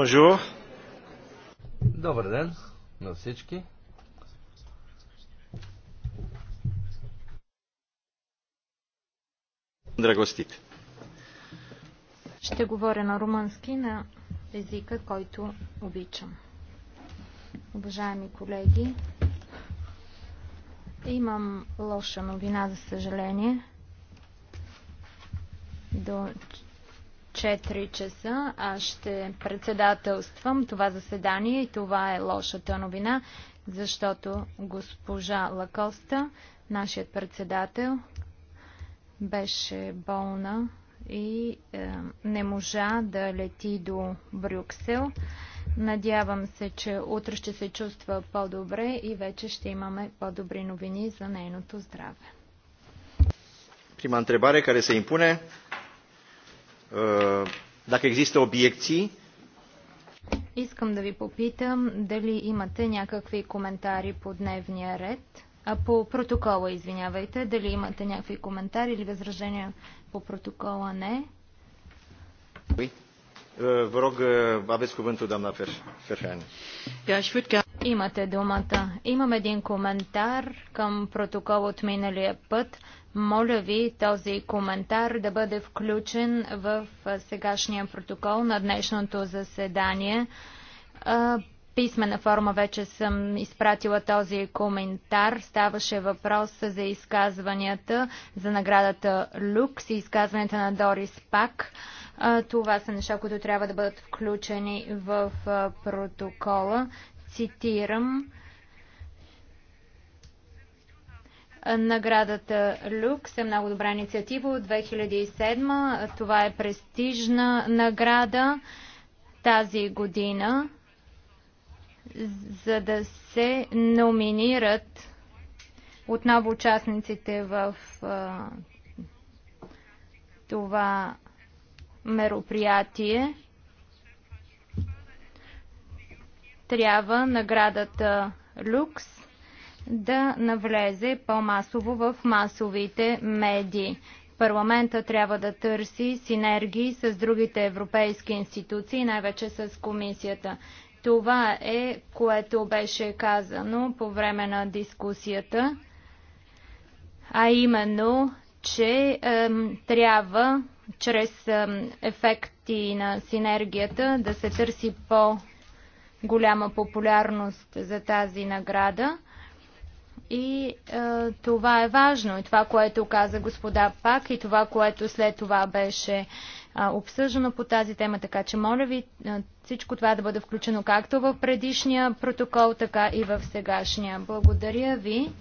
Bonjour. Добър ден на всички. Драгостите. Ще говоря на румънски, на езика, който обичам. Уважаеми колеги, имам лоша новина, за съжаление. До 4 часа аз ще председателствам това заседание и това е лошата новина, защото госпожа Лакоста, нашият председател, беше болна и е, не можа да лети до Брюксел. Надявам се, че утре ще се чувства по-добре и вече ще имаме по-добри новини за нейното здраве. Prima întrebare care se impune е, Dacă există obiecții, Искам да ви попитам дали имате някакви коментари по дневния ред, а по протокола, извинявайте, дали имате някакви коментари или възражения по протокола, не. Е, Vă rog, е, aveți cuvântul, doamna Имате думата. Имам един коментар към протокол от миналия път. Моля ви този коментар да бъде включен в сегашния протокол на днешното заседание. Писмена форма вече съм изпратила този коментар. Ставаше въпрос за изказванията за наградата Люкс и изказванията на Дорис Пак. Това са неща, които трябва да бъдат включени в протокола цитирам Наградата Люкс е много добра инициатива от 2007. Това е престижна награда тази година, за да се номинират отново участниците в това мероприятие. трябва наградата Люкс да навлезе по-масово в масовите медии. Парламента трябва да търси синергии с другите европейски институции, най-вече с комисията. Това е, което беше казано по време на дискусията, а именно, че е, трябва чрез е, ефекти на синергията да се търси по-масово голяма популярност за тази награда. И е, това е важно. И това, което каза господа Пак, и това, което след това беше е, обсъждано по тази тема. Така че, моля ви, е, всичко това да бъде включено както в предишния протокол, така и в сегашния. Благодаря ви.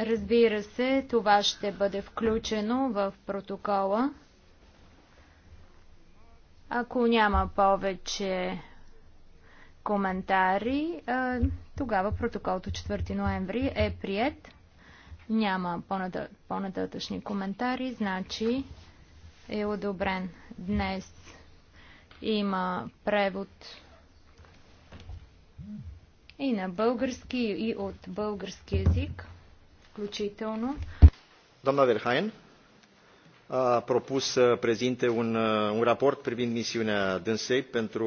Разбира се, това ще бъде включено в протокола. Ако няма повече коментари, тогава протоколто от 4 ноември е прият. Няма по-нататъчни коментари, значи е одобрен. Днес има превод и на български, и от български язик, включително. Doamna Verhaen a propus să prezinte un, un raport privind misiunea dânsei pentru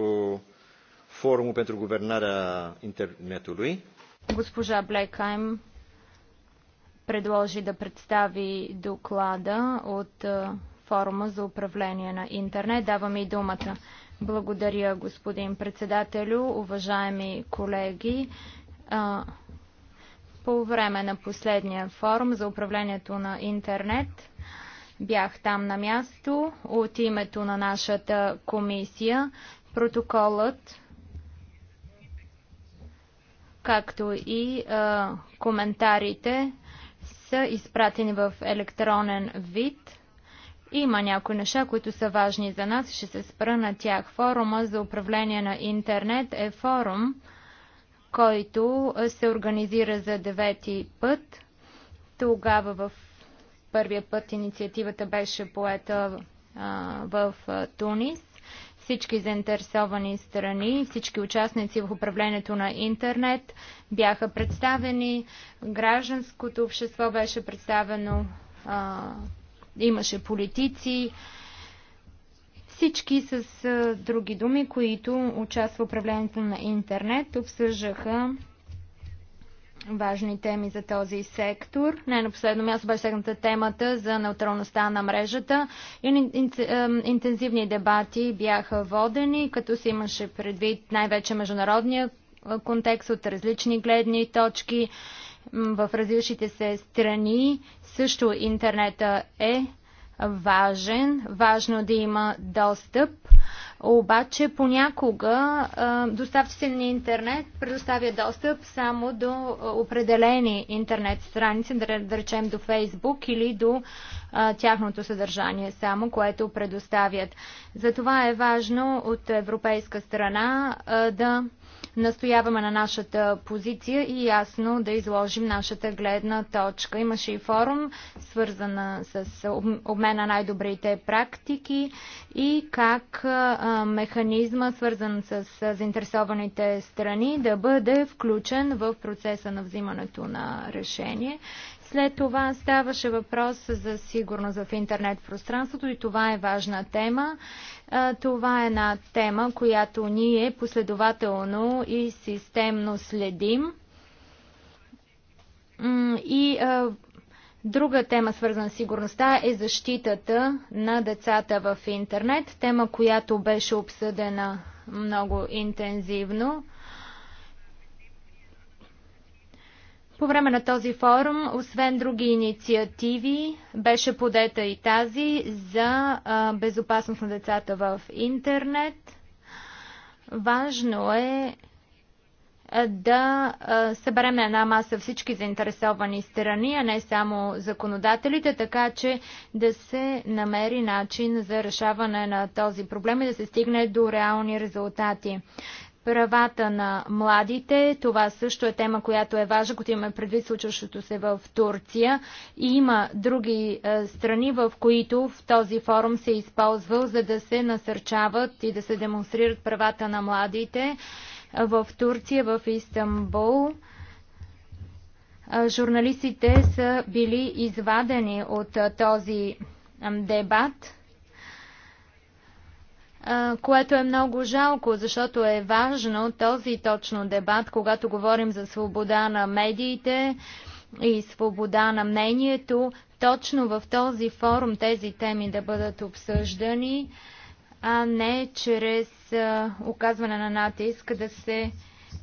Forumul pentru Guvernarea Internetului. Госпожа Блекайм предложи да представи доклада от е, форума за управление на интернет. Давам и думата. Благодаря, господин председателю, уважаеми колеги. Е, по време на последния форум за управлението на интернет бях там на място от името на нашата комисия. Протоколът както и а, коментарите са изпратени в електронен вид. Има някои неща, които са важни за нас. Ще се спра на тях. Форума за управление на интернет е форум, който се организира за девети път. Тогава в първия път инициативата беше поета а, в Тунис. Всички заинтересовани страни, всички участници в управлението на интернет бяха представени, гражданското общество беше представено, а, имаше политици, всички с а, други думи, които участват в управлението на интернет, обсъждаха важни теми за този сектор. Не на последно място беше сегната темата за неутралността на мрежата. Интензивни дебати бяха водени, като се имаше предвид най-вече международния е, контекст от различни гледни точки в различните се страни. Също интернета е важен, важно е да има достъп, обаче понякога доставчиците на интернет предоставят достъп само до определени интернет страници, да, речем до Фейсбук или до тяхното съдържание само, което предоставят. Затова е важно от европейска страна да настояваме на нашата позиция и ясно да изложим нашата гледна точка. Имаше и форум, свързана с обмена най-добрите практики и как механизма, свързан с заинтересованите страни, да бъде включен в процеса на взимането на решение след това ставаше въпрос за сигурност в интернет пространството и това е важна тема. Това е една тема, която ние последователно и системно следим. И Друга тема, свързана с сигурността, е защитата на децата в интернет. Тема, която беше обсъдена много интензивно. По време на този форум, освен други инициативи, беше подета и тази за безопасност на децата в интернет. Важно е да съберем на една маса всички заинтересовани страни, а не само законодателите, така че да се намери начин за решаване на този проблем и да се стигне до реални резултати. Правата на младите, това също е тема, която е важна, като имаме предвид случващото се в Турция. И има други е, страни, в които в този форум се е използвал, за да се насърчават и да се демонстрират правата на младите в Турция, в Истанбул. Е, журналистите са били извадени от е, този дебат което е много жалко, защото е важно този точно дебат, когато говорим за свобода на медиите и свобода на мнението, точно в този форум тези теми да бъдат обсъждани, а не чрез оказване на натиск да се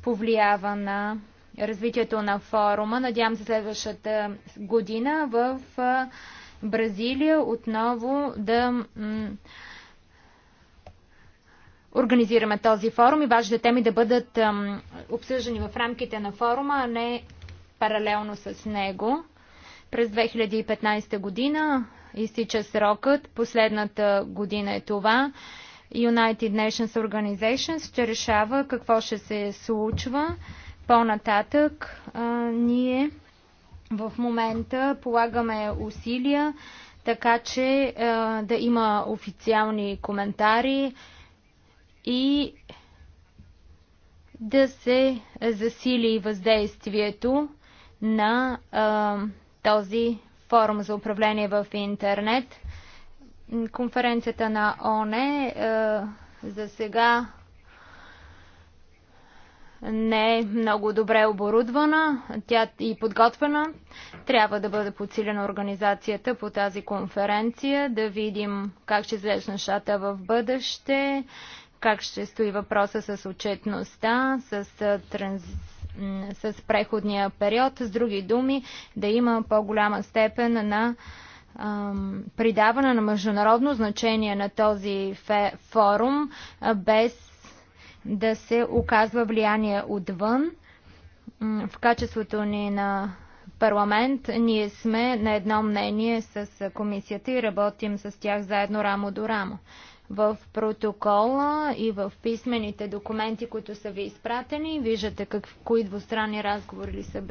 повлиява на развитието на форума. Надявам се следващата година в Бразилия отново да организираме този форум и важните теми да бъдат обсъждани в рамките на форума, а не паралелно с него. През 2015 година изтича срокът. Последната година е това. United Nations Organization ще решава какво ще се случва по-нататък. Ние в момента полагаме усилия така че да има официални коментари, и да се засили въздействието на а, този форум за управление в интернет. Конференцията на ОНЕ за сега не е много добре оборудвана, тя и подготвена. Трябва да бъде подсилена организацията по тази конференция, да видим как ще излезе нещата в бъдеще, как ще стои въпроса с отчетността, с, транз... с преходния период. С други думи, да има по-голяма степен на ам, придаване на международно значение на този фе... форум, без да се оказва влияние отвън. В качеството ни на парламент ние сме на едно мнение с комисията и работим с тях заедно рамо до рамо в протокола и в писмените документи, които са ви изпратени. Виждате как, кои двустранни разговори са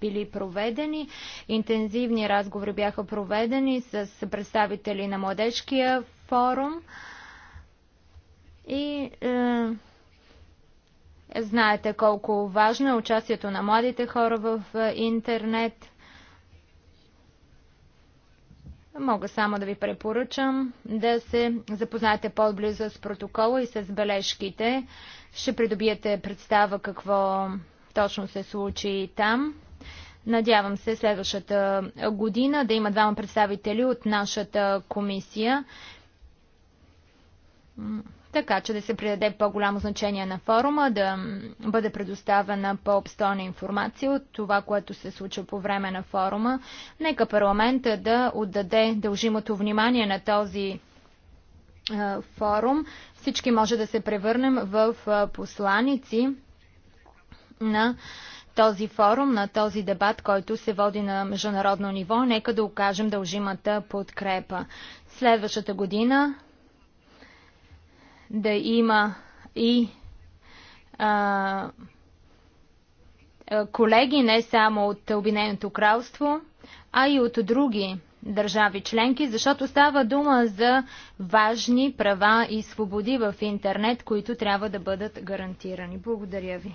били проведени. Интензивни разговори бяха проведени с представители на младежкия форум. И е, знаете колко важно е участието на младите хора в е, интернет – Мога само да ви препоръчам да се запознаете по-близо с протокола и с бележките. Ще придобиете представа какво точно се случи там. Надявам се следващата година да има двама представители от нашата комисия така че да се придаде по-голямо значение на форума, да бъде предоставена по-обстойна информация от това, което се случва по време на форума. Нека парламента да отдаде дължимото внимание на този е, форум. Всички може да се превърнем в е, посланици на този форум, на този дебат, който се води на международно ниво. Нека да окажем дължимата подкрепа. Следващата година да има и а, колеги не само от Обединеното кралство, а и от други държави членки, защото става дума за важни права и свободи в интернет, които трябва да бъдат гарантирани. Благодаря ви.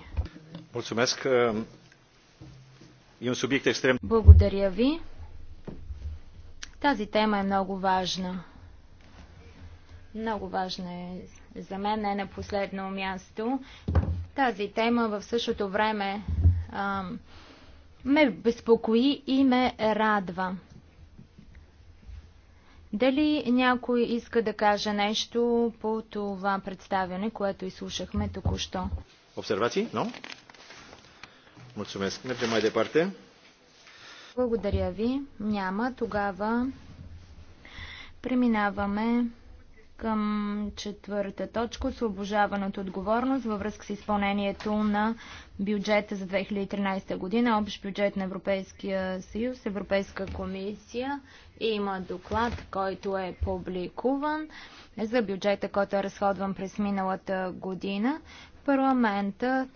Благодаря ви. Тази тема е много важна. Много важна е за мен не на последно място. Тази тема в същото време а, ме безпокои и ме радва. Дали някой иска да каже нещо по това представяне, което изслушахме току-що? Обсервации? Но? No? Не Mergem департе. Благодаря ви. Няма. Тогава преминаваме към четвърта точка от отговорност във връзка с изпълнението на бюджета за 2013 година, общ бюджет на Европейския съюз, Европейска комисия. Има доклад, който е публикуван за бюджета, който е разходван през миналата година. Парламента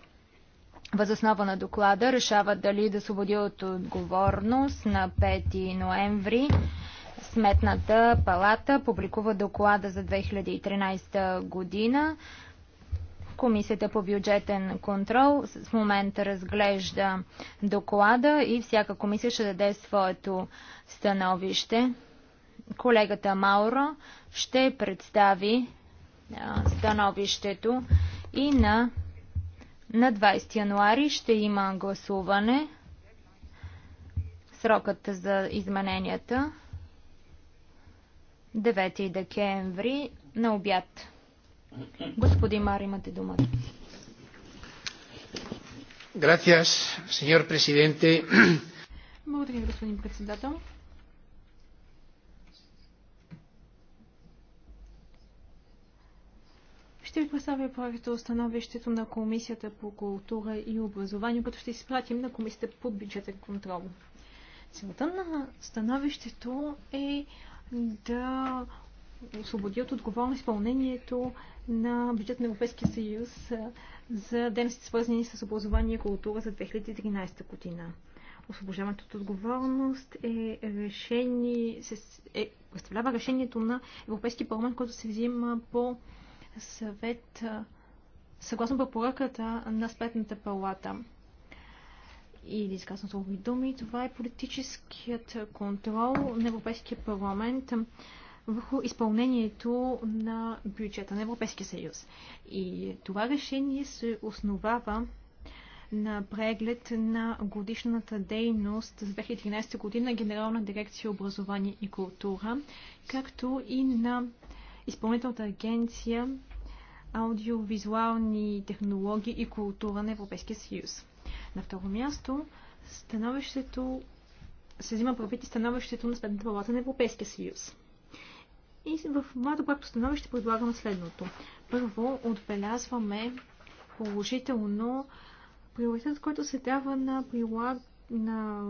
Възоснова на доклада решава дали да освободи от отговорност на 5 ноември Сметната палата публикува доклада за 2013 година. Комисията по бюджетен контрол в момента разглежда доклада и всяка комисия ще даде своето становище. Колегата Мауро ще представи становището и на, на 20 януари ще има гласуване срокът за измененията 9 декември на обяд. Господин Мар, имате думата. Gracias, señor presidente. Благодаря, господин председател. Ще ви представя проекта становището на Комисията по култура и образование, като ще изпратим на Комисията по бюджетен контрол. Целта на становището е да освободи от отговорно изпълнението на бюджет на Европейския съюз за дейности свързани с образование и култура за 2013 година. Освобождаването от отговорност е решение, е, представлява решението на Европейския парламент, който се взима по съвет съгласно препоръката на Спетната палата да изказвам слови думи. Това е политическият контрол на Европейския парламент върху изпълнението на бюджета на Европейския съюз. И това решение се основава на преглед на годишната дейност за 2013 година Генерална дирекция образование и култура, както и на Изпълнителната агенция аудиовизуални технологии и култура на Европейския съюз. На второ място, становището се взима правит и становището на Сметната палата на Европейския съюз. И в моето проекто становище предлагам следното. Първо, отбелязваме положително приоритет, който се дава на, прилаг... на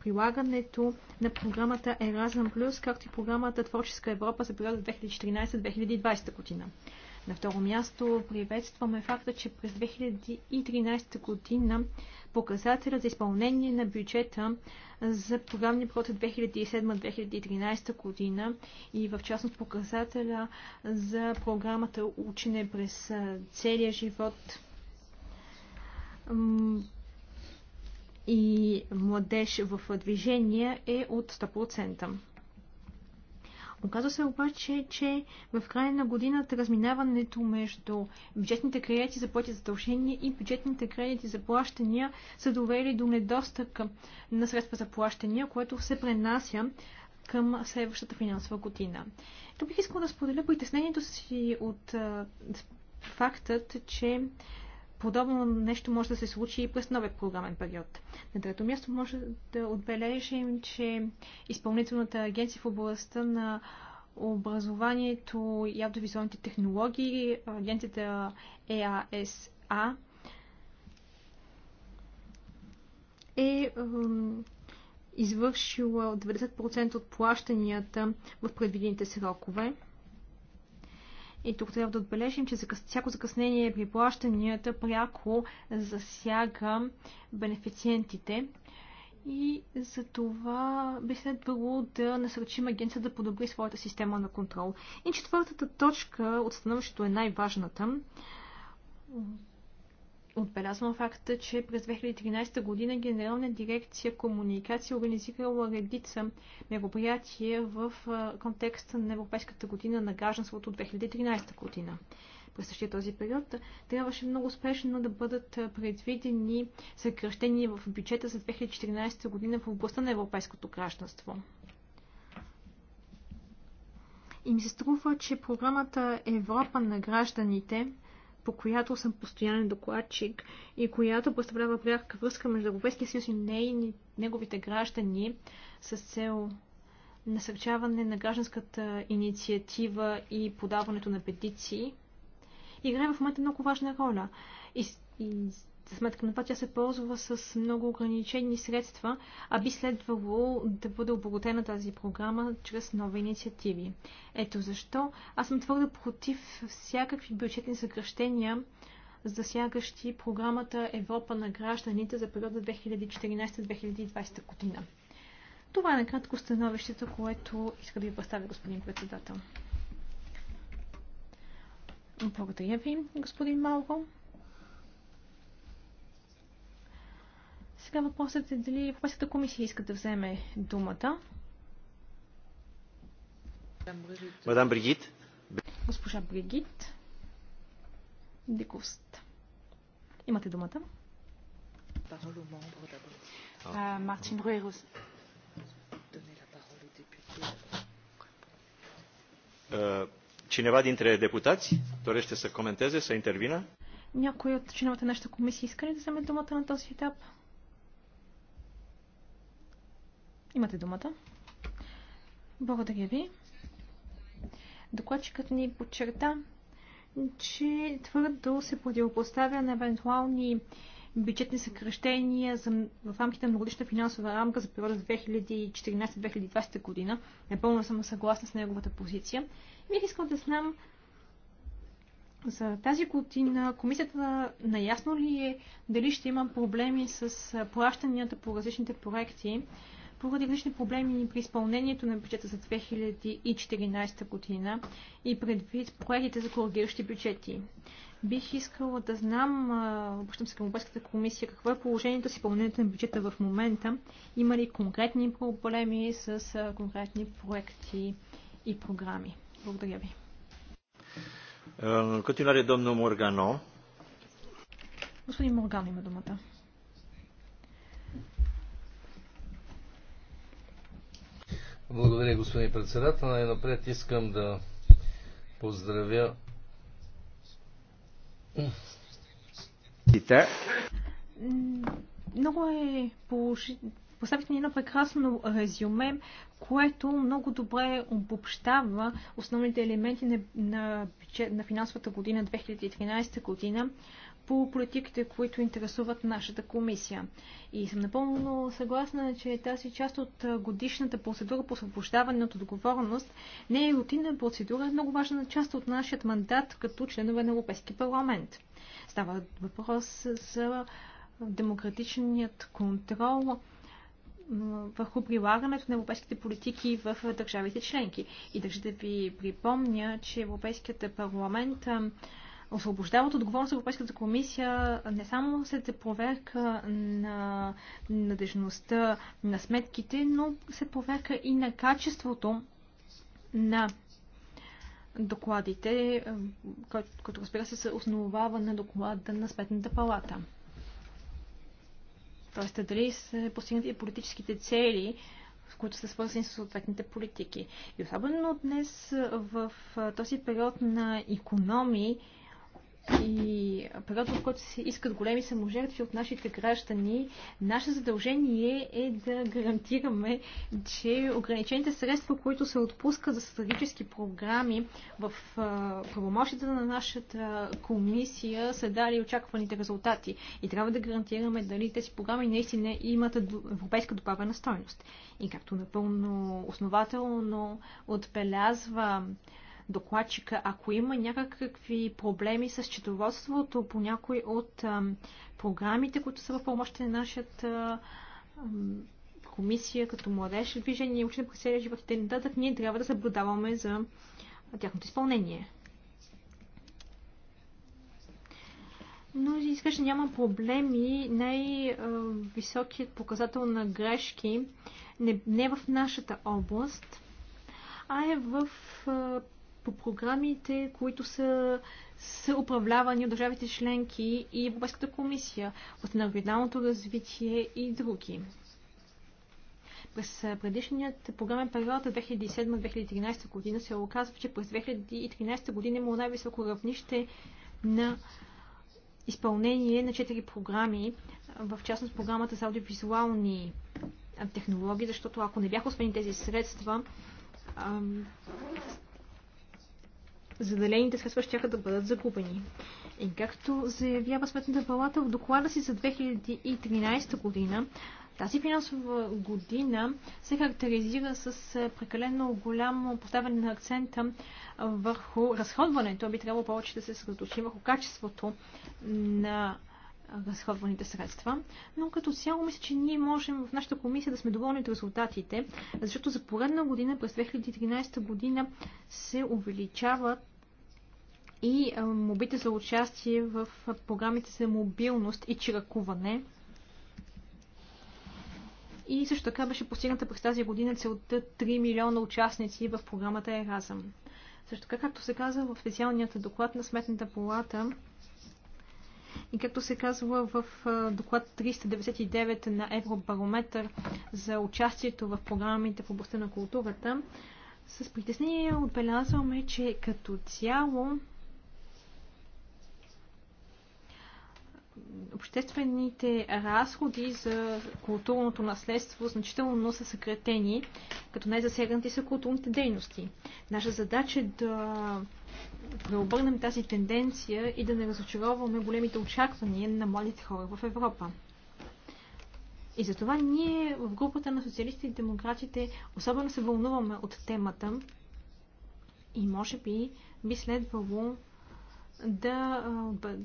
прилагането на програмата Erasmus+, както и програмата Творческа Европа за периода 2014-2020 година. На второ място приветстваме факта, че през 2013 година показателя за изпълнение на бюджета за програмния период 2007-2013 година и в частност показателя за програмата Учене през целия живот и младеж в движение е от 100%. Оказва се обаче, че в края на годината разминаването между бюджетните кредити за плати задължения и бюджетните кредити за плащания са довели до недостъг на средства за плащания, което се пренася към следващата финансова година. Тук бих искала да споделя притеснението си от фактът, че подобно нещо може да се случи и през новия програмен период. На трето място може да отбележим, че Изпълнителната агенция в областта на образованието и аудиовизуалните технологии, агенцията EASA, е извършила 90% от плащанията в предвидените срокове. И тук трябва да отбележим, че всяко закъснение при плащанията пряко засяга бенефициентите. И за това би следвало да насърчим агенцията да подобри своята система на контрол. И четвъртата точка от становището е най-важната Отбелязвам факта, че през 2013 година Генерална дирекция комуникация организирала редица мероприятия в контекста на Европейската година на гражданството от 2013 година. През същия този период трябваше много спешно да бъдат предвидени съкръщения в бюджета за 2014 година в областта на европейското гражданство. И ми се струва, че програмата Европа на гражданите по която съм постоянен докладчик и която представлява пряка връзка между Европейския съюз и нейни, неговите граждани с цел насърчаване на гражданската инициатива и подаването на петиции, играе в момента много важна роля. И, и сметка на това тя се ползва с много ограничени средства, а би следвало да бъде обогатена тази програма чрез нови инициативи. Ето защо аз съм твърда против всякакви бюджетни съкръщения, засягащи програмата Европа на гражданите за периода 2014-2020 година. Това е накратко становището, което иска да ви представя господин председател. Благодаря ви, господин Малко. Сега въпросът е дали въпросата комисия иска да вземе думата. Мадам Бригит. Госпожа Бригит. Дикост. Имате думата. Мартин Руерос. Cineva депутати, deputați ще се коментезе, се интервина. Някой от чиновата нашата комисия иска ли да вземе думата на този етап? Имате думата. Благодаря ви. Докладчикът ни подчерта, че твърдо се противопоставя на евентуални бюджетни съкръщения за, в рамките на многодишна финансова рамка за периода 2014-2020 година. Напълно съм съгласна с неговата позиция. Бих искал да знам за тази година комисията наясно ли е дали ще има проблеми с плащанията по различните проекти, поради различни проблеми при изпълнението на бюджета за 2014 година и предвид проектите за коригиращи бюджети. Бих искала да знам, обръщам се към Европейската комисия, какво е положението с изпълнението на бюджета в момента? Има ли конкретни проблеми с конкретни проекти и програми? Благодаря ви. Continuare domnul Morgano. Господин Моргано, има думата. Благодаря, господин председател. Най-напред искам да поздравя много е Поставихте ни едно прекрасно резюме, което много добре обобщава основните елементи на, на, бюджет, на финансовата година 2013 година, по политиките, които интересуват нашата комисия. И съм напълно съгласна, че тази част от годишната процедура по освобождаване от отговорност не е рутинна процедура, е много важна част от нашия мандат като членове на Европейски парламент. Става въпрос за демократичният контрол върху прилагането на европейските политики в държавите членки. И държа да ви припомня, че Европейският парламент освобождава от отговорност Европейската комисия не само след проверка на надежността на сметките, но се проверка и на качеството на докладите, който, разбира се се основава на доклада на Сметната палата. Тоест, дали са постигнати политическите цели, които са свързани с съответните политики. И особено днес в този период на економии, и период, в който се искат големи саможертви от нашите граждани, наше задължение е да гарантираме, че ограничените средства, които се отпускат за стратегически програми в правомощите на нашата комисия, са дали очакваните резултати. И трябва да гарантираме дали тези програми наистина имат европейска добавена стойност. И както напълно основателно отбелязва докладчика, ако има някакви проблеми с четоводството по някой от ам, програмите, които са в помощта на нашата ам, комисия като младеж движение, учене по целия живот и т.н. ние трябва да съблюдаваме за тяхното изпълнение. Но изглежда няма проблеми. Най-високият показател на грешки не, не е в нашата област, а е в по програмите, които са, са управлявани от държавите членки и Европейската комисия, от на регионалното развитие и други. През предишният програмен период 2007-2013 година се оказва, че през 2013 година има най-високо равнище на изпълнение на четири програми, в частност програмата за аудиовизуални технологии, защото ако не бяха освен тези средства, заделените средства ще да бъдат загубени. И както заявява Сметната палата в доклада си за 2013 година, тази финансова година се характеризира с е, прекалено голямо поставяне на акцента върху разходването. Би трябвало повече да се съсредоточи върху качеството на разходваните средства, но като цяло мисля, че ние можем в нашата комисия да сме доволни от резултатите, защото за поредна година през 2013 година се увеличават и мобите за участие в програмите за мобилност и чиракуване. И също така беше постигната през тази година целта 3 милиона участници в програмата Еразъм. Също така, както се каза в специалният доклад на Сметната палата, и както се казва в доклад 399 на Европарометър за участието в програмите в областта на културата, с притеснение отбелязваме, че като цяло обществените разходи за културното наследство значително са съкратени, като най-засегнати са културните дейности. Наша задача е да преобърнем тази тенденция и да не разочароваме големите очаквания на младите хора в Европа. И затова ние в групата на социалистите и демократите особено се вълнуваме от темата и може би би следвало да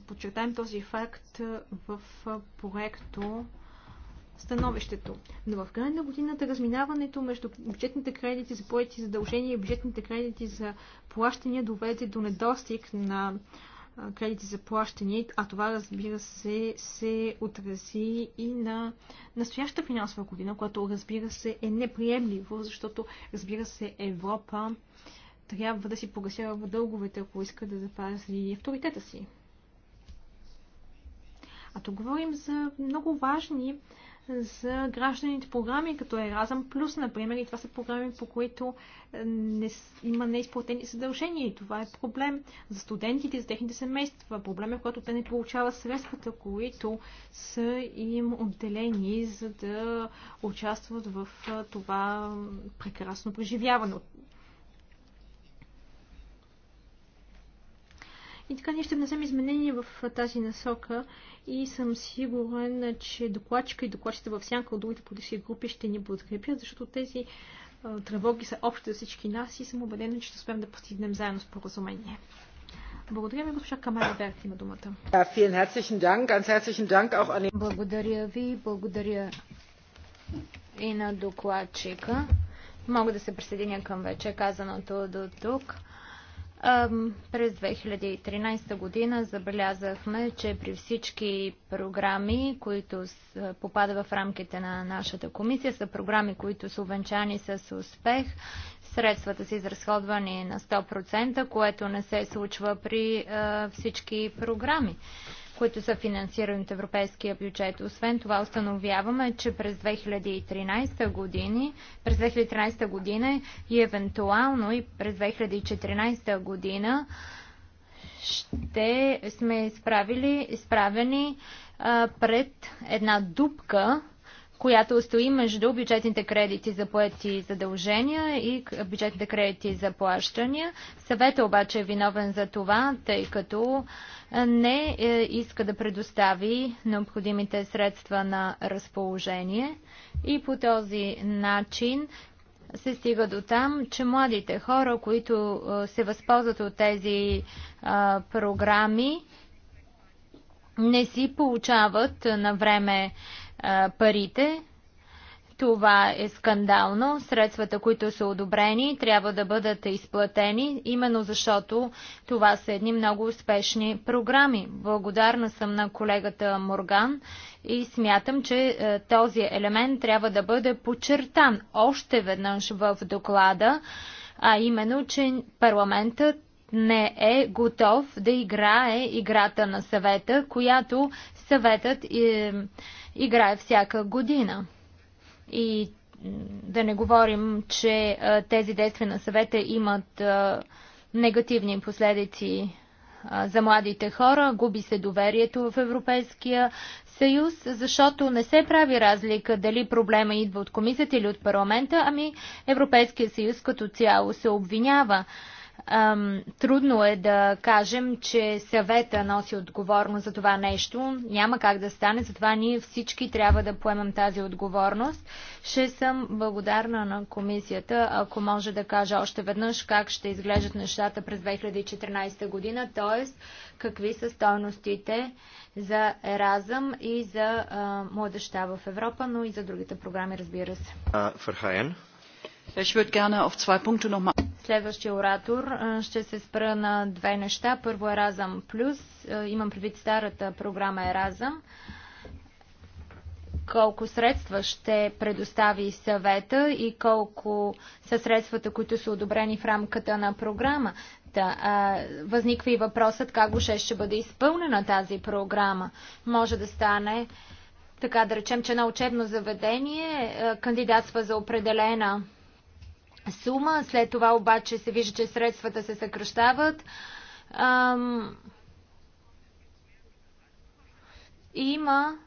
подчертаем този факт в проекто становището. Но в края на годината разминаването между бюджетните кредити за поети задължения и бюджетните кредити за плащания доведе до недостиг на кредити за плащания, а това разбира се се отрази и на настоящата финансова година, което разбира се е неприемливо, защото разбира се Европа трябва да си погасява в дълговете, ако иска да запази авторитета си. А то говорим за много важни за гражданите програми, като е Еразъм Плюс, например, и това са програми, по които е, не, има неизплатени задължения. И това е проблем за студентите, за техните семейства. Проблем е, когато те не получават средствата, които са им отделени, за да участват в е, това прекрасно преживяване. И така ние ще внесем изменения в тази насока и съм сигурен, че докладчика и докладчите в сянка от другите политически групи ще ни подкрепят, защото тези тревоги са общи за всички нас и съм убедена, че ще успеем да постигнем заедно споразумение. Благодаря ви, госпожа Камара Берт има думата. Благодаря ви, благодаря и на докладчика. Мога да се присъединя към вече казаното до тук. През 2013 година забелязахме, че при всички програми, които попадат в рамките на нашата комисия, са програми, които са увенчани с успех. Средствата са изразходвани на 100%, което не се случва при всички програми които са финансирани от европейския бюджет. Освен това установяваме, че през 2013 години, през 2013 година и евентуално и през 2014 година ще сме изправили, изправени а, пред една дупка която стои между бюджетните кредити за поети задължения и бюджетните кредити за плащания. Съветът обаче е виновен за това, тъй като не е, иска да предостави необходимите средства на разположение и по този начин се стига до там, че младите хора, които се възползват от тези а, програми, не си получават на време парите. Това е скандално. Средствата, които са одобрени, трябва да бъдат изплатени, именно защото това са едни много успешни програми. Благодарна съм на колегата Морган и смятам, че този елемент трябва да бъде подчертан още веднъж в доклада, а именно, че парламентът не е готов да играе играта на съвета, която съветът е, играе всяка година. И да не говорим, че е, тези действия на съвета имат е, негативни последици за младите хора, губи се доверието в Европейския съюз, защото не се прави разлика дали проблема идва от комисията или от парламента, ами Европейския съюз като цяло се обвинява трудно е да кажем, че съвета носи отговорност за това нещо. Няма как да стане, затова ние всички трябва да поемем тази отговорност. Ще съм благодарна на комисията, ако може да кажа още веднъж как ще изглеждат нещата през 2014 година, т.е. какви са стойностите за Еразъм и за а, младеща в Европа, но и за другите програми, разбира се. Uh, следващия оратор ще се спра на две неща. Първо Еразъм Плюс. Имам предвид старата програма е Разъм. Колко средства ще предостави съвета и колко са средствата, които са одобрени в рамката на програма. Да, а, възниква и въпросът как ще, ще бъде изпълнена тази програма. Може да стане така да речем, че на учебно заведение кандидатства за определена сума. След това обаче се вижда, че средствата се съкръщават. Ам... Има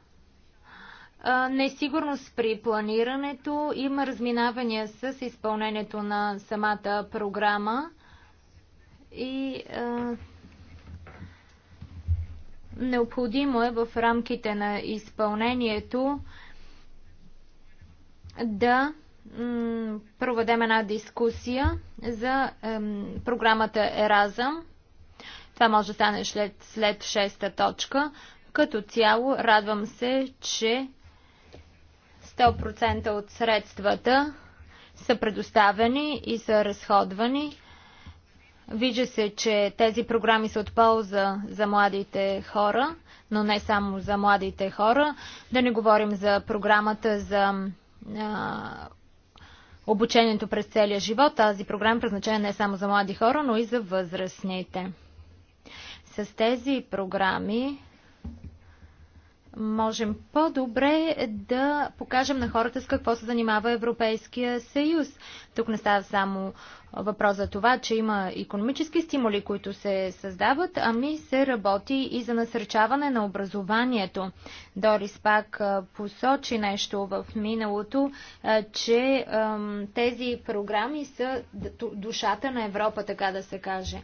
несигурност при планирането, има разминавания с изпълнението на самата програма и а, необходимо е в рамките на изпълнението да проведем една дискусия за програмата Еразъм. Това може да стане след, след шеста точка. Като цяло радвам се, че 100% от средствата са предоставени и са разходвани. Вижда се, че тези програми са от полза за младите хора, но не само за младите хора. Да не говорим за програмата за а, обучението през целия живот. Тази програма предназначена не е само за млади хора, но и за възрастните. С тези програми можем по-добре да покажем на хората с какво се занимава Европейския съюз. Тук не става само въпрос за това, че има економически стимули, които се създават, ами се работи и за насърчаване на образованието. Дорис пак посочи нещо в миналото, че тези програми са душата на Европа, така да се каже.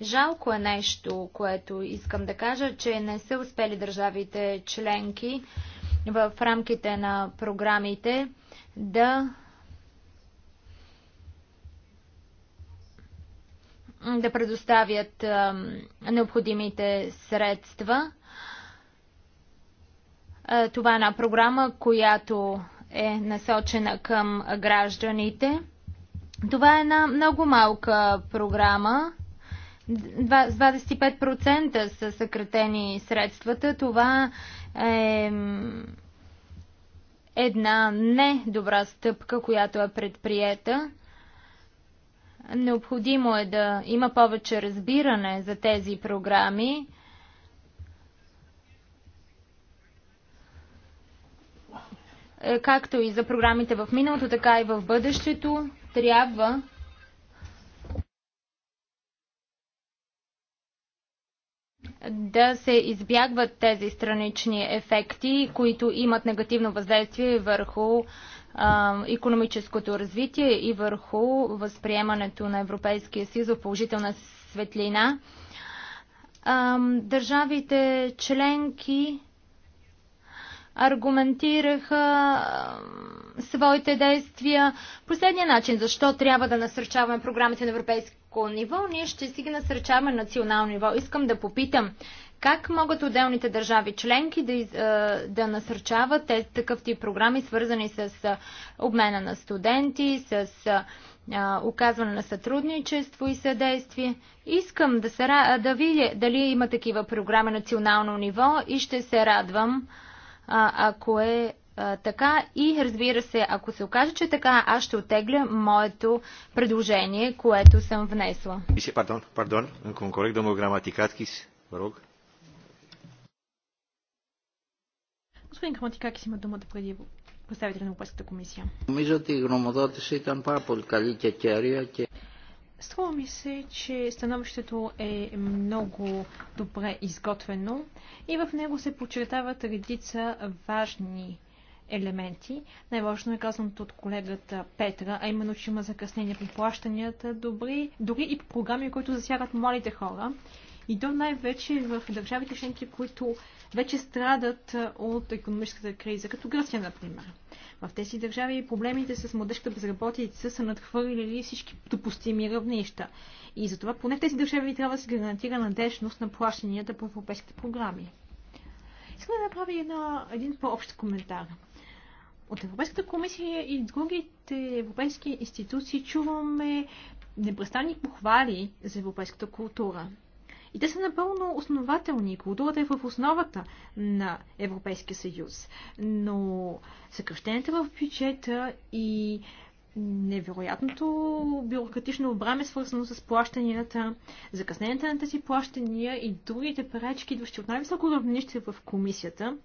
Жалко е нещо, което искам да кажа, че не са успели държавите членки в рамките на програмите да да предоставят необходимите средства. това е една програма, която е насочена към гражданите. Това е една много малка програма. С 25% са съкратени средствата. Това е една недобра стъпка, която е предприета. Необходимо е да има повече разбиране за тези програми. Е, както и за програмите в миналото, така и в бъдещето, трябва да се избягват тези странични ефекти, които имат негативно въздействие върху економическото развитие и върху възприемането на Европейския съюз в положителна светлина. Държавите членки аргументираха своите действия. Последния начин, защо трябва да насърчаваме програмите на Европейския европейско ниво, ние ще си ги насръчаваме национално ниво. Искам да попитам, как могат отделните държави членки да, да насърчават тези такъв тип програми, свързани с обмена на студенти, с оказване на сътрудничество и съдействие? Искам да, се, да видя дали има такива програми на национално ниво и ще се радвам, ако е а, така и разбира се, ако се окаже, че е така, аз ще отегля моето предложение, което съм внесла. Пардон, пардон, конкурек дамо граматикаткис, рог. Господин Граматикакис има думата преди представителя на Европейската комисия. Мисля, че громадата ήταν πάρα πολύ καλή και Струва ми се, че становището е много добре изготвено и в него се подчертават редица важни елементи. Най-важно е казаното от колегата Петра, а именно, че има закъснение при плащанията, добри, дори и по програми, които засягат младите хора. И то най-вече в държавите членки, които вече страдат от економическата криза, като Гърция, например. В тези държави проблемите с младежката безработица са надхвърлили всички допустими равнища. И затова поне в тези държави трябва да се гарантира надежност на плащанията по европейските програми. Искам да направя една, един по-общ коментар. От Европейската комисия и другите европейски институции чуваме непрестанни похвали за европейската култура. И те са напълно основателни. Културата е в основата на Европейския съюз. Но съкръщените в бюджета и невероятното бюрократично обраме, свързано с плащанията, закъсненията на тези плащания и другите пречки, идващи от най-високо равнище в комисията,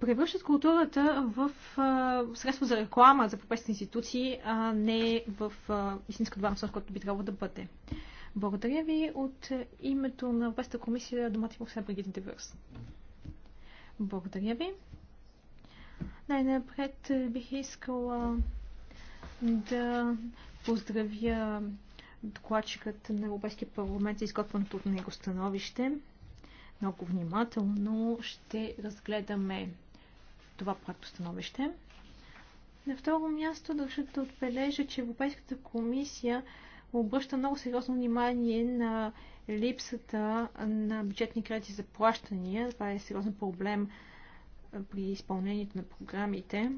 превръщат културата в а, средство за реклама за европейските институции, а не в а, истинска дворност, която би трябвало да бъде. Благодаря ви от името на Европейската комисия Домати Мурса Бригит Девърс. Благодаря ви. Най-напред бих искала да поздравя докладчикът на Европейския парламент за изготвеното от него становище. Много внимателно ще разгледаме това проекто становище. На второ място държа да отбележа, че Европейската комисия обръща много сериозно внимание на липсата на бюджетни кредити за плащания. Това е сериозен проблем при изпълнението на програмите.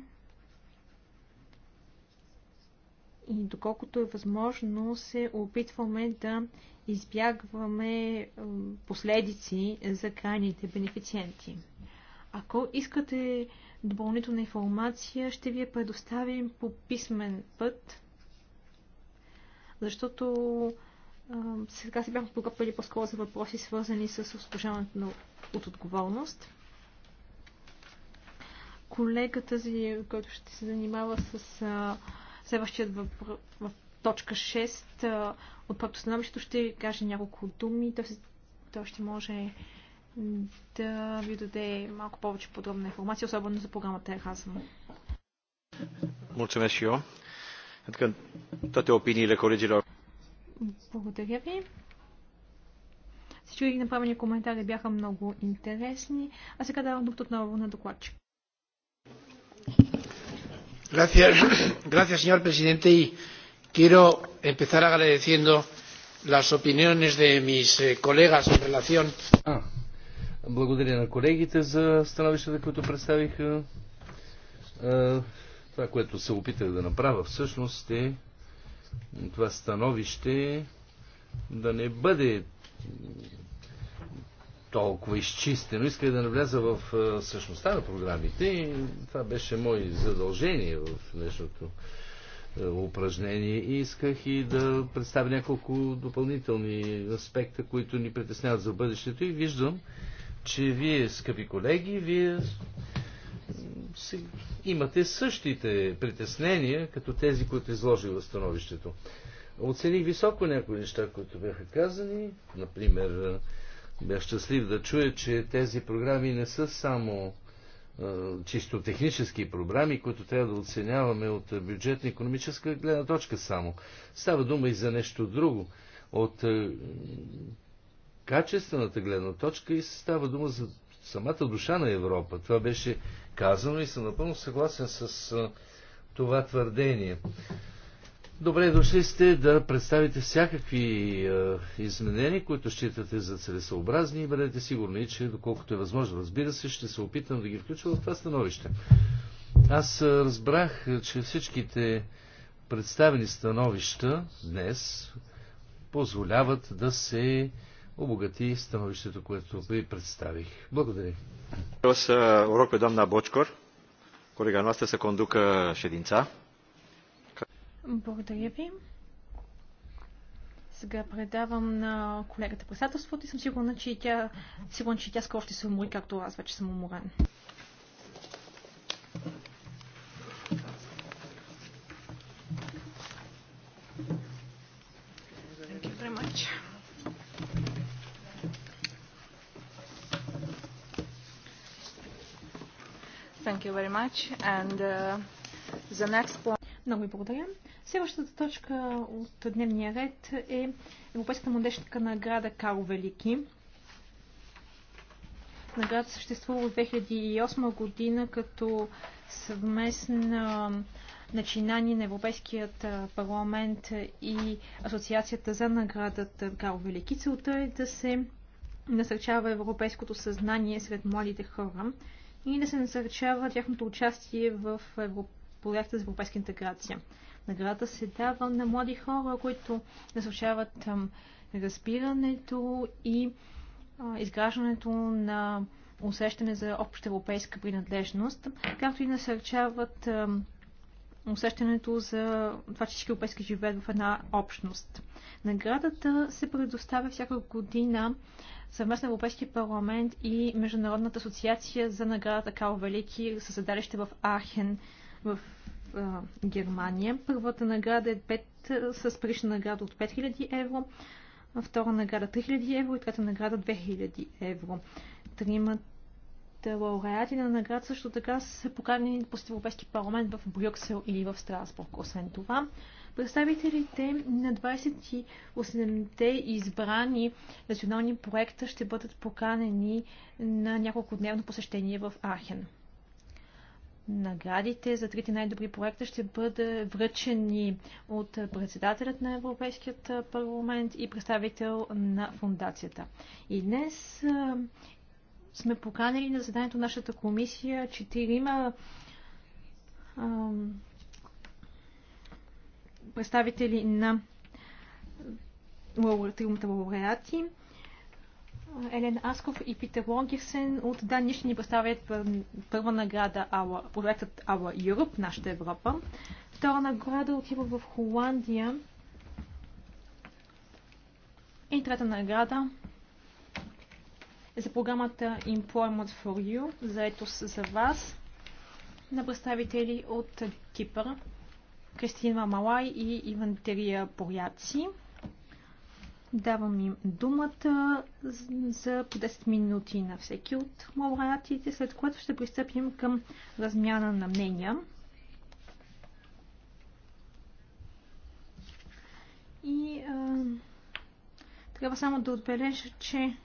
И доколкото е възможно, се опитваме да избягваме последици за крайните бенефициенти. Ако искате допълнителна информация, ще ви я предоставим по писмен път, защото а, сега се бяхме покъпали по-скоро за въпроси, свързани с освобождаването от отговорност. Колегата, който ще се занимава с а, следващият въпрос, в точка 6, от становището ще каже няколко думи. То, ще може да ви даде малко повече подробна информация, особено за програмата Erasmus. Е Благодаря ви. Всички направени коментари бяха много интересни. А сега давам думата отново на докладчик. Gracias, gracias, señor presidente, y quiero empezar agradeciendo las opiniones de mis eh, colegas en relación. А, ah, благодаря на колегите за становищата, които представиха. това, което се опитах да направя всъщност е това становище да не бъде толкова изчистено. Исках да навляза в същността на програмите и това беше мое задължение в днешното е, упражнение и исках и да представя няколко допълнителни аспекта, които ни притесняват за бъдещето и виждам, че вие, скъпи колеги, вие имате същите притеснения, като тези, които изложи в становището. Оцених високо някои неща, които бяха казани. Например, е, бях щастлив да чуя, че тези програми не са само чисто технически програми, които трябва да оценяваме от бюджетна економическа гледна точка само. Става дума и за нещо друго. От качествената гледна точка и става дума за самата душа на Европа. Това беше казано и съм напълно съгласен с това твърдение. Добре дошли сте да представите всякакви е, изменения, които считате за целесообразни и бъдете сигурни, че доколкото е възможно, разбира се, ще се опитам да ги включвам в това становище. Аз е, разбрах, е, че всичките представени становища днес позволяват да се обогати становището, което ви представих. Благодаря. Това са rog pe doamna Bocicor, colega noastră, să благодаря ви. Сега предавам на колегата председателството и съм сигурна, че тя, сигурна, че тя скоро ще се умори, както аз вече съм уморен. Thank you very much. And uh, the next point много ви благодаря. Следващата точка от дневния ред е Европейската младежка награда Каро Велики. Награда съществува от 2008 година като съвместна начинание на Европейският парламент и Асоциацията за наградата Карл Велики. Целта е да се насърчава европейското съзнание сред младите хора и да се насърчава тяхното участие в проекта за европейска интеграция. Наградата се дава на млади хора, които насърчават разбирането и изграждането на усещане за обща европейска принадлежност, както и насърчават усещането за това, че всички европейски живеят в една общност. Наградата се предоставя всяка година съвместно Европейски парламент и Международната асоциация за наградата као Велики със седалище в Ахен в а, Германия. Първата награда е 5, с парична награда от 5000 евро, втора награда 3000 евро и трета награда 2000 евро. Тримата лауреати на награда също така са поканени по Европейски парламент в Брюксел или в Страсбург. Освен това, представителите на 28-те избрани национални проекта ще бъдат поканени на няколко дневно посещение в Ахен. Наградите за трите най-добри проекта ще бъдат връчени от председателят на Европейският парламент и представител на фундацията. И днес сме поканили на заданието на нашата комисия четирима представители на лауреатите лауреати Елен Асков и Питер Лонгерсен от Дания ще ни представят първа награда проектът Our Europe, нашата Европа. Втора награда отива в Холандия. И трета награда е за програмата Employment for You, заетост за вас, на представители от Кипър, Кристина Малай и Иван Терия Бояци. Давам им думата за 10 минути на всеки от лауреатите, след което ще пристъпим към размяна на мнения. И а, трябва само да отбележа, че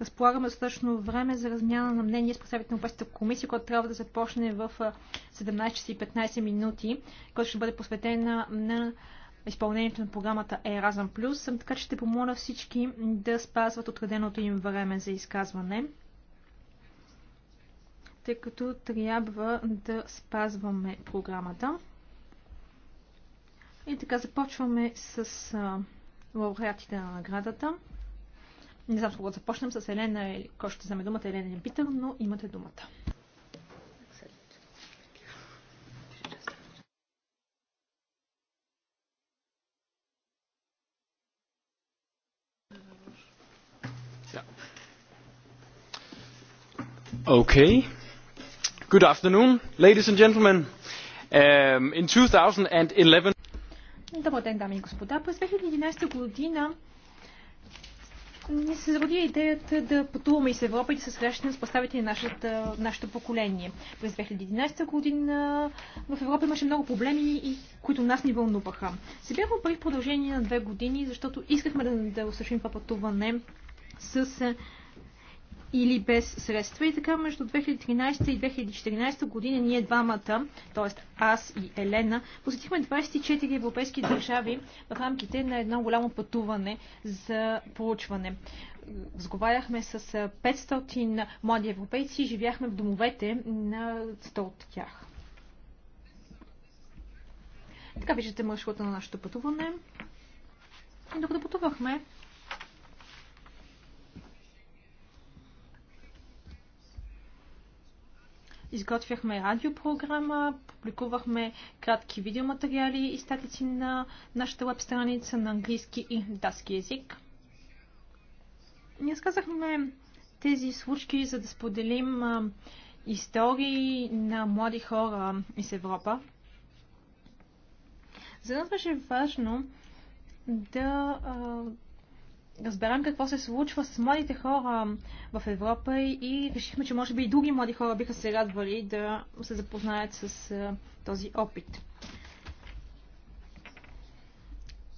разполагаме достатъчно време за размяна на мнение с представител на Европейската комисия, която трябва да започне в 17 часа и 15 минути, който ще бъде посветена на изпълнението на програмата Еразъм Плюс. Така че ще помоля всички да спазват отреденото им време за изказване, тъй като трябва да спазваме програмата. И така започваме с лауреатите на наградата. Не знам с кого започнем, с Елена или е- кой ще вземе думата, Елена не питам, но имате думата. Okay. Good afternoon, ladies and gentlemen. Um, in 2011... Добър ден, дами и господа. През 2011 година ни се зароди идеята да пътуваме из Европа и да се срещнем с представители на нашата, нашето поколение. През 2011 година в Европа имаше много проблеми, и, които нас ни вълнуваха. Се бяхме пари в продължение на две години, защото искахме да, да осъществим това пътуване с или без средства. И така между 2013 и 2014 година ние двамата, т.е. аз и Елена, посетихме 24 европейски държави в рамките на едно голямо пътуване за проучване. Сговаряхме с 500 млади европейци и живяхме в домовете на 100 от тях. Така виждате маршрута на нашето пътуване. И Докато пътувахме, Изготвяхме радиопрограма, публикувахме кратки видеоматериали и статици на нашата веб страница на английски и датски язик. Ние сказахме тези случки, за да споделим истории на млади хора из Европа. За нас беше важно да а, разберем какво се случва с младите хора в Европа и решихме, че може би и други млади хора биха се радвали да се запознаят с този опит.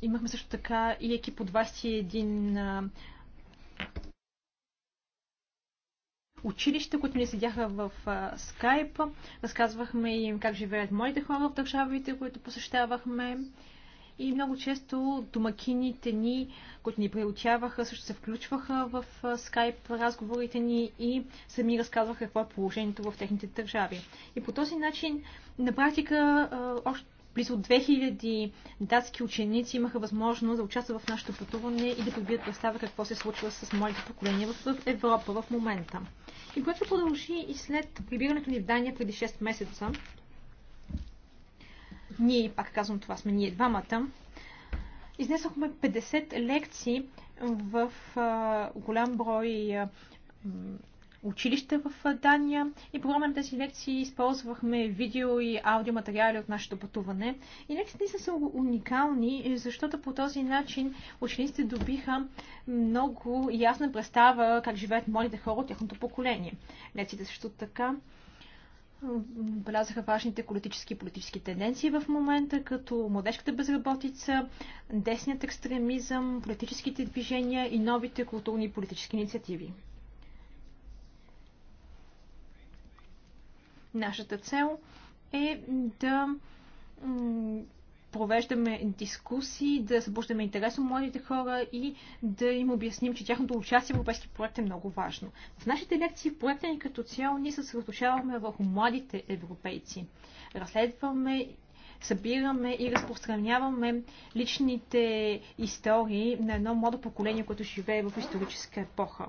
Имахме също така и екип от 21 училища, които ни седяха в Skype. скайп. Разказвахме им как живеят моите хора в държавите, които посещавахме и много често домакините ни, които ни приучаваха, също се включваха в скайп разговорите ни и сами разказваха какво е положението в техните държави. И по този начин, на практика, още близо 2000 датски ученици имаха възможност да участват в нашето пътуване и да прибият представа какво се случва с моите поколения в Европа в момента. И което продължи и след прибирането ни в Дания преди 6 месеца, ние, пак казвам, това сме ние двамата. Изнесохме 50 лекции в а, голям брой а, училища в Дания и по време на тези лекции използвахме видео и аудиоматериали от нашето пътуване. И лекциите са уникални, защото по този начин учениците добиха много ясна представа как живеят младите хора от тяхното поколение. Лекциите също така Отбелязаха важните политически и политически тенденции в момента, като младежката безработица, десният екстремизъм, политическите движения и новите културни и политически инициативи. Нашата цел е да провеждаме дискусии, да събуждаме интерес у младите хора и да им обясним, че тяхното участие в европейски проект е много важно. В нашите лекции в проекта ни като цяло ние се съсредоточаваме върху младите европейци. Разследваме събираме и разпространяваме личните истории на едно младо поколение, което живее в историческа епоха.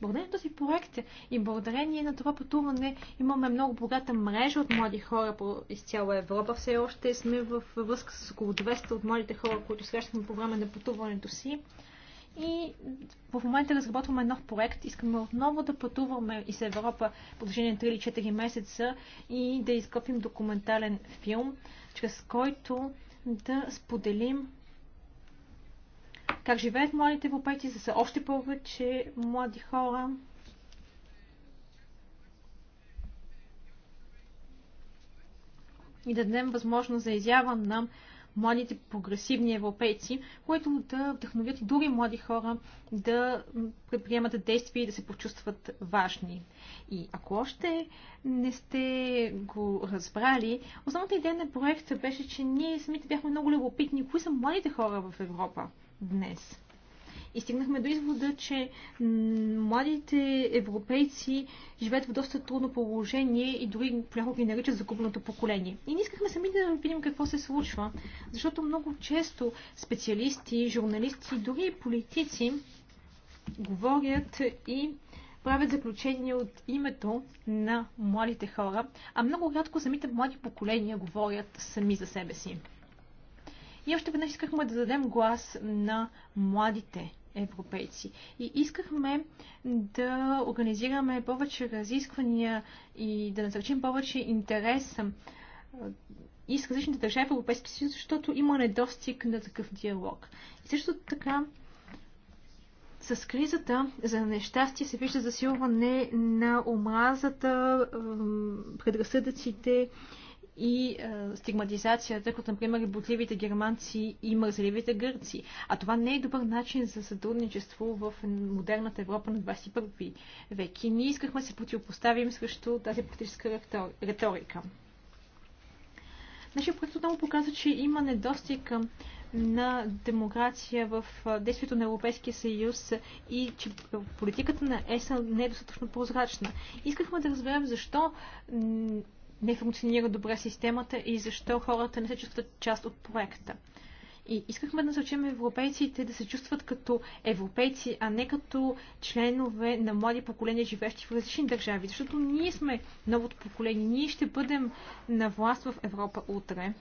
Благодарение на този проект и благодарение на това пътуване имаме много богата мрежа от млади хора по из цяла Европа. Все още сме в връзка с около 200 от младите хора, които срещаме по време на пътуването си. И в момента разработваме нов проект. Искаме отново да пътуваме из Европа в продължение на 3 или 4 месеца и да изкопим документален филм, чрез който да споделим как живеят младите европейци, за са още повече млади хора. И да дадем възможност за изява на младите прогресивни европейци, които да вдъхновят и други млади хора да предприемат действия и да се почувстват важни. И ако още не сте го разбрали, основната идея на проекта беше, че ние самите бяхме много любопитни, кои са младите хора в Европа днес. И стигнахме до извода, че младите европейци живеят в доста трудно положение и дори понякога ги наричат загубеното поколение. И не искахме сами да видим какво се случва, защото много често специалисти, журналисти, дори и политици говорят и правят заключение от името на младите хора, а много рядко самите млади поколения говорят сами за себе си. И още веднъж искахме да дадем глас на младите европейци. И искахме да организираме повече разисквания и да насърчим повече интерес и с различните държави в Европейския съюз, защото има недостиг на такъв диалог. И също така, с кризата за нещастие се вижда засилване на омразата, предразсъдъците и а, е, стигматизацията, като например ботливите германци и мързливите гърци. А това не е добър начин за сътрудничество в модерната Европа на 21 век. И ние искахме да се противопоставим срещу тази политическа риторика. Нашия проект отново показва, че има недостиг на демокрация в е, действието на Европейския съюз и че политиката на ЕСА не е достатъчно прозрачна. Искахме да разберем защо не функционира добре системата и защо хората не се чувстват част от проекта. И искахме да насочим европейците да се чувстват като европейци, а не като членове на млади поколения, живещи в различни държави. Защото ние сме новото поколение, ние ще бъдем на власт в Европа утре.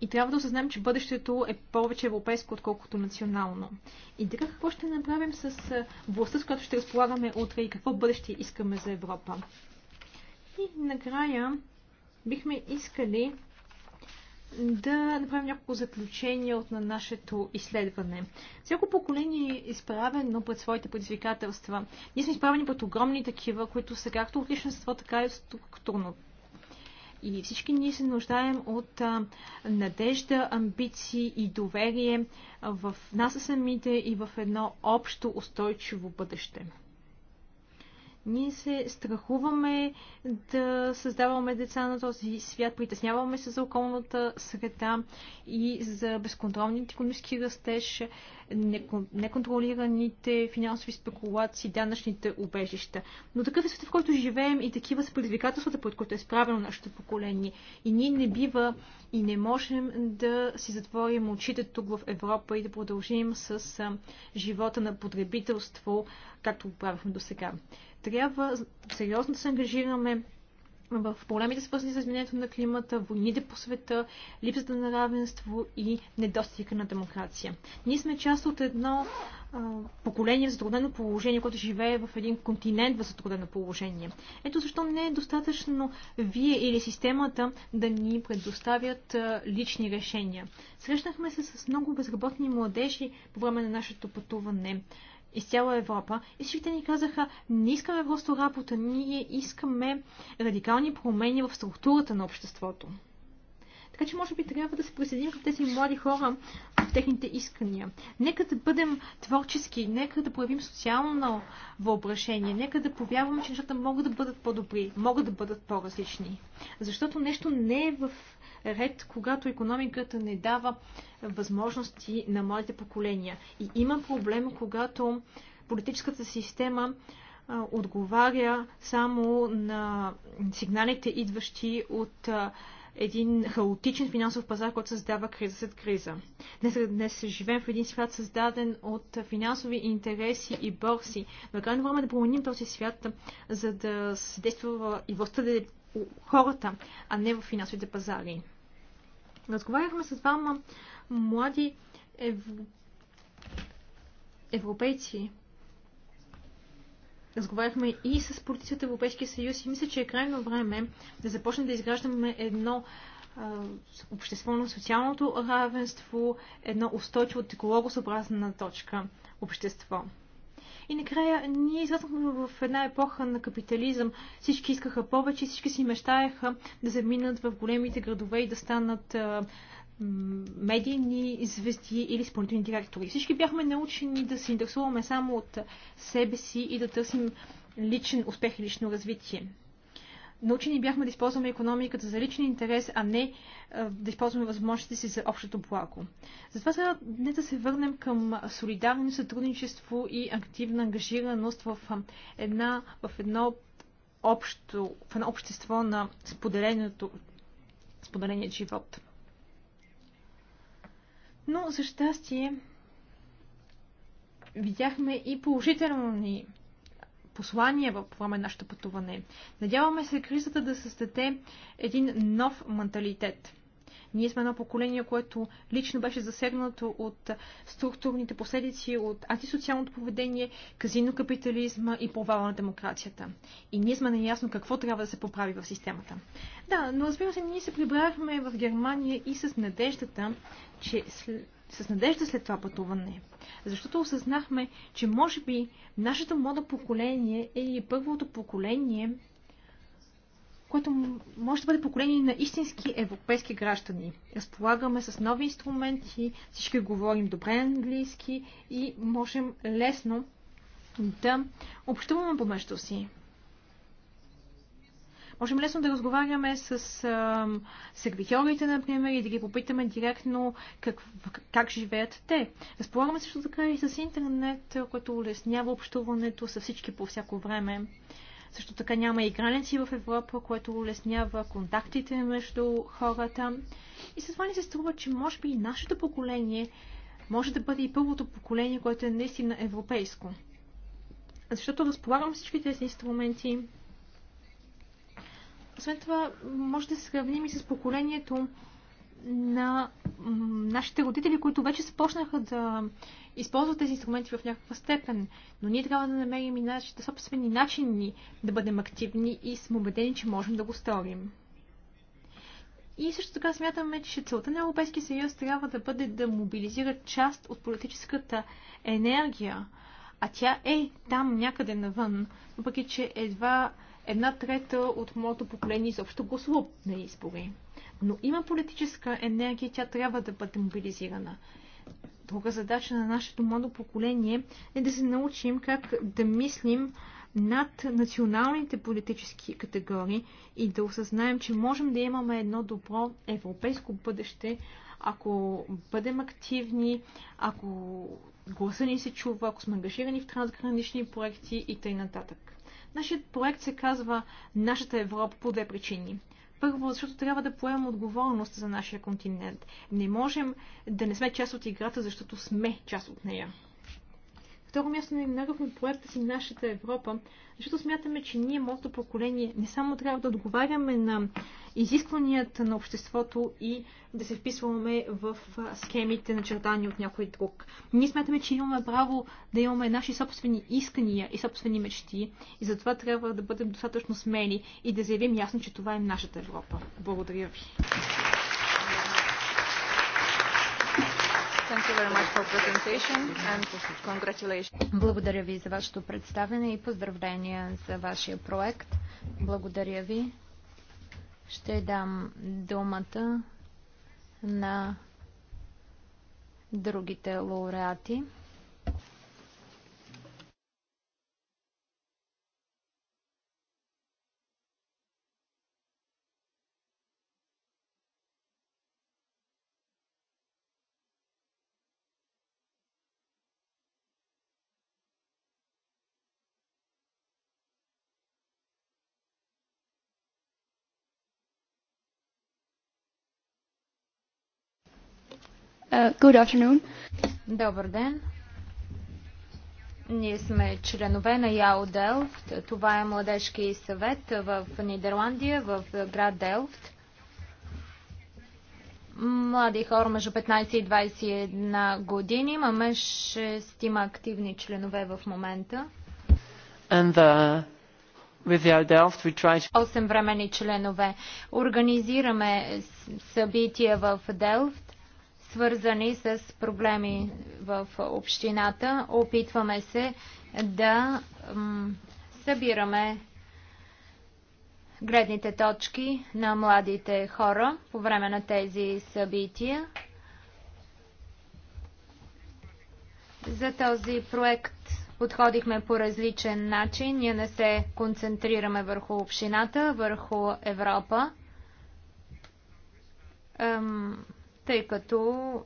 И трябва да осъзнаем, че бъдещето е повече европейско, отколкото национално. И така какво ще направим с властта, с която ще разполагаме утре и какво бъдеще искаме за Европа? И накрая бихме искали да направим няколко заключения от на нашето изследване. Всяко поколение е изправено пред своите предизвикателства. Ние сме изправени пред огромни такива, които са както от личността, така и от структурно. И всички ние се нуждаем от а, надежда, амбиции и доверие в нас самите и в едно общо устойчиво бъдеще. Ние се страхуваме да създаваме деца на този свят, притесняваме се за околната среда и за безконтролните економически растеж, неконтролираните финансови спекулации, данъчните убежища. Но такъв е света, в който живеем и такива са предизвикателствата, под които е справено нашето поколение. И ние не бива и не можем да си затворим очите тук в Европа и да продължим с живота на потребителство, както го правихме до сега. Трябва сериозно да се ангажираме в проблемите, свързани с изменението на климата, войните по света, липсата на равенство и недостига на демокрация. Ние сме част от едно а, поколение в затруднено положение, което живее в един континент в затруднено положение. Ето защо не е достатъчно вие или системата да ни предоставят а, лични решения. Срещнахме се с много безработни младежи по време на нашето пътуване из цяла Европа и всичките ни казаха, не искаме просто работа, ние искаме радикални промени в структурата на обществото. Така че може би трябва да се присъединим към тези млади хора в техните искания. Нека да бъдем творчески, нека да проявим социално въображение, нека да повярваме, че нещата могат да бъдат по-добри, могат да бъдат по-различни. Защото нещо не е в ред, когато економиката не дава възможности на младите поколения. И има проблем, когато политическата система отговаря само на сигналите, идващи от един хаотичен финансов пазар, който създава криза след криза. Днес, днес живеем в един свят, създаден от финансови интереси и борси. Но е крайно време да променим този свят, за да се действа и властта да е у хората, а не в финансовите пазари. Разговаряхме с двама млади ев... европейци. Разговаряхме и с политици от Европейския съюз и мисля, че е крайно време да започнем да изграждаме едно общество на социалното равенство, едно устойчиво екологосъобразна точка общество. И накрая ние излязохме в една епоха на капитализъм. Всички искаха повече, всички си мечтаеха да заминат в големите градове и да станат медийни звезди или изпълнителни директори. Всички бяхме научени да се интересуваме само от себе си и да търсим личен успех и лично развитие научени бяхме да използваме економиката за личен интерес, а не да използваме възможностите си за общото благо. Затова сега не да се върнем към солидарно сътрудничество и активна ангажираност в, една, в едно общо, в едно общество на споделеното, споделеният живот. Но за щастие видяхме и положителни послания в време на нашето пътуване. Надяваме се кризата да създаде един нов менталитет. Ние сме едно поколение, което лично беше засегнато от структурните последици, от антисоциалното поведение, казино капитализма и провала на демокрацията. И ние сме неясно, какво трябва да се поправи в системата. Да, но разбира се, ние се прибрахме в Германия и с надеждата, че след с надежда след това пътуване. Защото осъзнахме, че може би нашето модо поколение или първото поколение, което може да бъде поколение на истински европейски граждани. Разполагаме с нови инструменти, всички говорим добре английски и можем лесно да общуваме помежду си. Можем лесно да разговаряме с а, сервитьорите, например, и да ги попитаме директно как, как живеят те. Разполагаме също така и с интернет, което улеснява общуването с всички по всяко време. Също така няма и граници в Европа, което улеснява контактите между хората. И с това ни се струва, че може би и нашето поколение може да бъде и първото поколение, което е наистина европейско. Защото разполагам всички тези инструменти, освен това, може да се сравним и с поколението на нашите родители, които вече започнаха да използват тези инструменти в някаква степен. Но ние трябва да намерим и нашите собствени начини да бъдем активни и сме убедени, че можем да го сторим. И също така смятаме, че целта на Европейския съюз трябва да бъде да мобилизира част от политическата енергия, а тя е там някъде навън, въпреки че едва една трета от моето поколение изобщо гласува на избори. Но има политическа енергия, тя трябва да бъде мобилизирана. Друга задача на нашето младо поколение е да се научим как да мислим над националните политически категории и да осъзнаем, че можем да имаме едно добро европейско бъдеще, ако бъдем активни, ако гласа ни се чува, ако сме ангажирани в трансгранични проекти и т.н. нататък. Нашият проект се казва Нашата Европа по две причини. Първо, защото трябва да поемем отговорност за нашия континент. Не можем да не сме част от играта, защото сме част от нея второ място на Минаров проекта си нашата Европа, защото смятаме, че ние, моето поколение, не само трябва да отговаряме на изискванията на обществото и да се вписваме в схемите, начертани от някой друг. Ние смятаме, че имаме право да имаме наши собствени искания и собствени мечти и затова трябва да бъдем достатъчно смели и да заявим ясно, че това е нашата Европа. Благодаря ви. Благодаря ви за вашето представене и поздравления за вашия проект. Благодаря ви. Ще дам думата на другите лауреати. Uh, good afternoon. Добър ден. Ние сме членове на ЯО Делфт. Това е младежки съвет в Нидерландия, в град Делфт. Млади хора между 15 и 21 години. Имаме 6 активни членове в момента. And uh, the Осем времени членове. Организираме събития в Делфт свързани с проблеми в общината. Опитваме се да събираме гледните точки на младите хора по време на тези събития. За този проект подходихме по различен начин. Ние не се концентрираме върху общината, върху Европа тъй като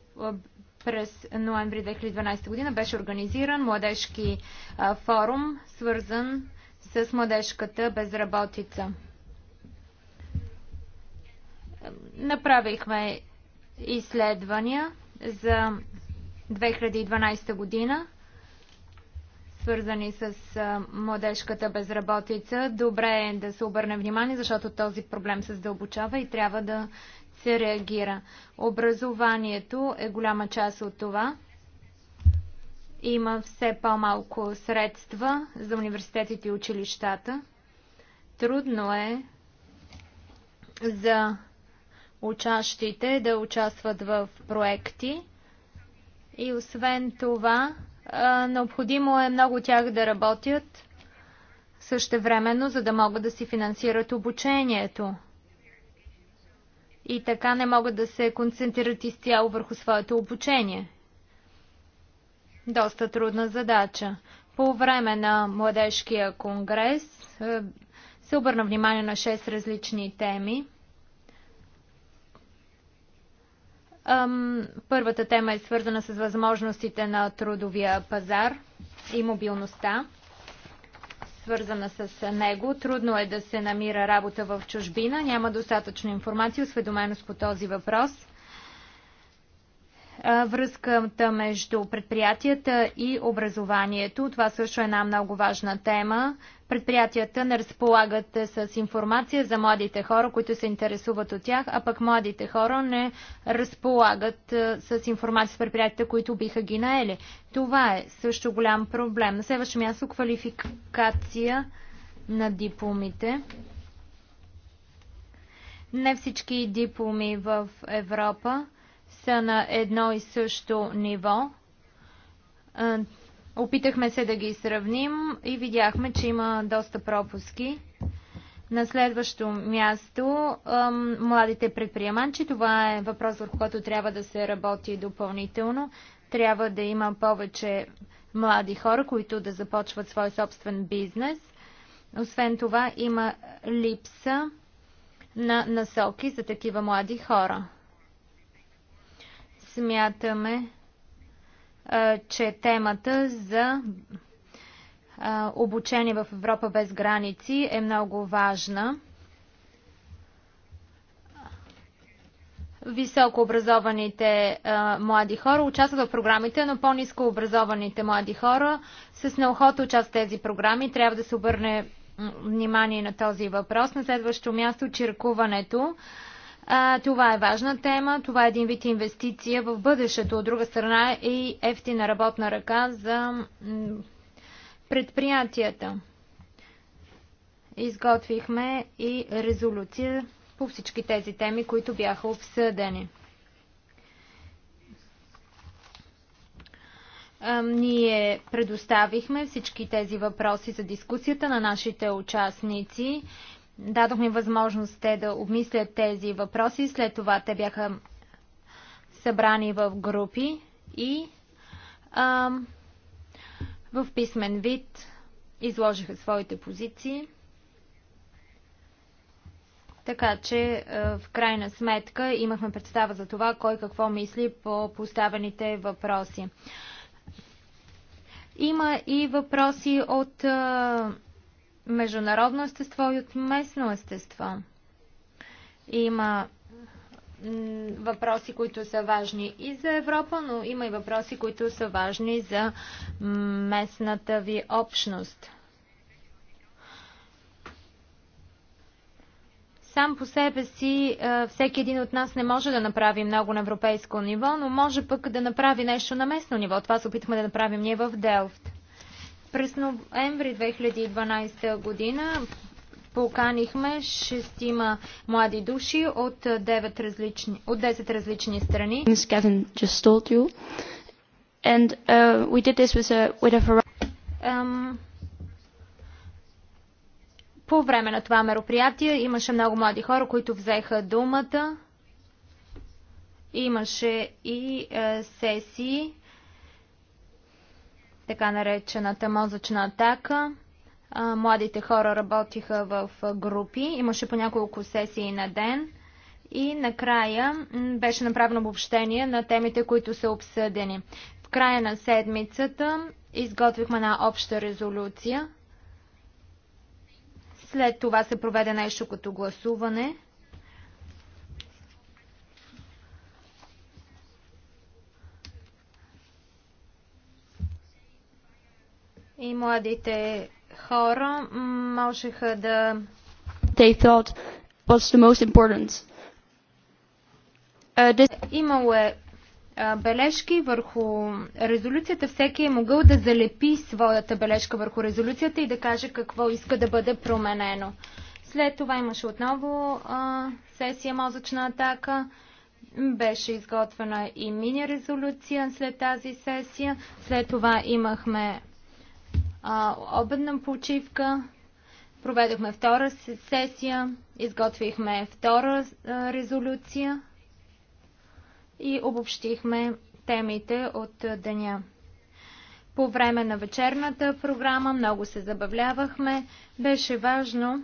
през ноември 2012 година беше организиран младежки форум, свързан с младежката безработица. Направихме изследвания за 2012 година, свързани с младежката безработица. Добре е да се обърне внимание, защото този проблем се задълбочава и трябва да се реагира. Образованието е голяма част от това. Има все по-малко средства за университетите и училищата. Трудно е за учащите да участват в проекти. И освен това, необходимо е много тях да работят същевременно, за да могат да си финансират обучението и така не могат да се концентрират изцяло върху своето обучение. Доста трудна задача. По време на младежкия конгрес е, се обърна внимание на 6 различни теми. Първата тема е свързана с възможностите на трудовия пазар и мобилността свързана с него. Трудно е да се намира работа в чужбина. Няма достатъчно информация, осведоменост по този въпрос. Връзката между предприятията и образованието. Това също е една много важна тема. Предприятията не разполагат е, с информация за младите хора, които се интересуват от тях, а пък младите хора не разполагат е, с информация с предприятията, които биха ги наели. Това е също голям проблем. На следващо място квалификация на дипломите. Не всички дипломи в Европа са на едно и също ниво е, Опитахме се да ги сравним и видяхме, че има доста пропуски. На следващо място, младите предприемачи. Това е въпрос, върху който трябва да се работи допълнително. Трябва да има повече млади хора, които да започват свой собствен бизнес. Освен това, има липса на насоки за такива млади хора. Смятаме, че темата за обучение в Европа без граници е много важна. Високообразованите млади хора участват в програмите, но по низко образованите млади хора с неохота участват в тези програми. Трябва да се обърне внимание на този въпрос. На следващо място чиркуването. А, това е важна тема, това е един вид инвестиция в бъдещето. От друга страна е и ефтина работна ръка за предприятията. Изготвихме и резолюция по всички тези теми, които бяха обсъдени. ние предоставихме всички тези въпроси за дискусията на нашите участници дадохме възможност те да обмислят тези въпроси. След това те бяха събрани в групи и а, в писмен вид изложиха своите позиции. Така че е, в крайна сметка имахме представа за това кой какво мисли по поставените въпроси. Има и въпроси от е, международно естество и от местно естество. Има въпроси, които са важни и за Европа, но има и въпроси, които са важни за местната ви общност. Сам по себе си всеки един от нас не може да направи много на европейско ниво, но може пък да направи нещо на местно ниво. Това се опитваме да направим ние в Делфт. През ноември 2012 година поканихме шестима млади души от, 9 различни, от 10 различни страни. And, uh, we did this with a, with a... Um, по време на това мероприятие имаше много млади хора, които взеха думата. Имаше и uh, сесии така наречената мозъчна атака. Младите хора работиха в групи, имаше по няколко сесии на ден и накрая беше направено обобщение на темите, които са обсъдени. В края на седмицата изготвихме една обща резолюция. След това се проведе нещо като гласуване – и младите хора можеха да they thought what's the most important. Uh, this... Имало е бележки върху резолюцията. Всеки е могъл да залепи своята бележка върху резолюцията и да каже какво иска да бъде променено. След това имаше отново а, сесия мозъчна атака. Беше изготвена и мини резолюция след тази сесия. След това имахме а, обедна почивка. Проведохме втора сесия, изготвихме втора а, резолюция и обобщихме темите от деня. По време на вечерната програма много се забавлявахме. Беше важно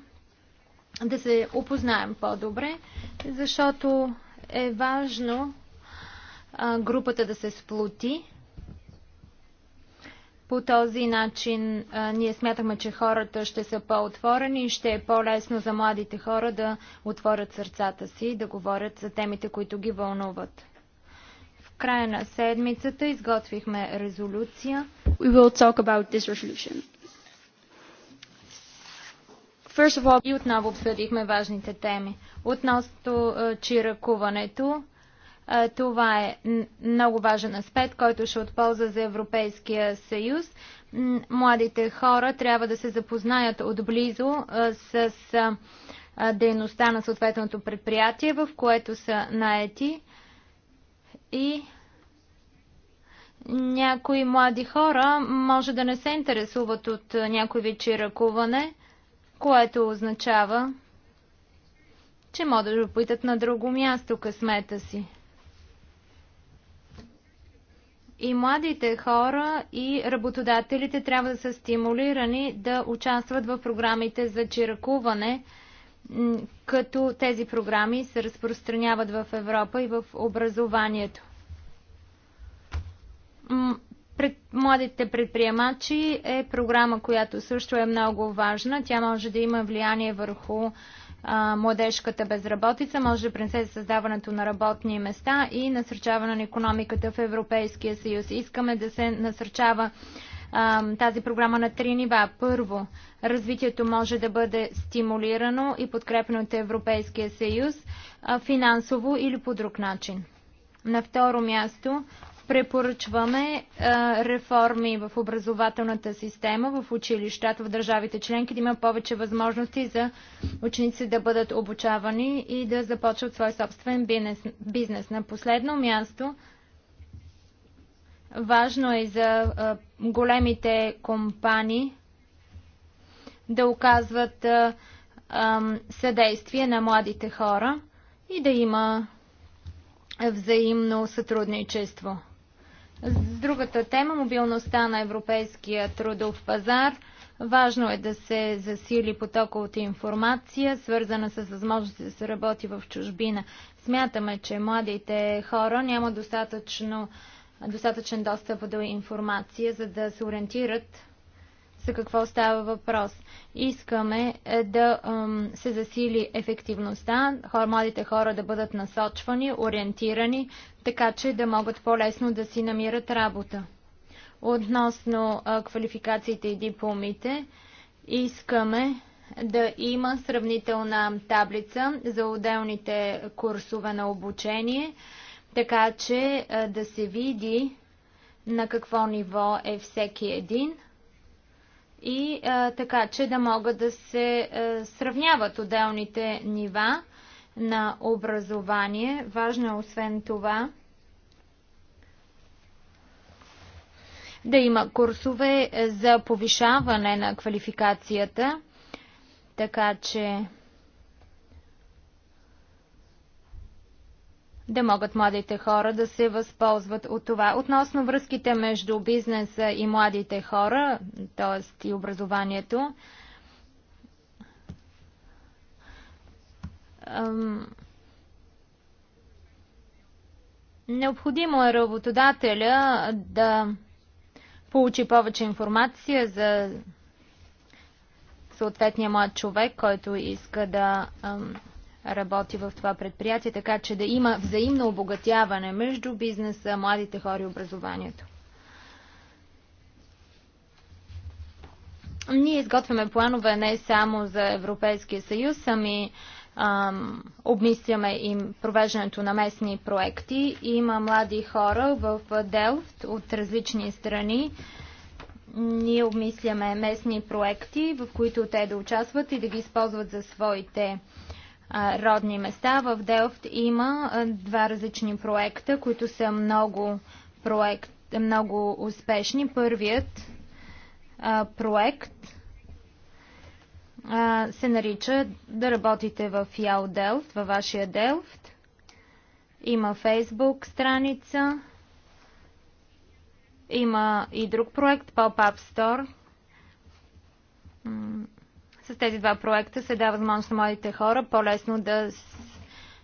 да се опознаем по-добре, защото е важно групата да се сплоти по този начин а, ние смятаме, че хората ще са по-отворени и ще е по-лесно за младите хора да отворят сърцата си и да говорят за темите, които ги вълнуват. В края на седмицата изготвихме резолюция. We will talk about this resolution. First of all... И отново обсъдихме важните теми. Относно чиракуването, това е много важен аспект, който ще отполза за Европейския съюз. Младите хора трябва да се запознаят отблизо с дейността на съответното предприятие, в което са наети и някои млади хора може да не се интересуват от някой вече ръкуване, което означава, че могат да опитат на друго място късмета си. И младите хора и работодателите трябва да са стимулирани да участват в програмите за чиракуване, като тези програми се разпространяват в Европа и в образованието. Пред, младите предприемачи е програма, която също е много важна. Тя може да има влияние върху младежката безработица, може да принесе създаването на работни места и насърчаване на економиката в Европейския съюз. Искаме да се насърчава тази програма на три нива. Първо, развитието може да бъде стимулирано и подкрепено от Европейския съюз финансово или по друг начин. На второ място, Препоръчваме а, реформи в образователната система, в училищата, в държавите членки, да има повече възможности за ученици да бъдат обучавани и да започват свой собствен бизнес. бизнес. На последно място, важно е за а, големите компании да оказват а, съдействие на младите хора и да има взаимно сътрудничество. С другата тема мобилността на европейския трудов пазар. Важно е да се засили потока от информация, свързана с възможности да се работи в чужбина. Смятаме, че младите хора няма достатъчно, достатъчен достъп до информация, за да се ориентират за какво става въпрос. Искаме е, да се засили ефективността, хор, младите хора да бъдат насочвани, ориентирани, така че да могат по-лесно да си намират работа. Относно квалификациите и дипломите, искаме да има сравнителна таблица за отделните курсове на обучение, така че е, да се види на какво ниво е всеки един – и а, така, че да могат да се а, сравняват отделните нива на образование. Важно е освен това да има курсове за повишаване на квалификацията, така че да могат младите хора да се възползват от това. Относно връзките между бизнеса и младите хора, т.е. и образованието, необходимо е работодателя да получи повече информация за съответния млад човек, който иска да работи в това предприятие, така че да има взаимно обогатяване между бизнеса, младите хора и образованието. Ние изготвяме планове не само за Европейския съюз, ами ам, обмисляме им провеждането на местни проекти. Има млади хора в Делфт от различни страни, ние обмисляме местни проекти, в които те да участват и да ги използват за своите родни места. В Делфт има два различни проекта, които са много, проект, много успешни. Първият проект се нарича да работите в Ял Делфт, във вашия Делфт. Има Фейсбук страница, има и друг проект, Pop-Up Store. С тези два проекта се дава възможност на младите хора по-лесно да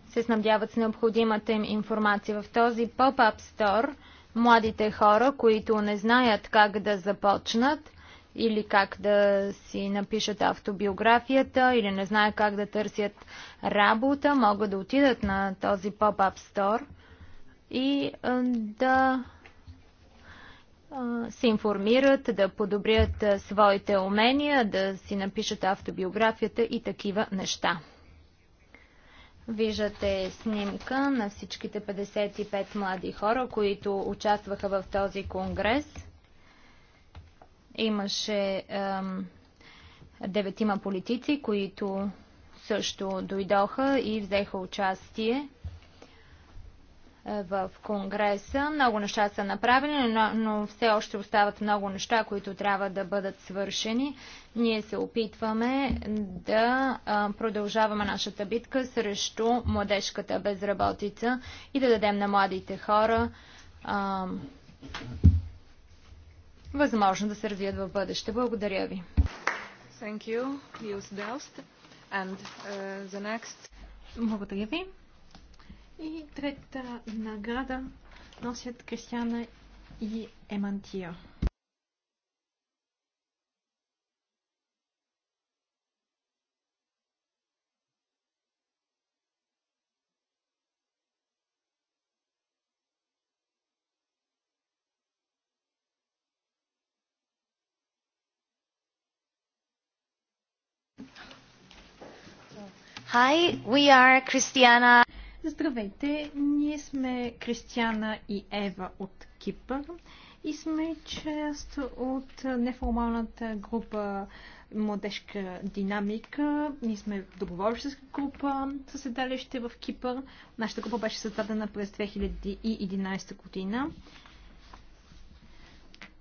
се снабдяват с необходимата им информация. В този Pop-Up Store младите хора, които не знаят как да започнат или как да си напишат автобиографията или не знаят как да търсят работа, могат да отидат на този Pop-Up Store и да се информират, да подобрят своите умения, да си напишат автобиографията и такива неща. Виждате снимка на всичките 55 млади хора, които участваха в този конгрес. Имаше деветима политици, които също дойдоха и взеха участие в Конгреса. Много неща са направени, но, но все още остават много неща, които трябва да бъдат свършени. Ние се опитваме да продължаваме нашата битка срещу младежката безработица и да дадем на младите хора а, възможно да се развият в бъдеще. Благодаря ви. Благодаря ви. And, uh, the next... Благодаря ви. И третата награда носят Кристиана и Емантия. Hi, we are Christiana Здравейте, ние сме Кристияна и Ева от Кипър и сме част от неформалната група Младежка динамика. Ние сме доброволческа група със седалище в Кипър. Нашата група беше създадена през 2011 година.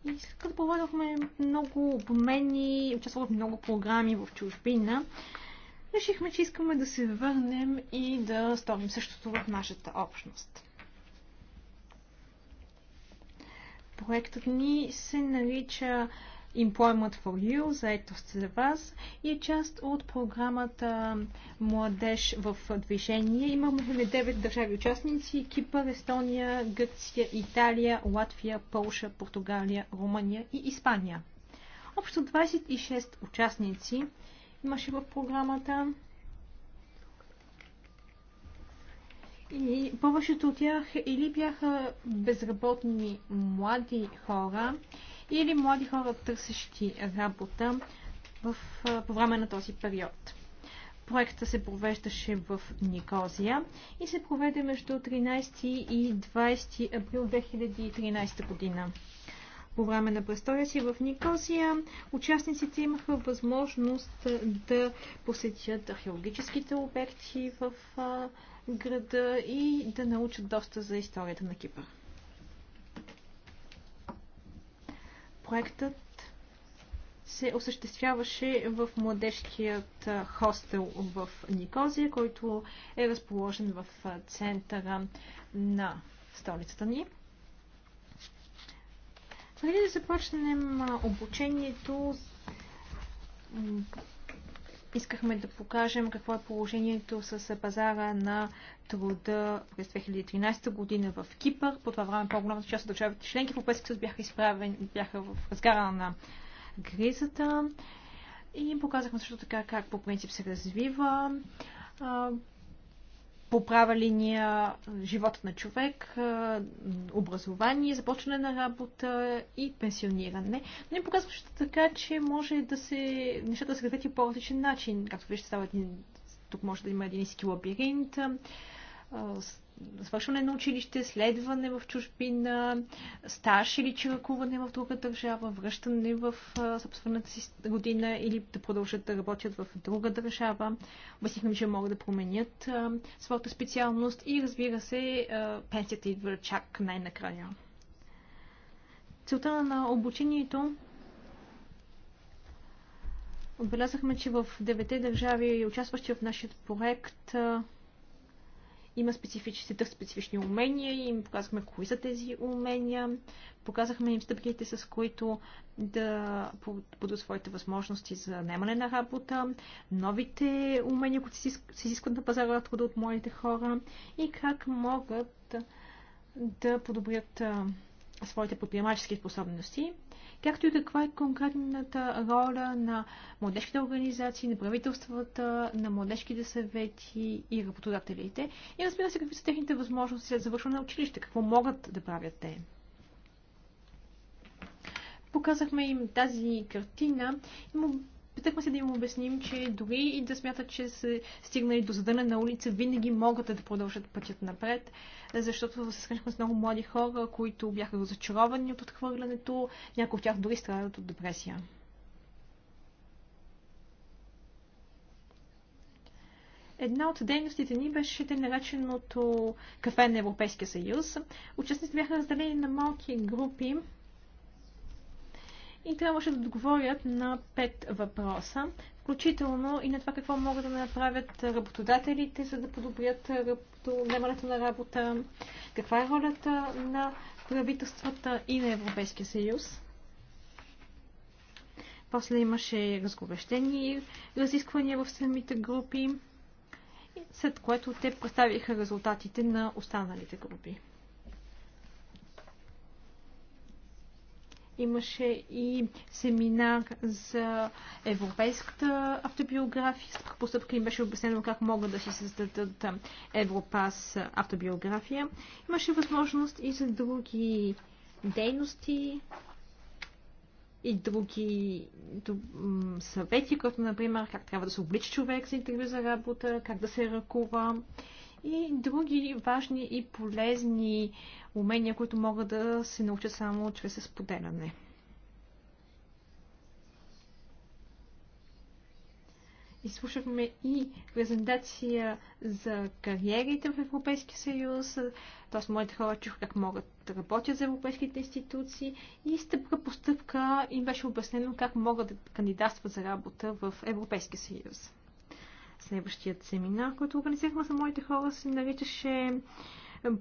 И след като проведохме много обмени, участвахме в много програми в чужбина, решихме, че искаме да се върнем и да сторим същото в нашата общност. Проектът ни се нарича Employment for You, заетост за вас и е част от програмата Младеж в движение. Имаме 9 държави участници Кипър, Естония, Гърция, Италия, Латвия, Полша, Португалия, Румъния и Испания. Общо 26 участници имаше в програмата. И повечето от тях или бяха безработни млади хора, или млади хора, търсещи работа в, по време на този период. Проектът се провеждаше в Никозия и се проведе между 13 и 20 април 2013 година по време на престоя си в Никосия. Участниците имаха възможност да посетят археологическите обекти в града и да научат доста за историята на Кипър. Проектът се осъществяваше в младежкият хостел в Никозия, който е разположен в центъра на столицата ни. Преди да започнем обучението, искахме да покажем какво е положението с пазара на труда през 2013 година в Кипър. По това време по-голямата част от държавите членки в Европейския бяха изправени, бяха в разгара на кризата. И показахме също така как по принцип се развива по права линия живота на човек, е, образование, започване на работа и пенсиониране. Но им показва също така, че може да се, нещата да се развият и по-различен начин. Както вижте, става един, тук може да има един ски лабиринт, Свършване на училище, следване в чужбина, стаж или чиракуване в друга държава, връщане в собствената си година или да продължат да работят в друга държава. Обяснихме, че могат да променят своята специалност и разбира се, пенсията идва чак най-накрая. Целта на обучението Отбелязахме, че в девете държави, участващи в нашия проект, има специфични, специфични умения и им показахме кои са тези умения. Показахме им стъпките, с които да подадат своите възможности за наемане на работа, новите умения, които се изискват на пазара на труда от моите хора и как могат да подобрят своите подприемачески способности, както и каква е конкретната роля на младежките организации, на правителствата, на младежките съвети и работодателите. И разбира се, какви са техните възможности след завършване на училище, какво могат да правят те. Показахме им тази картина и му Питахме се да им обясним, че дори и да смятат, че са стигнали до задъна на улица, винаги могат да продължат пътят напред, защото се срещнахме с много млади хора, които бяха разочаровани от отхвърлянето, някои от тях дори страдат от депресия. Една от дейностите ни беше те нареченото кафе на Европейския съюз. Участниците бяха разделени на малки групи, и трябваше да отговорят на пет въпроса, включително и на това какво могат да направят работодателите, за да подобрят немането на работа, каква е ролята на правителствата и на Европейския съюз. После имаше разговещени разисквания в самите групи, след което те представиха резултатите на останалите групи. Имаше и семинар за европейската автобиография. Стъпка по стъпка им беше обяснено как могат да си създадат Европас автобиография. Имаше възможност и за други дейности и други съвети, като, например, как трябва да се облича човек за интервю за работа, как да се ръкува и други важни и полезни умения, които могат да се научат само чрез споделяне. Изслушахме и презентация за кариерите в Европейския съюз, т.е. моите хора чуха как могат да работят за европейските институции и стъпка по стъпка им беше обяснено как могат да кандидатстват за работа в Европейския съюз следващият семинар, който организирахме за моите хора, се наричаше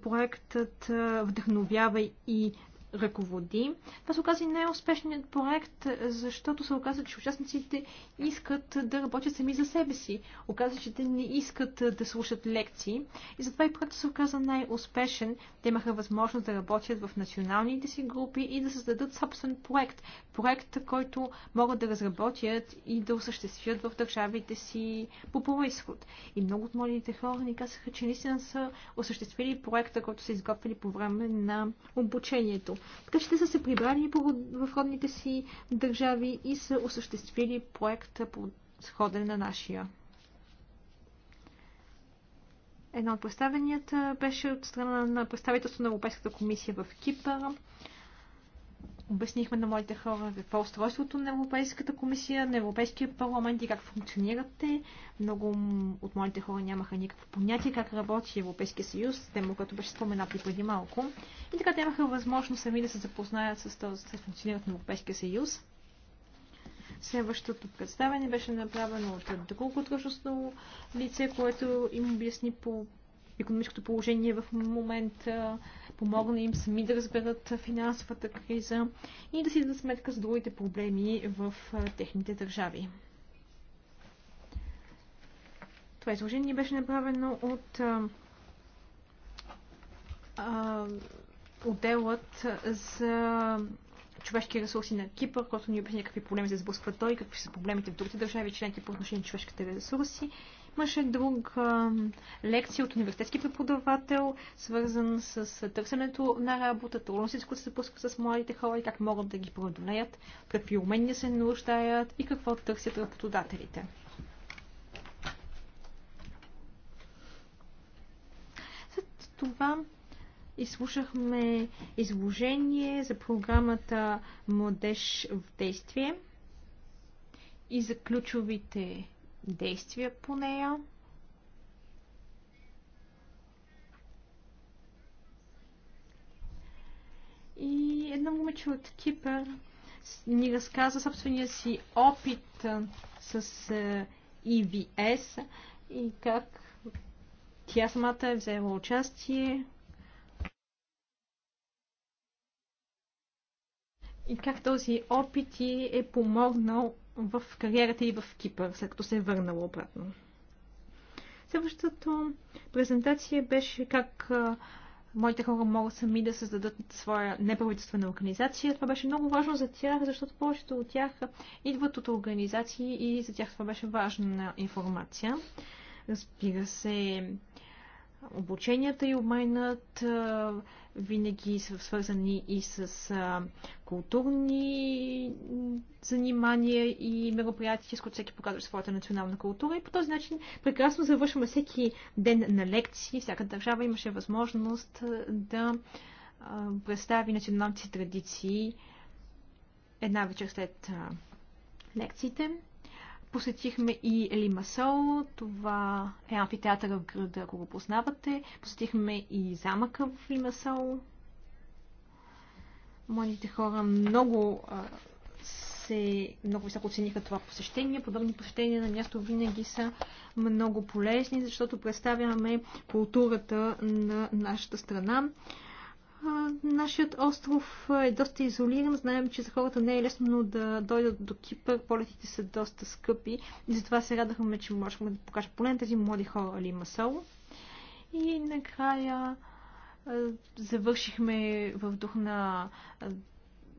проектът Вдъхновявай и ръководи. Това се оказа и най-успешният проект, защото се оказа, че участниците искат да работят сами за себе си. Оказа, че те не искат да слушат лекции. И затова и проектът се оказа най-успешен. Те имаха възможност да работят в националните си групи и да създадат собствен проект. Проект, който могат да разработят и да осъществят в държавите си по происход. И много от младите хора ни казаха, че наистина са осъществили проекта, който са изготвили по време на обучението. Така че те са се прибрали в родните си държави и са осъществили проекта по сходен на нашия. Едно от представенията беше от страна на представителството на Европейската комисия в Кипър обяснихме на моите хора какво е устройството на Европейската комисия, на Европейския парламент и как функционират те. Много от моите хора нямаха никакво понятие как работи Европейския съюз, тема, която беше споменати преди малко. И така те имаха възможност сами да се запознаят с този с функционират на Европейския съюз. Следващото представяне беше направено от друго длъжностно лице, което им обясни по економическото положение в момента, помогна им сами да разберат финансовата криза и да си дадат сметка за другите проблеми в техните държави. Това изложение беше направено от а, отделът за човешки ресурси на Кипър, който ни обясни какви проблеми се сблъсква той, какви са проблемите в другите държави, членки по отношение на човешките ресурси Имаше друг а, лекция от университетски преподавател, свързан с търсенето на работа, трудностите, които се пускат с младите хора и как могат да ги преодолеят, какви умения се нуждаят и какво търсят работодателите. След това изслушахме изложение за програмата Младеж в действие и за ключовите действия по нея. И едно момиче от Кипър ни разказа собствения си опит с EVS и как тя самата е взела участие и как този опит е помогнал в кариерата и в Кипър, след като се е върнала обратно. Следващата презентация беше как моите хора могат сами да създадат своя неправителствена организация. Това беше много важно за тях, защото повечето от тях идват от организации и за тях това беше важна информация. Разбира се, обученията и обмайнат винаги са свързани и с а, културни занимания и мероприятия, с които всеки показва своята национална култура. И по този начин прекрасно завършваме всеки ден на лекции. Всяка държава имаше възможност да а, представи националните традиции една вечер след а, лекциите. Посетихме и Елимасол, това е амфитеатъра в града, ако го познавате. Посетихме и замъка в Елимасол. Младите хора много се много високо оцениха това посещение. Подобни посещения на място винаги са много полезни, защото представяме културата на нашата страна нашият остров е доста изолиран. Знаем, че за хората не е лесно да дойдат до Кипър. Полетите са доста скъпи. И затова се радвахме, че можем да покажем поне тези млади хора или масало. И накрая завършихме в дух на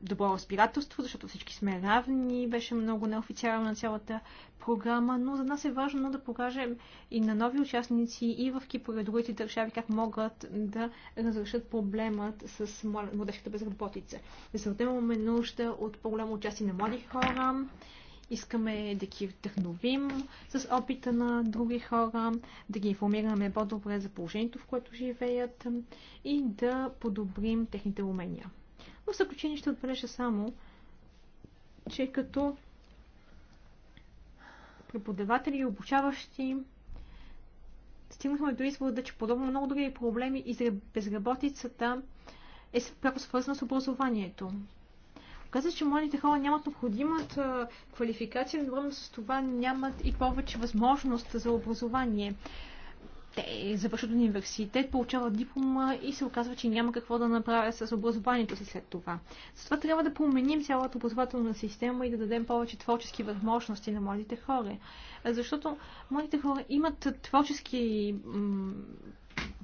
добро разбирателство, защото всички сме равни, беше много неофициално на цялата програма, но за нас е важно да покажем и на нови участници и в Кипър и другите държави как могат да разрешат проблемът с младежката безработица. Да се имаме нужда от по-голямо участие на млади хора, искаме да ги вдъхновим с опита на други хора, да ги информираме по-добре за положението, в което живеят и да подобрим техните умения. В заключение ще отбележа само, че като преподаватели и обучаващи стигнахме до извода, че подобно много други проблеми и безработицата е пряко свързана с образованието. Оказва, че младите хора нямат необходимата квалификация, но с това нямат и повече възможност за образование те завършват университет, получават диплома и се оказва, че няма какво да направят с образованието си след това. Затова трябва да променим цялата образователна система и да дадем повече творчески възможности на младите хора. Защото младите хора имат творчески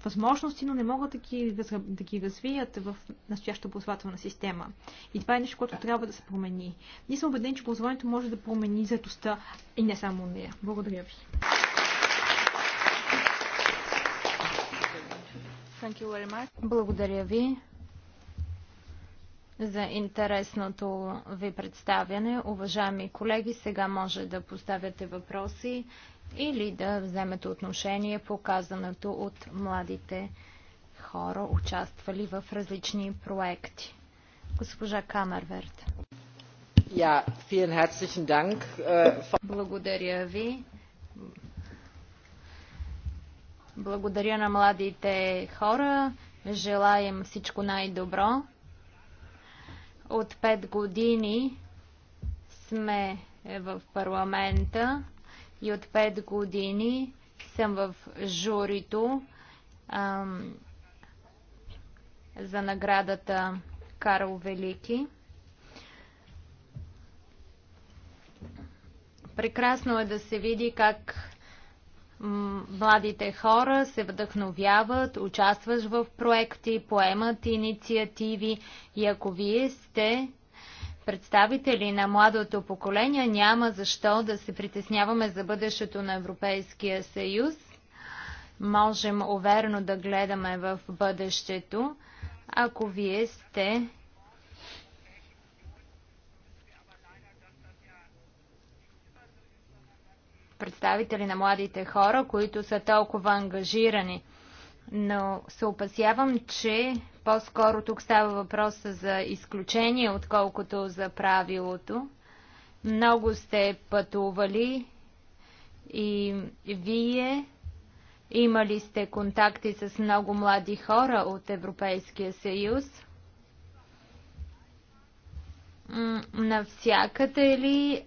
възможности, но не могат да ги, да ги развият в настоящата образователна система. И това е нещо, което трябва да се промени. Ние сме убедени, че образованието може да промени заедостта и не само нея. Благодаря ви. Благодаря ви за интересното ви представяне. Уважаеми колеги, сега може да поставяте въпроси или да вземете отношение по казаното от младите хора, участвали в различни проекти. Госпожа Камерверт. Äh, Благодаря ви. Благодаря на младите хора. Желаем всичко най-добро. От 5 години сме в парламента и от 5 години съм в журито ам, за наградата Карл Велики. Прекрасно е да се види как младите хора се вдъхновяват, участваш в проекти, поемат инициативи и ако вие сте представители на младото поколение, няма защо да се притесняваме за бъдещето на Европейския съюз. Можем уверено да гледаме в бъдещето, ако вие сте представители на младите хора, които са толкова ангажирани. Но се опасявам, че по-скоро тук става въпрос за изключение, отколкото за правилото. Много сте пътували и вие имали сте контакти с много млади хора от Европейския съюз. Навсякъде ли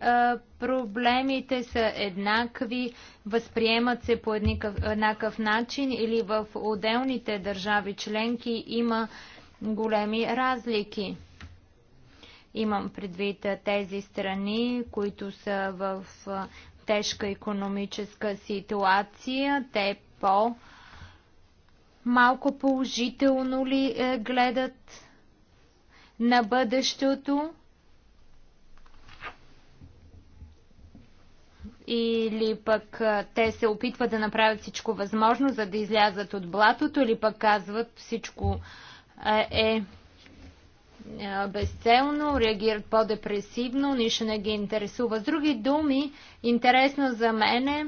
Проблемите са еднакви, възприемат се по еднакъв начин или в отделните държави членки има големи разлики. Имам предвид тези страни, които са в тежка економическа ситуация, те по малко положително ли е, гледат на бъдещето или пък те се опитват да направят всичко възможно, за да излязат от блатото, или пък казват всичко е безцелно, реагират по-депресивно, нищо не ги интересува. С други думи, интересно за мен е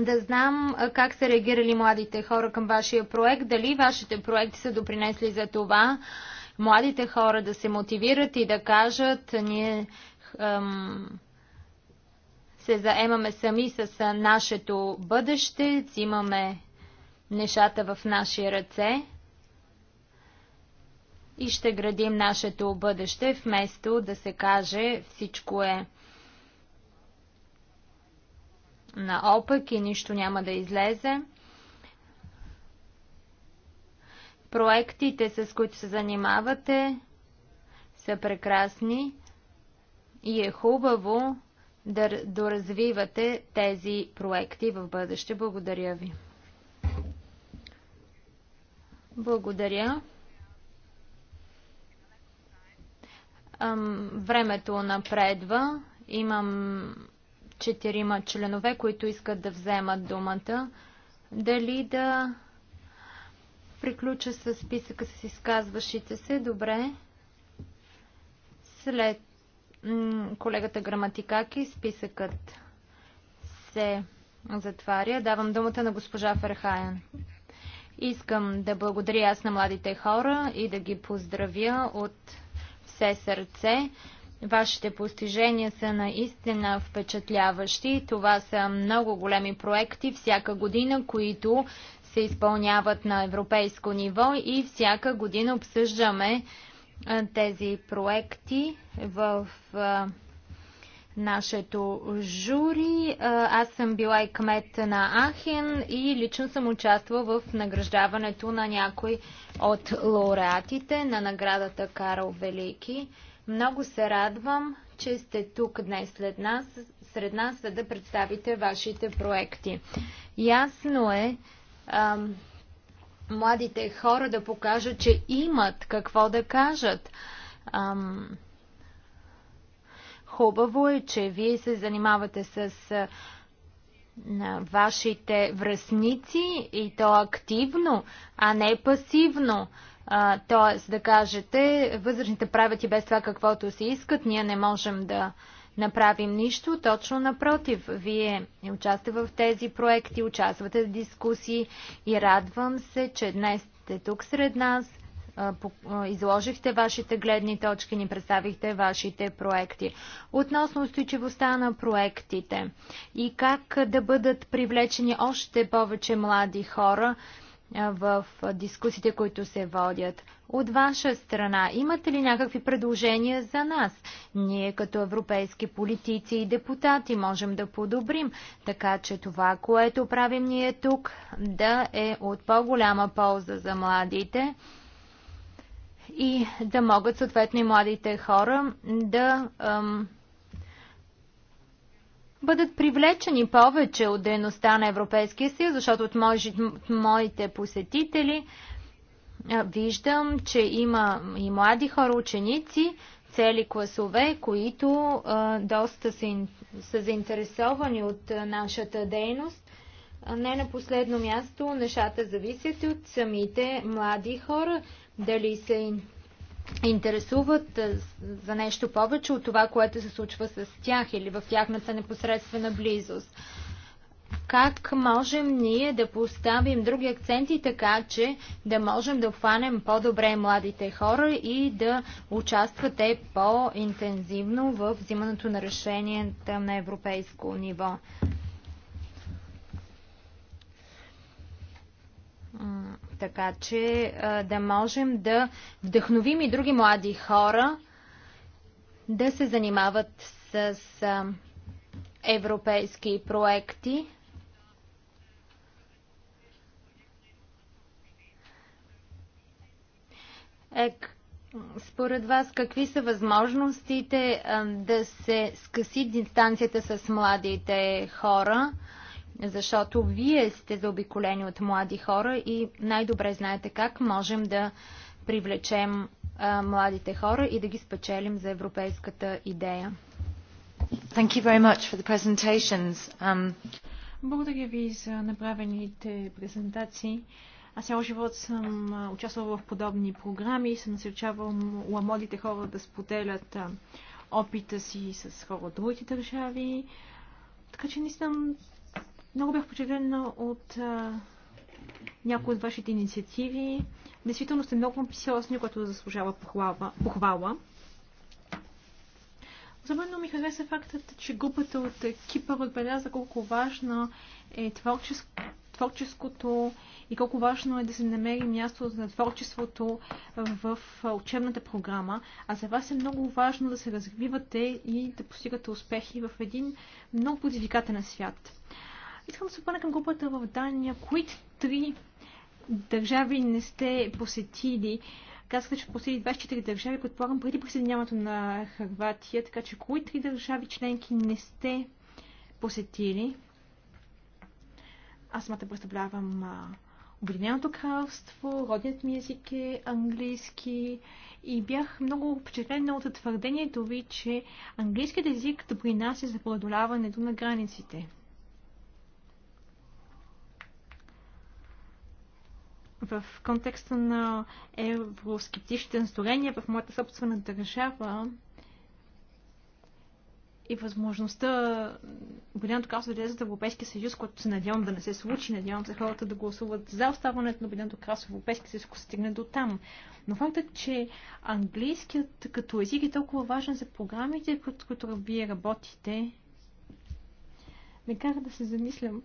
да знам как са реагирали младите хора към вашия проект, дали вашите проекти са допринесли за това младите хора да се мотивират и да кажат ние се заемаме сами с нашето бъдеще, взимаме нещата в наши ръце и ще градим нашето бъдеще, вместо да се каже всичко е наопак и нищо няма да излезе. Проектите, с които се занимавате, са прекрасни и е хубаво да доразвивате тези проекти в бъдеще. Благодаря ви. Благодаря. Времето напредва. Имам четирима членове, които искат да вземат думата. Дали да приключа с списъка с изказващите се? Добре. След колегата Граматикаки. Списъкът се затваря. Давам думата на госпожа Ферхаян. Искам да благодаря аз на младите хора и да ги поздравя от все сърце. Вашите постижения са наистина впечатляващи. Това са много големи проекти всяка година, които се изпълняват на европейско ниво и всяка година обсъждаме тези проекти в нашето жури. Аз съм била и кмет на Ахен и лично съм участвала в награждаването на някой от лауреатите на наградата Карл Велики. Много се радвам, че сте тук днес след нас, сред нас, за да представите вашите проекти. Ясно е, младите хора да покажат, че имат какво да кажат. Ам... Хубаво е, че вие се занимавате с на вашите връзници и то активно, а не пасивно. тоест да кажете, възрастните правят и без това каквото си искат, ние не можем да а, направим нищо, точно напротив. Вие участвате в тези проекти, участвате в дискусии и радвам се, че днес сте тук сред нас, изложихте вашите гледни точки, ни представихте вашите проекти. Относно устойчивостта на проектите и как да бъдат привлечени още повече млади хора, в дискусите, които се водят. От ваша страна, имате ли някакви предложения за нас? Ние като европейски политици и депутати можем да подобрим, така че това, което правим ние тук, да е от по-голяма полза за младите и да могат съответно и младите хора да ам, бъдат привлечени повече от дейността на Европейския съюз, защото от моите посетители виждам, че има и млади хора, ученици, цели класове, които доста са, са заинтересовани от нашата дейност. не на последно място, нещата зависят от самите млади хора, дали са интересуват за нещо повече от това, което се случва с тях или в тяхната непосредствена близост. Как можем ние да поставим други акценти така, че да можем да обхванем по-добре младите хора и да участвате по-интензивно в взимането на решенията на европейско ниво? така че да можем да вдъхновим и други млади хора да се занимават с европейски проекти. Ек, според вас, какви са възможностите да се скъси дистанцията с младите хора? защото вие сте заобиколени от млади хора и най-добре знаете как можем да привлечем младите хора и да ги спечелим за европейската идея. Thank you very much for the presentations. Um... Благодаря ви за направените презентации. Аз цял живот съм участвала в подобни програми и съм насърчавал младите хора да споделят опита си с хора от другите държави. Така че не съм. Много бях почерпена от а, някои от вашите инициативи. Действително сте много амбициозни, което заслужава похвала. похвала. мен ми хареса фактът, че групата от екипа отбеляза колко важна е творческо, творческото и колко важно е да се намери място за творчеството в учебната програма, а за вас е много важно да се развивате и да постигате успехи в един много предизвикателен свят. Искам да се обърна към групата в Дания. Кои три държави не сте посетили? Казахте, че посети 24 държави, предполагам преди присъединяването на Харватия, така че кои три държави членки не сте посетили? Аз самата представлявам Обединеното кралство, родният ми език е английски и бях много впечатлена от твърдението ви, че английският език допринася за преодоляването на границите. в контекста на евроскептичните настроения в моята собствена държава и възможността Обединеното кралство да влезе в Европейския съюз, което се надявам да не се случи. Надявам се хората да гласуват за оставането на Обединеното кралство в Европейския съюз, ако стигне до там. Но фактът, че английският като език е толкова важен за програмите, под които вие работите, ме кара да се замислям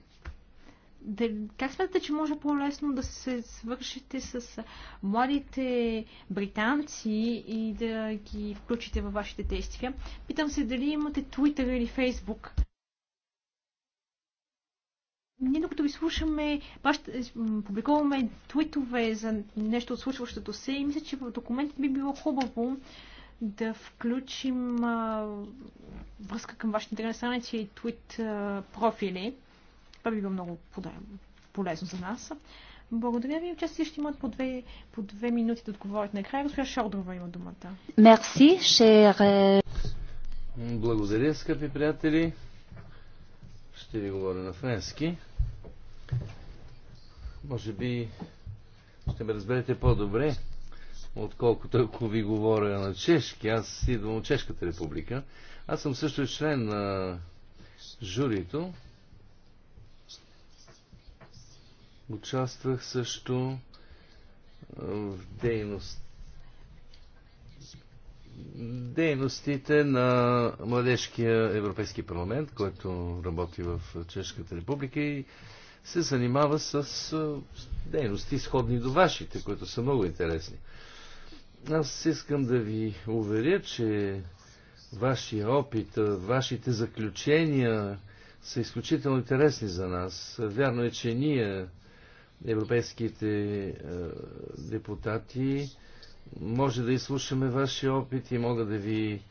как смятате, че може по-лесно да се свършите с младите британци и да ги включите във вашите действия? Питам се дали имате Twitter или Facebook. Ние докато ви слушаме, е, публикуваме твитове за нещо от случващото се и мисля, че в документите би било хубаво да включим а, връзка към вашите интернет страници и твит а, профили. Това би било много полезно за нас. Благодаря ви. Участие ще имат по две, по две минути да отговорят накрая. Госпожа Шордова има думата. Мерси, шер. Е. Благодаря, скъпи приятели. Ще ви говоря на френски. Може би ще ме разберете по-добре, отколкото ако ви говоря на чешки. Аз идвам от Чешката република. Аз съм също член на журито Участвах също в дейност дейностите на Младежкия Европейски парламент, който работи в Чешката република и се занимава с дейности, сходни до вашите, които са много интересни. Аз искам да ви уверя, че вашия опит, вашите заключения са изключително интересни за нас. Вярно е, че ние европейските е, депутати. Може да изслушаме вашия опит и мога да ви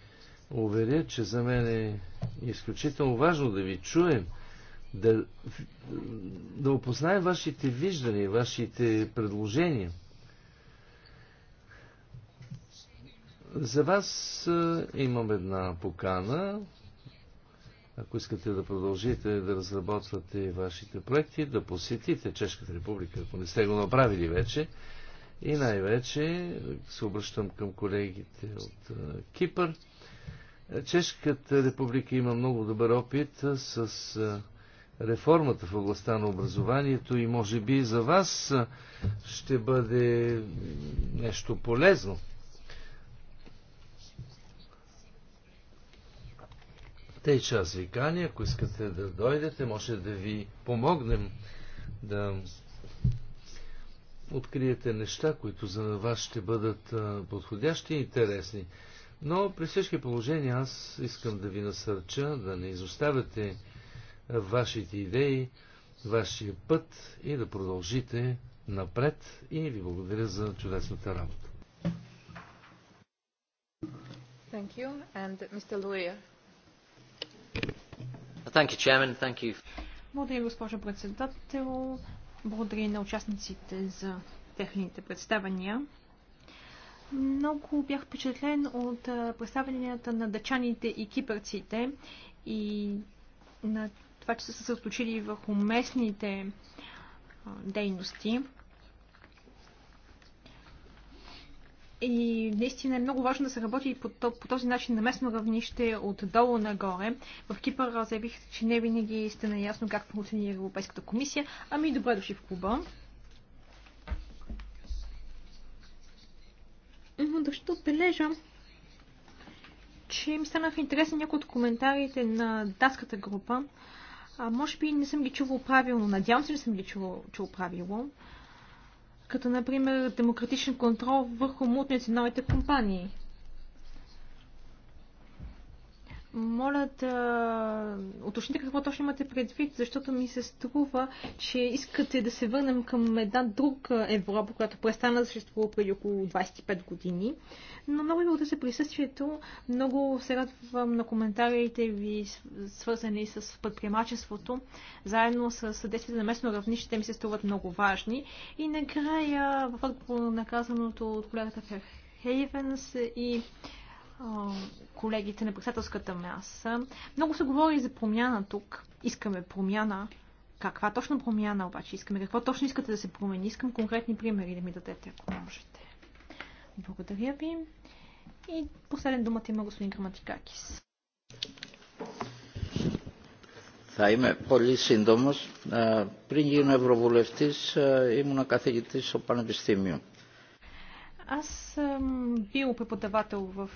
уверя, че за мен е изключително важно да ви чуем, да, да опознаем вашите виждания, вашите предложения. За вас е, имам една покана ако искате да продължите да разработвате вашите проекти, да посетите Чешката република, ако не сте го направили вече. И най-вече се обръщам към колегите от Кипър. Чешката република има много добър опит с реформата в областта на образованието и може би за вас ще бъде нещо полезно. Тъй, че аз ви кани, ако искате да дойдете, може да ви помогнем да откриете неща, които за вас ще бъдат подходящи и интересни. Но при всички положения аз искам да ви насърча да не изоставяте вашите идеи, вашия път и да продължите напред и ви благодаря за чудесната работа. Thank you. And Mr. Luria. You, Благодаря, госпожо председател. Благодаря на участниците за техните представения. Много бях впечатлен от представенията на дъчаните и кипърците и на това, че са се съсредоточили върху местните дейности. И наистина е много важно да се работи по, по този начин на местно равнище, отдолу нагоре. В Кипър заявих, че не винаги сте наясно как функционира Европейската комисия. Ами добре дошли в клуба. Но да ще отбележа, че ми станаха интересни някои от коментарите на датската група. А, може би не съм ги чувал правилно. Надявам се, че не съм ги чувал, чувал правилно като например демократичен контрол върху мултинационалните компании. моля да уточните какво точно имате предвид, защото ми се струва, че искате да се върнем към една друга Европа, която престана да съществува преди около 25 години. Но много ви е благодаря за присъствието. Много се радвам на коментарите ви, свързани с предприемачеството. Заедно с действията на местно равнище, те ми се струват много важни. И накрая, в отговор на казаното от колегата Хейвенс и колегите на председателската маса. Много се говори за промяна тук. Искаме промяна. Каква точно промяна обаче искаме? Какво точно искате да се промени? Искам конкретни примери да ми дадете, ако можете. Благодаря ви. И последен думата има господин Граматикакис. Θα είμαι πολύ σύντομος. Πριν γίνω ευρωβουλευτής ήμουν καθηγητής στο Πανεπιστήμιο. Аз съм бил преподавател в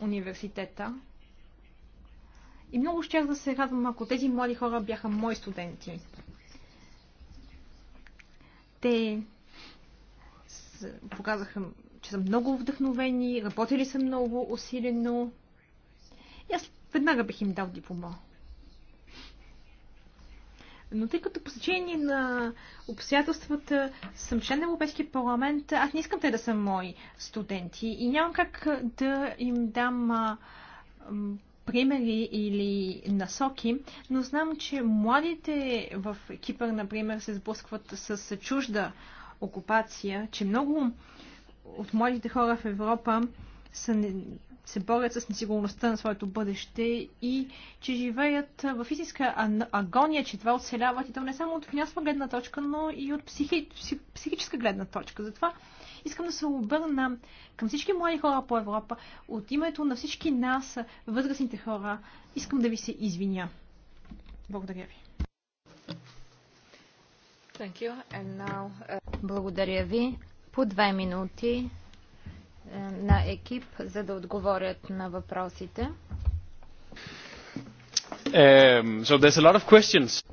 университета и много щях да се радвам, ако тези млади хора бяха мои студенти. Те показаха, че са много вдъхновени, работили са много усилено. И аз веднага бих им дал диплома. Но тъй като посечение на обстоятелствата съм член на Европейския парламент, аз не искам те да са мои студенти и нямам как да им дам а, примери или насоки, но знам, че младите в Кипър, например, се сблъскват с чужда окупация, че много от младите хора в Европа са се борят с несигурността на своето бъдеще и че живеят в истинска агония, че това оцеляват и то не само от финансова гледна точка, но и от психи, психическа гледна точка. Затова искам да се обърна към всички млади хора по Европа, от името на всички нас, възрастните хора, искам да ви се извиня. Благодаря ви. Now... Uh, Благодаря ви. По две минути на екип, за да отговорят на въпросите. Um, so there's a lot of questions.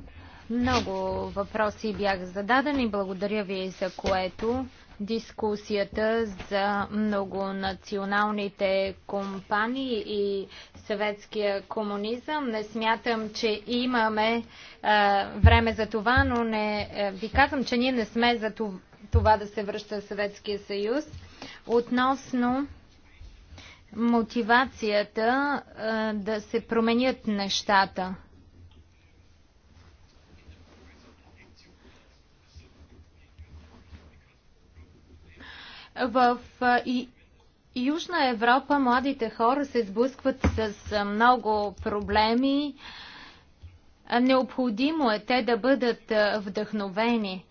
Много въпроси бях зададени. Благодаря ви за което. Дискусията за многонационалните компании и съветския комунизъм. Не смятам, че имаме а, е, време за това, но не а, е, ви казвам, че ние не сме за това, това да се връща Съветския съюз. Относно мотивацията да се променят нещата. В и, Южна Европа младите хора се сблъскват с много проблеми. Необходимо е те да бъдат вдъхновени.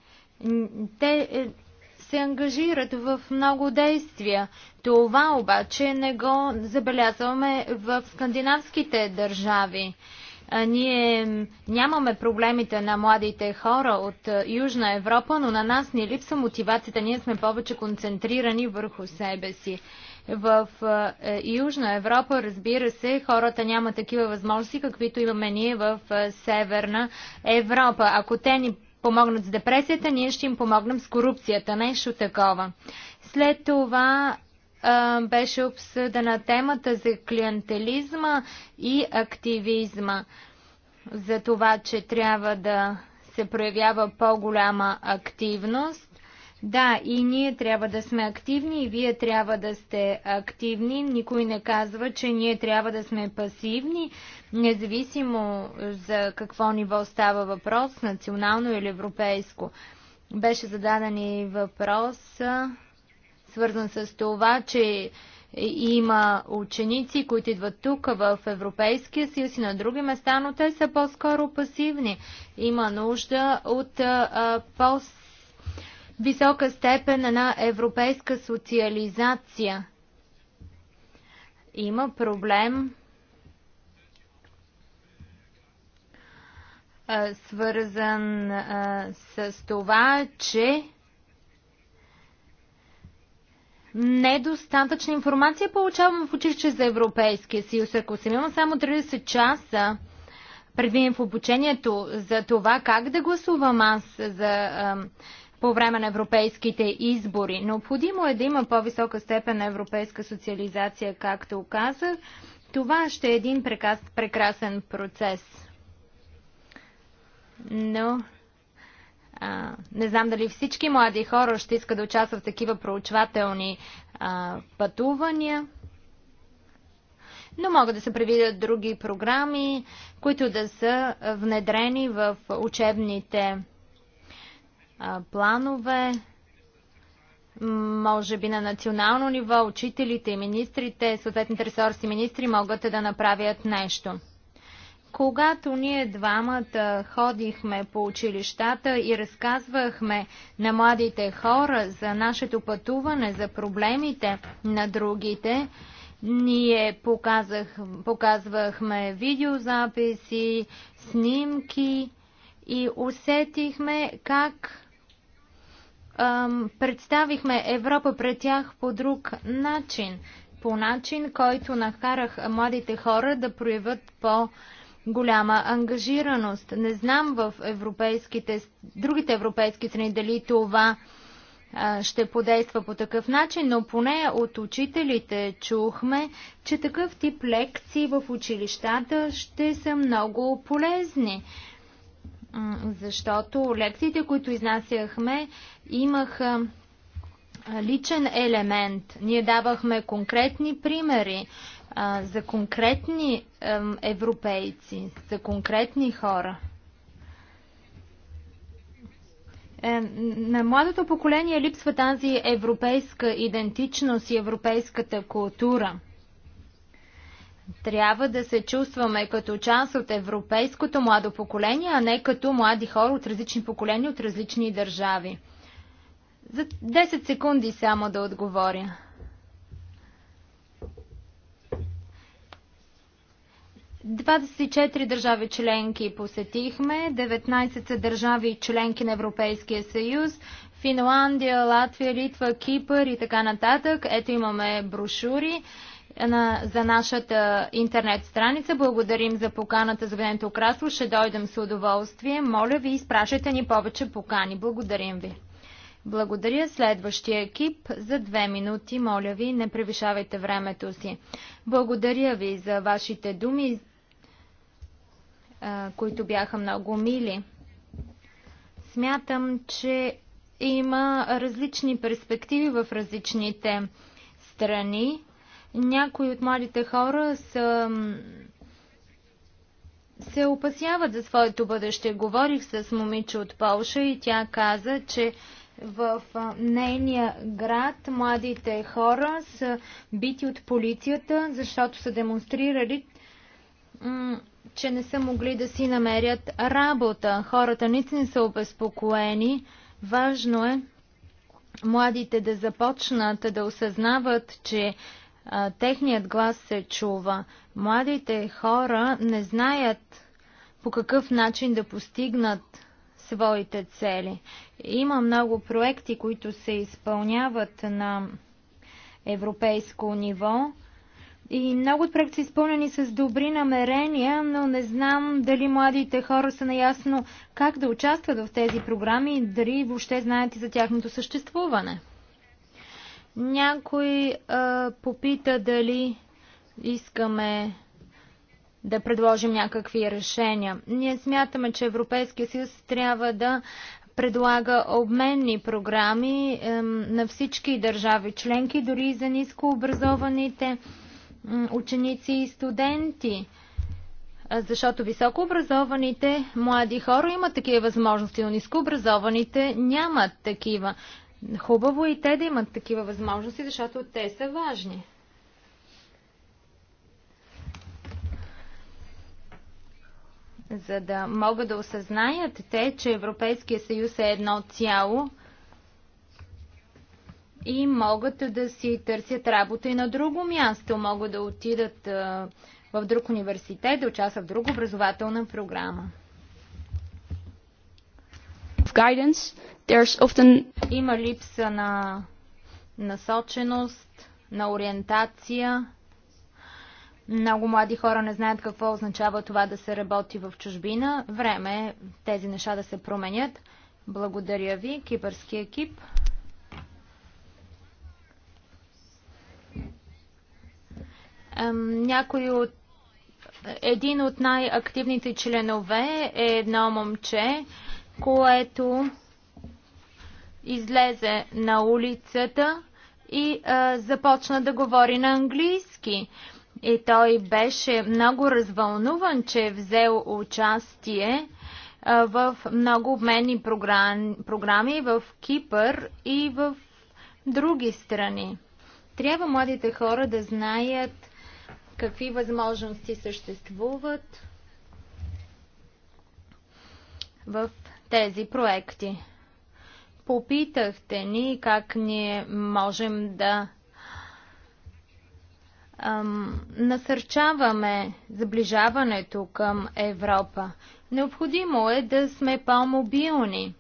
Те е, се ангажират в много действия. Това обаче не го забелязваме в скандинавските държави. Ние нямаме проблемите на младите хора от Южна Европа, но на нас ни липса мотивацията. Ние сме повече концентрирани върху себе си. В е, Южна Европа, разбира се, хората няма такива възможности, каквито имаме ние в Северна Европа. Ако те ни помогнат с депресията, ние ще им помогнем с корупцията. Нещо такова. След това беше обсъдена темата за клиентелизма и активизма. За това, че трябва да се проявява по-голяма активност да, и ние трябва да сме активни, и вие трябва да сте активни. Никой не казва, че ние трябва да сме пасивни, независимо за какво ниво става въпрос, национално или европейско. Беше зададен и въпрос, свързан с това, че има ученици, които идват тук в Европейския съюз и на други места, но те са по-скоро пасивни. Има нужда от по висока степен на европейска социализация. Има проблем свързан с това, че недостатъчна информация получавам в училище за Европейския съюз. Ако съм имам само 30 часа преди в обучението за това как да гласувам аз за по време на европейските избори. Необходимо е да има по-висока степен на европейска социализация, както казах. Това ще е един прекрасен процес. Но а, не знам дали всички млади хора ще искат да участват в такива проучвателни а, пътувания. Но могат да се предвидят други програми, които да са внедрени в учебните планове, може би на национално ниво, учителите и министрите, съответните ресорси министри могат да направят нещо. Когато ние двамата ходихме по училищата и разказвахме на младите хора за нашето пътуване, за проблемите на другите, ние показах, показвахме видеозаписи, снимки и усетихме как представихме Европа пред тях по друг начин. По начин, който накарах младите хора да проявят по- голяма ангажираност. Не знам в европейските, другите европейски страни дали това а, ще подейства по такъв начин, но поне от учителите чухме, че такъв тип лекции в училищата ще са много полезни защото лекциите, които изнасяхме, имаха личен елемент. Ние давахме конкретни примери а, за конкретни а, европейци, за конкретни хора. Е, на младото поколение липсва тази европейска идентичност и европейската култура. Трябва да се чувстваме като част от европейското младо поколение, а не като млади хора от различни поколения, от различни държави. За 10 секунди само да отговоря. Двадесет четири държави членки посетихме, 19 са държави членки на Европейския съюз, Финландия, Латвия, Литва, Кипър и така нататък. Ето имаме брошури на, за нашата интернет страница. Благодарим за поканата за Венето красло. Ще дойдем с удоволствие. Моля ви, изпращайте ни повече покани. Благодарим ви. Благодаря. Следващия екип за две минути. Моля ви, не превишавайте времето си. Благодаря ви за вашите думи, които бяха много мили. Смятам, че има различни перспективи в различните страни някои от младите хора са се опасяват за своето бъдеще. Говорих с момиче от Полша и тя каза, че в нейния град младите хора са бити от полицията, защото са демонстрирали, че не са могли да си намерят работа. Хората не са обезпокоени. Важно е младите да започнат да осъзнават, че техният глас се чува. Младите хора не знаят по какъв начин да постигнат своите цели. Има много проекти, които се изпълняват на европейско ниво. И много от проекти са изпълнени с добри намерения, но не знам дали младите хора са наясно как да участват в тези програми и дали въобще знаят и за тяхното съществуване. Някой а, попита дали искаме да предложим някакви решения. Ние смятаме, че Европейския съюз трябва да предлага обменни програми е, на всички държави членки, дори и за нискообразованите ученици и студенти. Защото високообразованите млади хора имат такива възможности, но нискообразованите нямат такива. Хубаво е и те да имат такива възможности, защото те са важни. За да могат да осъзнаят те, че Европейския съюз е едно цяло и могат да си търсят работа и на друго място. Могат да отидат в друг университет, да участват в друга образователна програма. Guidance there's often... Има липса на насоченост, на ориентация. Много млади хора не знаят какво означава това да се работи в чужбина. Време е тези неща да се променят. Благодаря ви, кипърски екип. Някой от един от най-активните членове е едно момче, което излезе на улицата и а, започна да говори на английски. И той беше много развълнуван, че е взел участие а, в много обменни програм, програми в Кипър и в други страни. Трябва младите хора да знаят какви възможности съществуват в тези проекти. Попитахте ни как ние можем да ам, насърчаваме заближаването към Европа. Необходимо е да сме по-мобилни.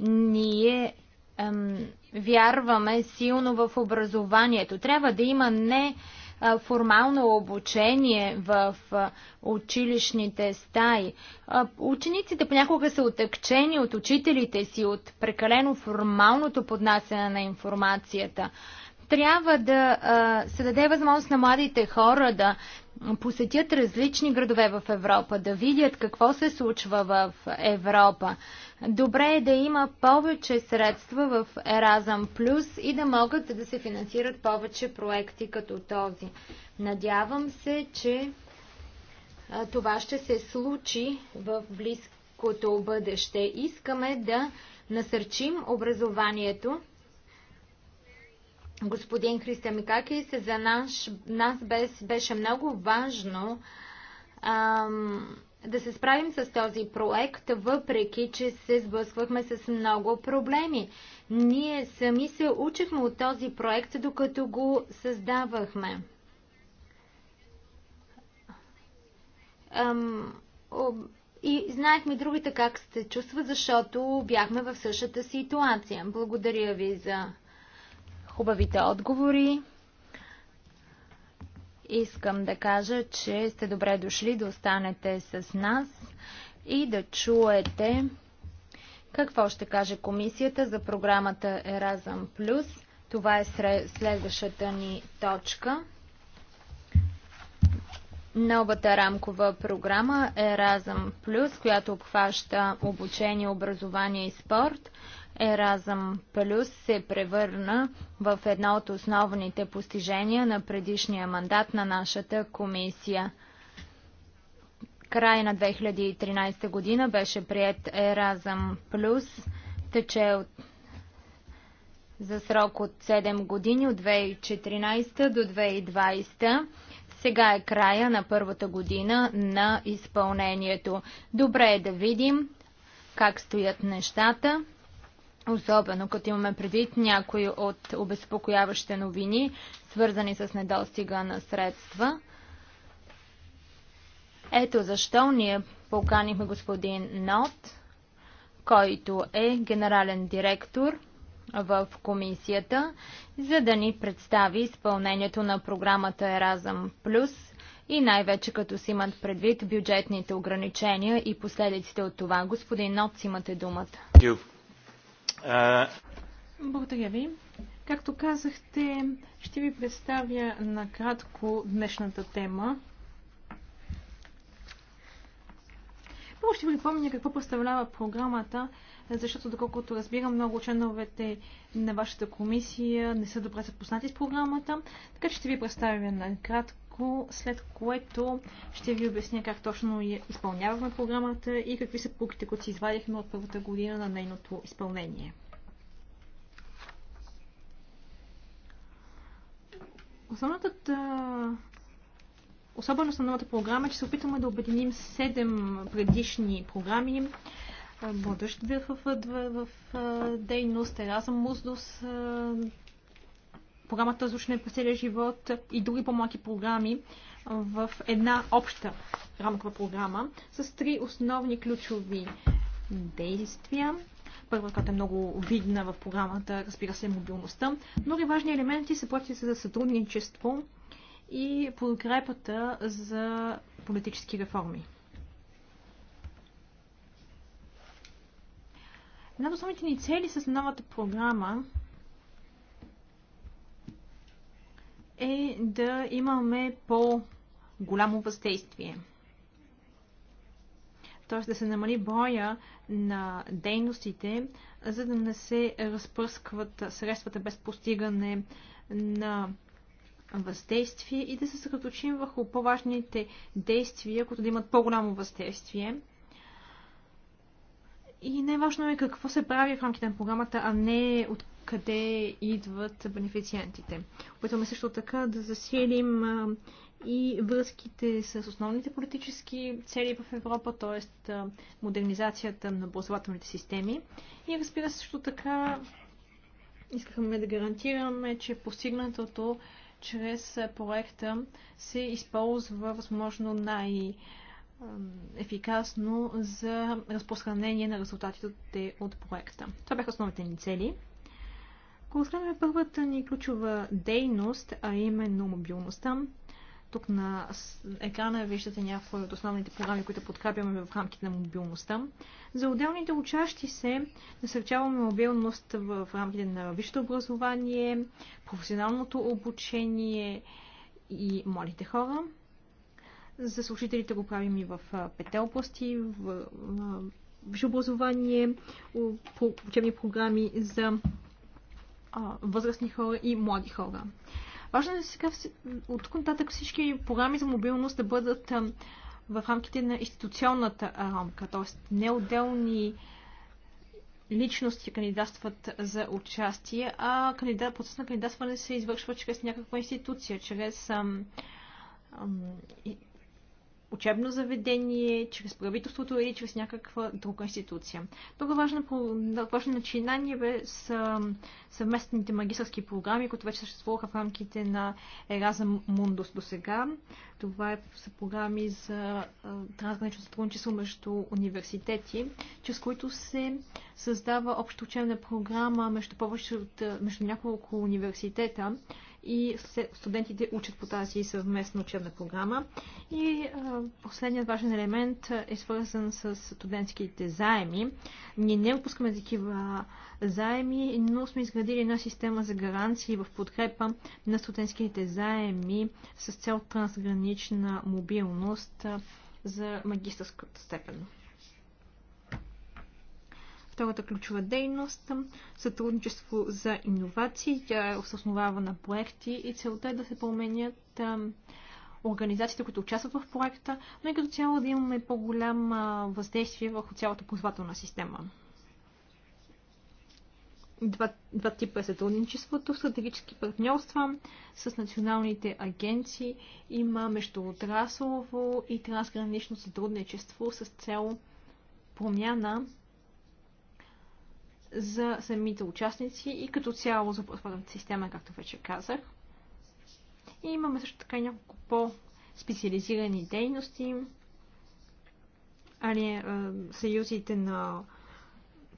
Ние ам, вярваме силно в образованието. Трябва да има не формално обучение в училищните стаи. Учениците понякога са отъкчени от учителите си, от прекалено формалното поднасяне на информацията. Трябва да се даде възможност на младите хора да посетят различни градове в Европа, да видят какво се случва в Европа. Добре е да има повече средства в Еразъм Плюс и да могат да се финансират повече проекти като този. Надявам се, че това ще се случи в близкото бъдеще. Искаме да насърчим образованието господин Христа Микакис, за нас, нас без, беше много важно ам, да се справим с този проект, въпреки че се сблъсквахме с много проблеми. Ние сами се учихме от този проект, докато го създавахме. Ам, об... И знаехме другите как се чувства, защото бяхме в същата ситуация. Благодаря ви за хубавите отговори. Искам да кажа, че сте добре дошли да останете с нас и да чуете какво ще каже комисията за програмата Erasm+. Плюс. Това е следващата ни точка. Новата рамкова програма Erasm+, Плюс, която обхваща обучение, образование и спорт – Еразъм Плюс се превърна в едно от основните постижения на предишния мандат на нашата комисия. Край на 2013 година беше прият Еразъм Плюс, тече от за срок от 7 години, от 2014 до 2020. Сега е края на първата година на изпълнението. Добре е да видим как стоят нещата. Особено като имаме предвид някои от обезпокояващите новини, свързани с недостига на средства. Ето защо ние поканихме господин Нот, който е генерален директор в комисията, за да ни представи изпълнението на програмата Еразъм Плюс и най-вече като си имат предвид бюджетните ограничения и последиците от това. Господин Ноц, имате думата. Благодаря ви. Както казахте, ще ви представя накратко днешната тема. Първо ще ви припомня какво представлява програмата, защото доколкото разбирам, много членовете на вашата комисия не са добре запознати с програмата, така че ще ви представя накратко кратко, след което ще ви обясня как точно изпълняваме програмата и какви са пуките, които си извадихме от първата година на нейното изпълнение. Основната особеност на новата програма е, че се опитваме да обединим 7 предишни програми. Младъж в, в, в, в дейност, Еразъм Муздус, програмата за учене през целия живот и други по-малки програми в една обща рамкова програма с три основни ключови действия. Първа, която е много видна в програмата, разбира се, е мобилността. много важни елементи са проектите за сътрудничество и подкрепата за политически реформи. Една от основните ни цели с новата програма е да имаме по-голямо въздействие. Т.е. да се намали броя на дейностите, за да не се разпръскват средствата без постигане на въздействие и да се съсредоточим върху по-важните действия, които да имат по-голямо въздействие. И най-важно е какво се прави в рамките на програмата, а не от къде идват бенефициентите. Опитваме също така да засилим и връзките с основните политически цели в Европа, т.е. модернизацията на образователните системи. И разбира се, също така искахме да гарантираме, че постигнатото чрез проекта се използва възможно най- ефикасно за разпространение на резултатите от проекта. Това бяха основните ни цели разгледаме първата ни ключова дейност, а именно мобилността, тук на екрана виждате някои от основните програми, които подкрепяме в рамките на мобилността. За отделните учащи се насърчаваме мобилност в рамките на висшето образование, професионалното обучение и младите хора. За служителите го правим и в петте области, в висше образование, учебни програми за възрастни хора и млади хора. Важно е сега от тук нататък всички програми за мобилност да бъдат в рамките на институционната рамка, т.е. неотделни личности кандидатстват за участие, а кандидат, процес на кандидатстване се извършва чрез някаква институция, чрез ам, ам, учебно заведение, чрез правителството или чрез някаква друга институция. Друго важно, важно начинание бе са съвместните магистърски програми, които вече съществуваха в рамките на Еразъм Мундус до сега. Това е, са програми за трансгранично сътрудничество между университети, чрез които се създава обща учебна програма между, повече от, между няколко университета, и студентите учат по тази съвместна учебна програма. И последният важен елемент е свързан с студентските заеми. Ние не опускаме такива заеми, но сме изградили една система за гаранции в подкрепа на студентските заеми с цел трансгранична мобилност за магистърската степен. Втората ключова дейност е – сътрудничество за иновации. Тя е основава на проекти и целта е да се променят организациите, които участват в проекта, но и като цяло да имаме по-голям въздействие върху цялата позвателна система. Два, два типа е сътрудничеството, стратегически партньорства с националните агенции, има междуотраслово и трансгранично сътрудничество с цел промяна за самите участници и като цяло за платформата система, както вече казах. И имаме също така няколко по-специализирани дейности, али, е, съюзите на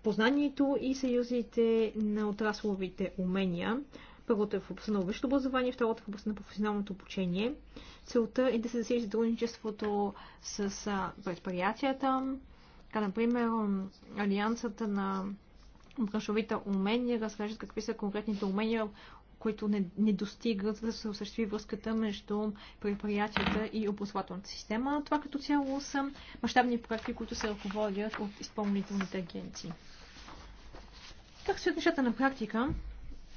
познанието и съюзите на отрасловите умения. Първото е в областта на висшето образование, второто е в областта на професионалното обучение. Целта е да се засили сътрудничеството с предприятията, така, например, Алиансата на браншовите умения, разкажат какви са конкретните умения, които не, не достигат, за да се осъществи връзката между предприятията и образователната система. Това като цяло са мащабни проекти, които се ръководят от изпълнителните агенции. Как стоят нещата на практика?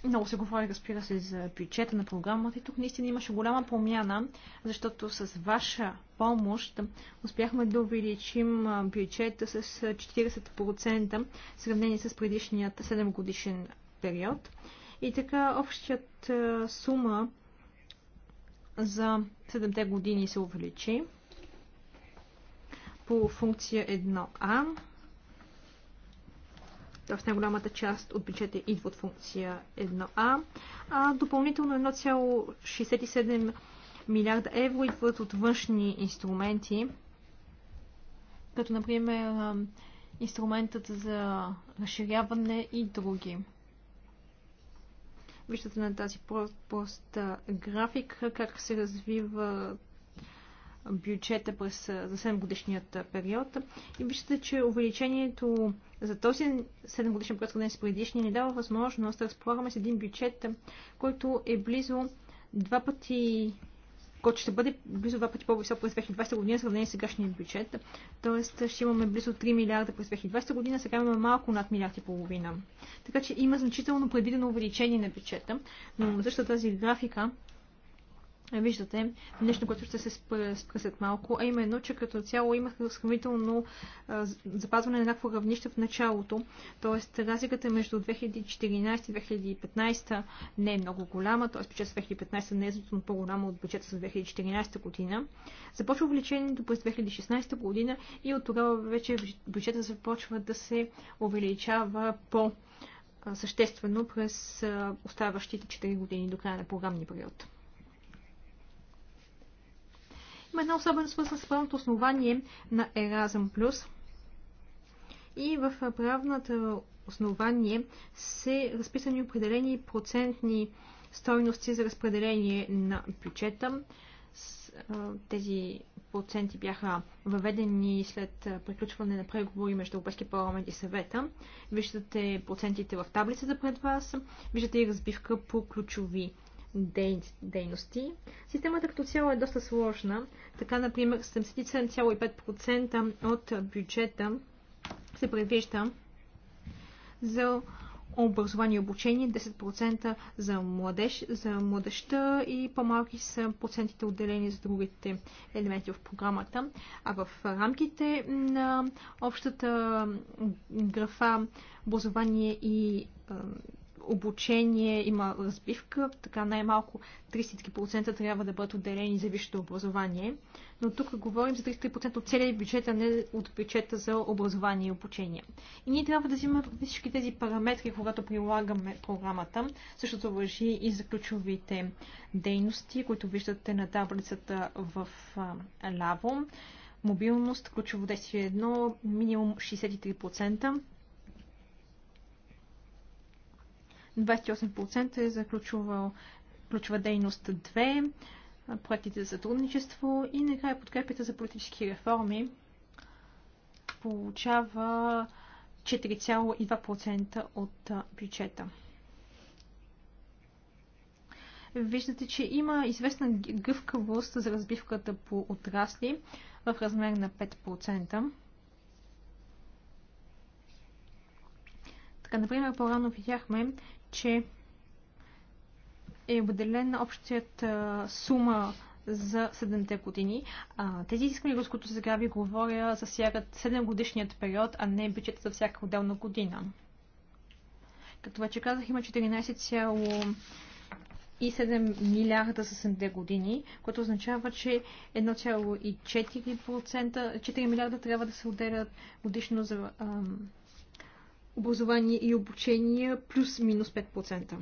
Много се говори, разбира се, за бюджета на програмата и тук наистина имаше голяма промяна, защото с ваша помощ успяхме да увеличим бюджета с 40% в сравнение с предишният 7 годишен период. И така общият сума за 7 години се увеличи по функция 1А т.е. най-голямата част от бюджета идва от функция 1А, а допълнително 1,67 милиарда евро идват от външни инструменти, като например инструментът за разширяване и други. Виждате на тази пост график как се развива бюджета през за 7 годишният период. И виждате, че увеличението за този 7 годишен период, сравнен е с предишния, ни дава възможност да разполагаме с един бюджет, който е близо два пъти който ще бъде близо два пъти по-висок през 2020 година, сравнение с сегашния бюджет. Тоест ще имаме близо 3 милиарда през 2020 година, сега имаме малко над милиард и половина. Така че има значително предвидено увеличение на бюджета, но за тази графика виждате нещо, което ще се спре след малко, а именно, че като цяло има сравнително запазване на еднакво равнище в началото, т.е. разликата между 2014 и 2015 не е много голяма, т.е. бюджет с 2015 не е значително по-голяма от бюджета с 2014 година. Започва увеличението през 2016 година и от тогава вече бюджета започва да се увеличава по съществено през оставащите 4 години до края на програмния период. Има една особено свързана с правното основание на Еразъм Плюс. И в правната основание се разписани определени процентни стойности за разпределение на бюджета. Тези проценти бяха въведени след приключване на преговори между Европейския парламент и съвета. Виждате процентите в таблицата пред вас. Виждате и разбивка по ключови дейности. Системата като цяло е доста сложна. Така, например, 77,5% от бюджета се предвижда за образование и обучение, 10% за младеж, за младеща и по-малки са процентите отделени за другите елементи в програмата. А в рамките на общата графа образование и обучение има разбивка, така най-малко 33% трябва да бъдат отделени за висшето образование. Но тук говорим за 33% от целия бюджет, а не от бюджета за образование и обучение. И ние трябва да взимаме всички тези параметри, когато прилагаме програмата. Същото въжи и за ключовите дейности, които виждате на таблицата в ляво. Мобилност, ключово действие 1, минимум 63%. 28% е заключувал ключова, ключова дейност 2, проектите за сътрудничество и накрая подкрепите за политически реформи получава 4,2% от бюджета. Виждате, че има известна гъвкавост за разбивката по отрасли в размер на 5%. Така, например, по-рано видяхме, че е определена общият сума за 7-те години. А, тези изисквания, за които сега ви говоря, засягат 7 годишният период, а не бюджета за всяка отделна година. Като вече казах, има 14,7 милиарда за 7 те години, което означава, че 1,4% 4 милиарда трябва да се отделят годишно за образование и обучение плюс-минус 5%.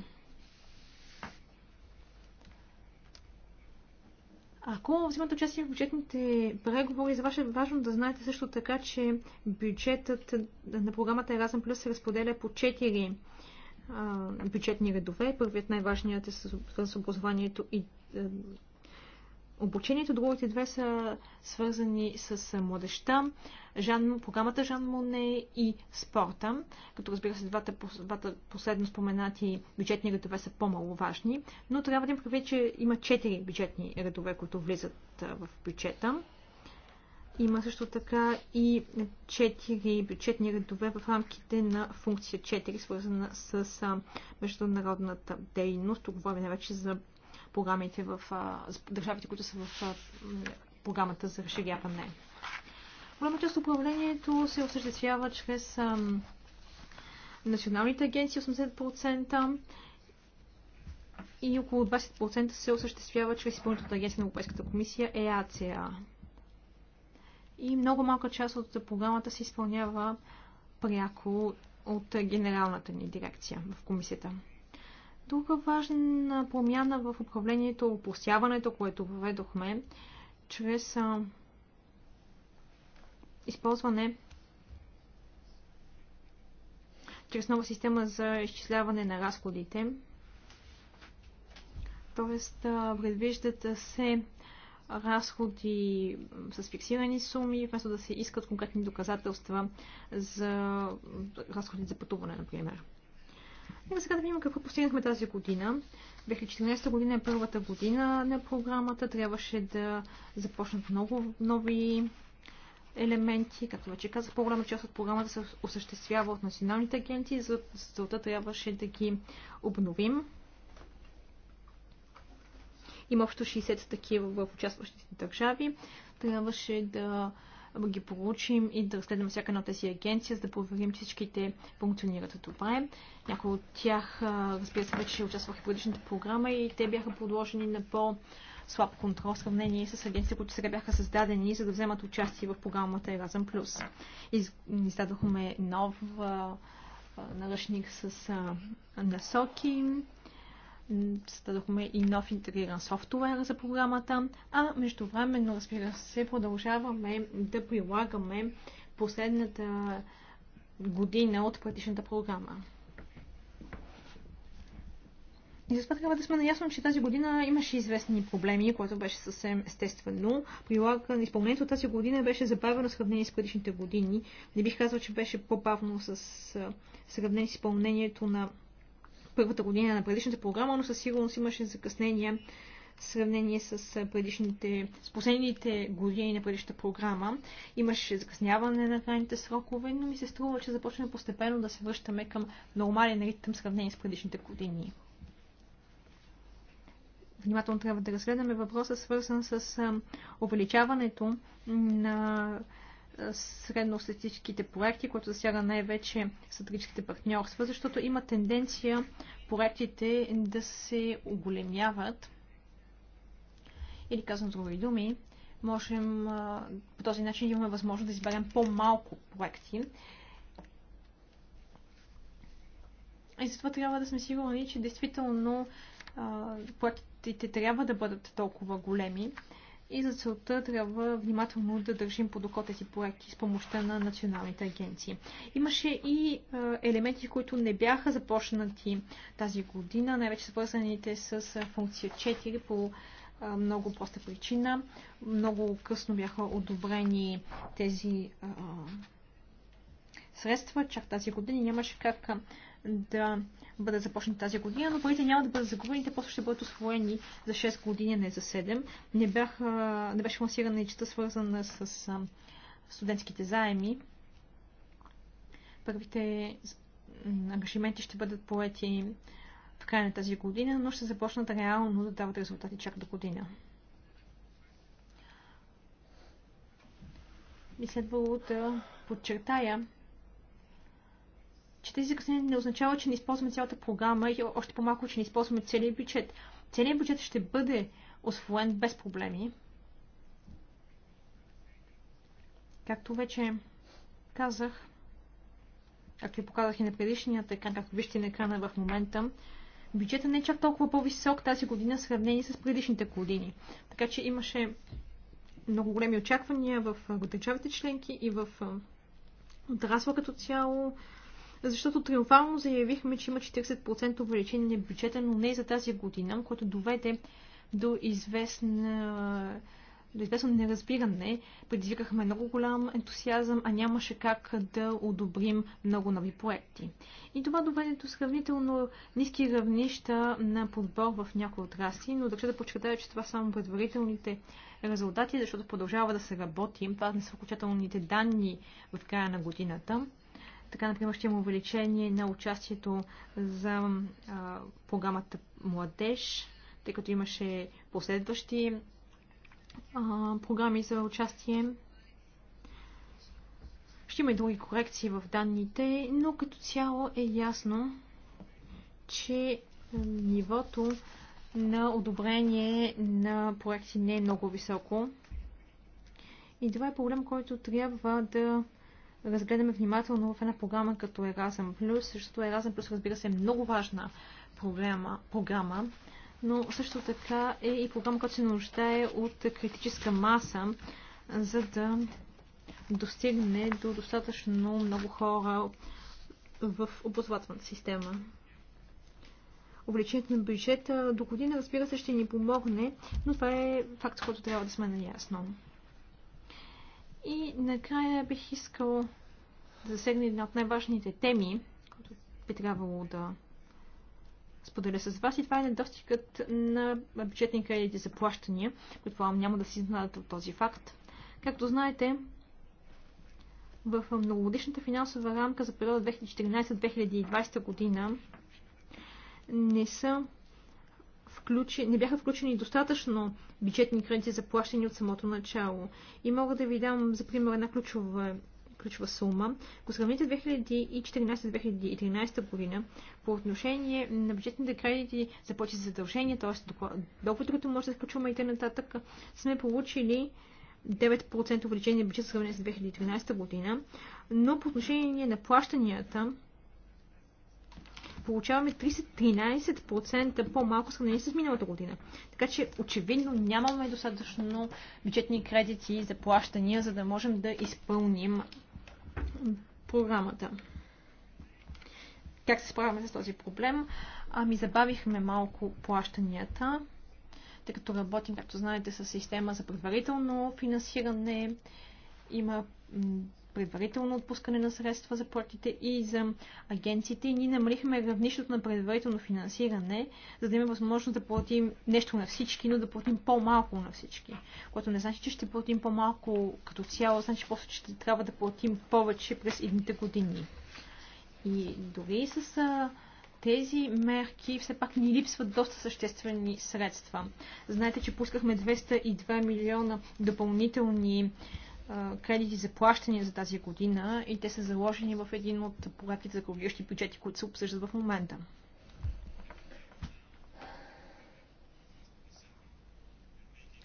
Ако взимате участие в бюджетните преговори, за вас е важно да знаете също така, че бюджетът на програмата Еразъм Plus се разподеля по 4 бюджетни редове. Първият най-важният е с образованието и обучението, другите две са свързани с младеща, Жан, програмата Жан Моне и спорта, като разбира се двата, двата последно споменати бюджетни редове са по-маловажни, но трябва да им прави, че има четири бюджетни редове, които влизат в бюджета. Има също така и 4 бюджетни редове в рамките на функция 4, свързана с международната дейност. Тук говорим вече за програмите в държавите, които са в програмата за разширяване. Голяма част от управлението се осъществява чрез националните агенции 80% и около 20% се осъществява чрез изпълнителната агенция на Европейската комисия ЕАЦА. И много малка част от програмата се изпълнява пряко от генералната ни дирекция в комисията. Друга важна промяна в управлението, опосяването, което въведохме, чрез а, използване чрез нова система за изчисляване на разходите. Тоест, предвиждат се разходи с фиксирани суми, вместо да се искат конкретни доказателства за разходи за пътуване, например. Нека сега да видим какво постигнахме тази година. 2014 година е първата година на програмата. Трябваше да започнат много нови елементи. Както вече казах, по-голяма част от програмата се осъществява от националните агенти. За целта трябваше да ги обновим. Има общо 60 такива в участващите държави. Трябваше да ги получим и да разгледаме всяка една от тези агенции, за да проверим, че всичките функционират добре. Някои от тях, разбира се, вече участваха в предишната програма и те бяха подложени на по- слаб контрол в сравнение с агенциите, които сега бяха създадени, за да вземат участие в програмата Еразъм Плюс. Издадохме нов наръчник с насоки, Създадохме и нов интегриран софтуер за програмата, а междувременно, разбира се, продължаваме да прилагаме последната година от предишната програма. И затова трябва да сме наясно, че тази година имаше известни проблеми, което беше съвсем естествено. Прилаган, изпълнението тази година беше забавено в сравнение с предишните години. Не бих казал, че беше по-бавно с сравнение с изпълнението на първата година на предишната програма, но със сигурност имаше закъснения в сравнение с предишните, с последните години на предишната програма. Имаше закъсняване на крайните срокове, но ми се струва, че започваме постепенно да се връщаме към нормален ритъм в сравнение с предишните години. Внимателно трябва да разгледаме въпроса, свързан с увеличаването на Средно всичките проекти, които засяга най-вече стратегическите партньорства, защото има тенденция проектите да се оголемяват. Или казвам с други думи, можем по този начин имаме възможност да изберем по-малко проекти. И затова трябва да сме сигурни, че действително проектите трябва да бъдат толкова големи, и за целта трябва внимателно да държим под око тези проекти с помощта на националните агенции. Имаше и елементи, които не бяха започнати тази година, най-вече свързаните с функция 4 по много проста причина. Много късно бяха одобрени тези средства, чак тази година нямаше как да бъдат започнат тази година, но парите няма да бъдат загубени, те просто ще бъдат освоени за 6 години, не за 7. Не, бях, не беше лансирана и чета свързана с студентските заеми. Първите ангажименти ще бъдат поети в края на тази година, но ще започнат реално да дават резултати чак до година. И следвало да подчертая, че тези закъснения не означава, че не използваме цялата програма и още по-малко, че не използваме целият бюджет. Целият бюджет ще бъде освоен без проблеми. Както вече казах, както ви показах и на предишният екран, както вижте на екрана в момента, бюджета не е чак толкова по-висок тази година, в сравнение с предишните години. Така че имаше много големи очаквания в държавите членки и в отрасла като цяло защото триумфално заявихме, че има 40% увеличение на бюджета, но не за тази година, което доведе до известна до известно неразбиране, предизвикахме много голям ентусиазъм, а нямаше как да одобрим много нови проекти. И това доведе до сравнително ниски равнища на подбор в някои отрасли, но държа да подчертая, че това са само предварителните резултати, защото продължава да се работи. Това не са окончателните данни в края на годината. Така, например, ще има увеличение на участието за а, програмата Младеж, тъй като имаше последващи а, програми за участие. Ще има и други корекции в данните, но като цяло е ясно, че нивото на одобрение на проекти не е много високо. И това е проблем, който трябва да разгледаме внимателно в една програма като Еразъм Плюс, защото Еразъм Плюс, разбира се, е много важна програма, програма но също така е и програма, която се нуждае от критическа маса, за да достигне до достатъчно много хора в образователната система. Увеличението на бюджета до година, разбира се, ще ни помогне, но това е факт, който трябва да сме наясно. И накрая бих искал да засегна една от най-важните теми, които би трябвало да споделя с вас и това е недостигът на бюджетни кредити за плащания. Предполагам, няма да си знаят от този факт. Както знаете, в многогодишната финансова рамка за периода 2014-2020 година не са включи, не бяха включени достатъчно бюджетни кредити за плащане от самото начало. И мога да ви дам за пример една ключова ключова сума. Ако сравните 2014-2013 година по отношение на бюджетните кредити за плати за задължения, т.е. доходите, докол- може да включваме и т.н., сме получили 9% увеличение на бюджет в сравнение с 2013 година, но по отношение на плащанията получаваме 313% по-малко сравнение с миналата година. Така че очевидно нямаме достатъчно бюджетни кредити за плащания, за да можем да изпълним програмата. Как се справяме с този проблем? Ами забавихме малко плащанията, тъй като работим, както знаете, с система за предварително финансиране. Има предварително отпускане на средства за проектите и за агенциите. И ние намалихме равнището на предварително финансиране, за да има възможност да платим нещо на всички, но да платим по-малко на всички. Което не значи, че ще платим по-малко като цяло, значи просто, че ще трябва да платим повече през едните години. И дори с тези мерки все пак ни липсват доста съществени средства. Знаете, че пускахме 202 милиона допълнителни кредити за плащания за тази година и те са заложени в един от проектите за коригиращи бюджети, които се обсъждат в момента.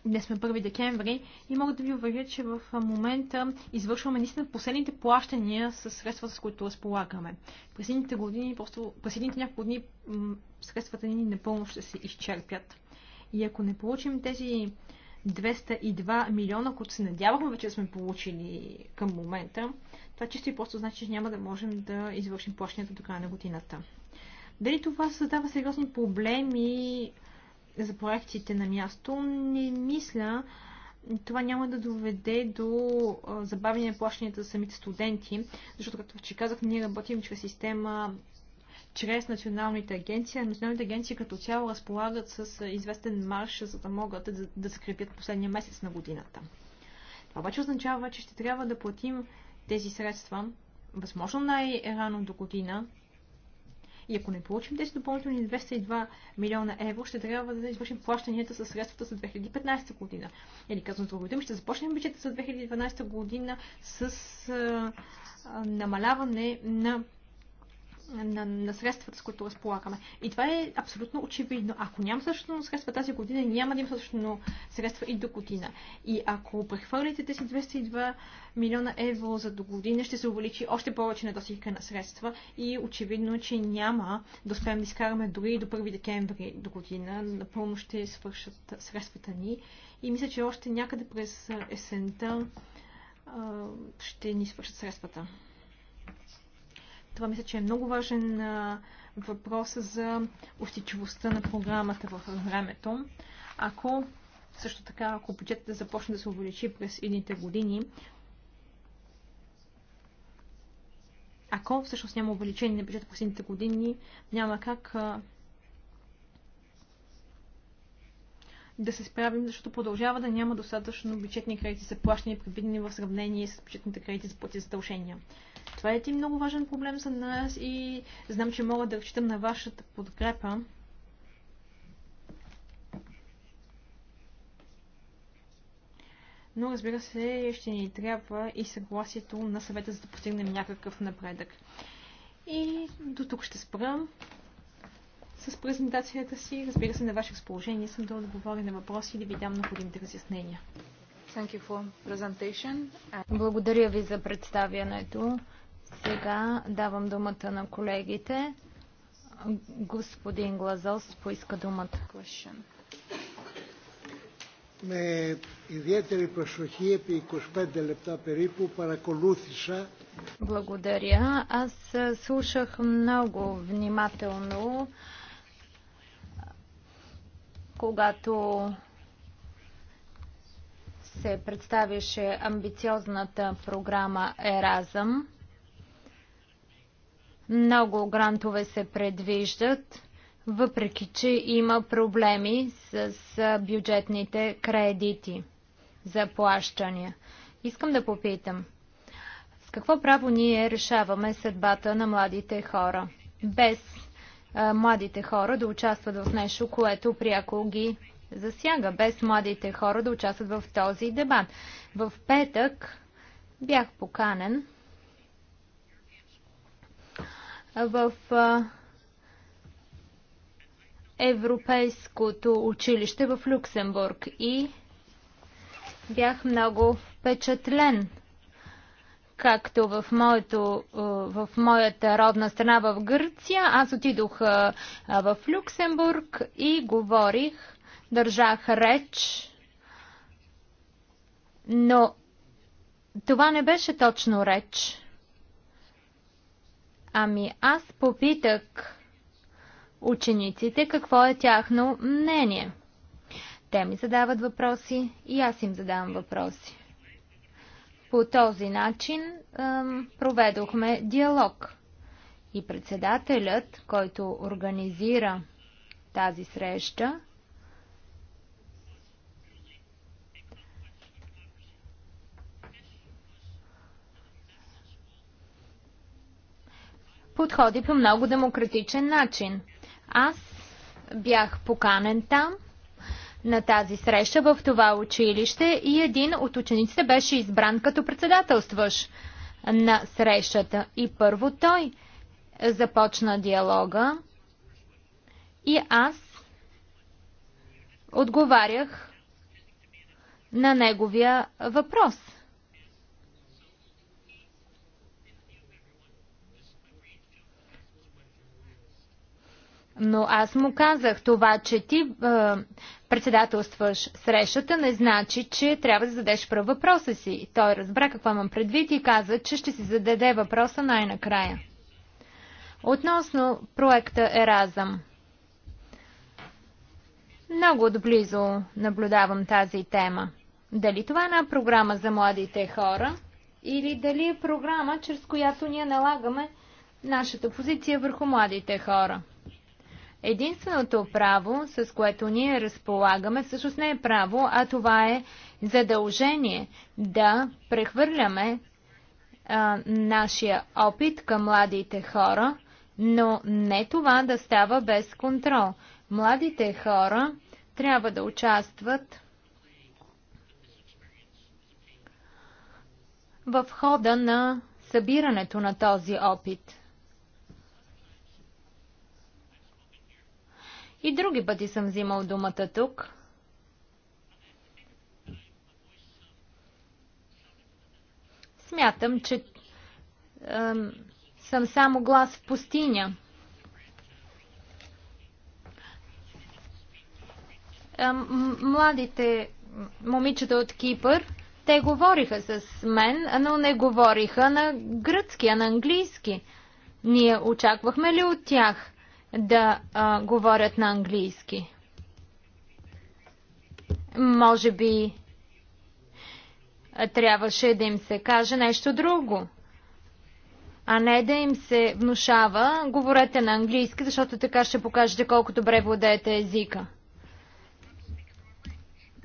Днес сме 1 декември и мога да ви уверя, че в момента извършваме наистина последните плащания с средства, с които разполагаме. През едните години, просто през едните няколко дни средствата ни напълно ще се изчерпят. И ако не получим тези 202 милиона, които се надявахме вече да сме получили към момента. Това чисто и просто значи, че няма да можем да извършим плащането до края на годината. Дали това създава сериозни проблеми за проектите на място? Не мисля. Това няма да доведе до забавяне на плащанията за самите студенти, защото, както вече казах, ние работим чрез система чрез националните агенции. Националните агенции като цяло разполагат с известен марш, за да могат да, да закрепят последния месец на годината. Това обаче означава, че ще трябва да платим тези средства възможно най-рано до година. И ако не получим тези допълнителни 202 милиона евро, ще трябва да извършим плащанията със средствата за 2015 година. Или казвам друго дума, ще започнем бюджета за 2012 година с а, а, намаляване на на, на средствата, с които разполагаме. И това е абсолютно очевидно. Ако няма същото средства тази година, няма да има същото средства и до година. И ако прехвърлите тези 202 милиона евро за до година, ще се увеличи още повече недостига на средства и очевидно, че няма да успеем да изкараме дори до 1 декември до година. Напълно ще свършат средствата ни. И мисля, че още някъде през есента ще ни свършат средствата. Това мисля, че е много важен въпрос за устичивостта на програмата във времето. Ако също така, ако бюджетът започне да се увеличи през едните години, ако всъщност няма увеличение на бюджета през едните години, няма как да се справим, защото продължава да няма достатъчно бюджетни кредити за плащане, предвидени в сравнение с бюджетните кредити за плати задължения. Това е един много важен проблем за нас и знам, че мога да разчитам на вашата подкрепа. Но разбира се, ще ни трябва и съгласието на съвета, за да постигнем някакъв напредък. И до тук ще спрям с презентацията си. Разбира се, на ваше разположение съм да отговоря на въпроси и да ви дам необходимите разяснения. Благодаря ви за представянето. Сега давам думата на колегите. Господин Глазос поиска думата. Με ιδιαίτερη προσοχή επί 25 λεπτά περίπου παρακολούθησα. Благодаря. Аз слушах много внимателно когато се представяше амбициозната програма Еразъм. Много грантове се предвиждат, въпреки че има проблеми с бюджетните кредити за плащания. Искам да попитам, с какво право ние решаваме съдбата на младите хора? Без младите хора да участват в нещо, което пряко ги засяга, без младите хора да участват в този дебат. В петък бях поканен в Европейското училище в Люксембург и бях много впечатлен както в, моето, е, в моята родна страна в Гърция. Аз отидох е, е, в Люксембург и говорих, държах реч, но това не беше точно реч. Ами аз попитах учениците какво е тяхно мнение. Те ми задават въпроси и аз им задавам въпроси. По този начин проведохме диалог. И председателят, който организира тази среща, подходи по много демократичен начин. Аз бях поканен там на тази среща в това училище и един от учениците беше избран като председателстваш на срещата. И първо той започна диалога и аз отговарях на неговия въпрос. Но аз му казах това, че ти е, председателстваш срещата, не значи, че трябва да зададеш пръв въпроса си. Той разбра какво имам предвид и каза, че ще си зададе въпроса най-накрая. Относно проекта Еразъм. Много отблизо наблюдавам тази тема. Дали това е една програма за младите хора или дали е програма, чрез която ние налагаме нашата позиция върху младите хора? Единственото право, с което ние разполагаме, всъщност не е право, а това е задължение да прехвърляме а, нашия опит към младите хора, но не това да става без контрол. Младите хора трябва да участват в хода на събирането на този опит. И други пъти съм взимал думата тук. Смятам, че е, съм само глас в пустиня. Е, младите момичета от Кипър, те говориха с мен, но не говориха на гръцки, а на английски. Ние очаквахме ли от тях да а, говорят на английски. Може би трябваше да им се каже нещо друго, а не да им се внушава говорете на английски, защото така ще покажете колко добре владеете езика.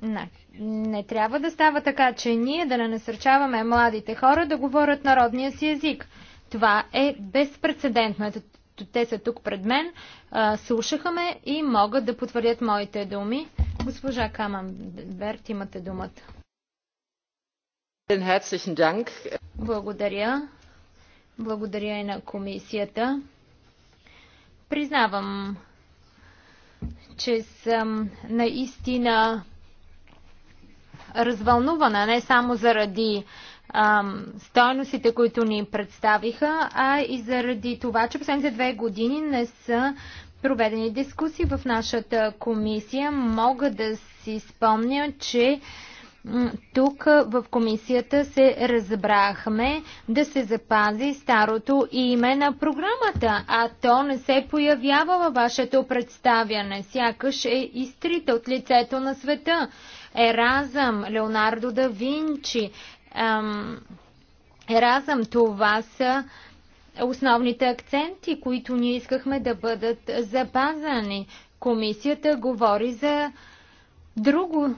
Не, не трябва да става така, че ние да не насърчаваме младите хора да говорят народния си език. Това е безпредседентно. Ето те са тук пред мен, слушаха ме и могат да потвърдят моите думи. Госпожа Камамберт, имате думата. Благодаря. Благодаря и на комисията. Признавам, че съм наистина развълнувана не само заради стойностите, които ни представиха, а и заради това, че последните две години не са проведени дискусии в нашата комисия. Мога да си спомня, че тук в комисията се разбрахме да се запази старото име на програмата, а то не се появява във вашето представяне. Сякаш е изтрита от лицето на света. Еразъм, Леонардо да Винчи, Еразъм. Това са основните акценти, които ние искахме да бъдат запазани. Комисията говори за друго,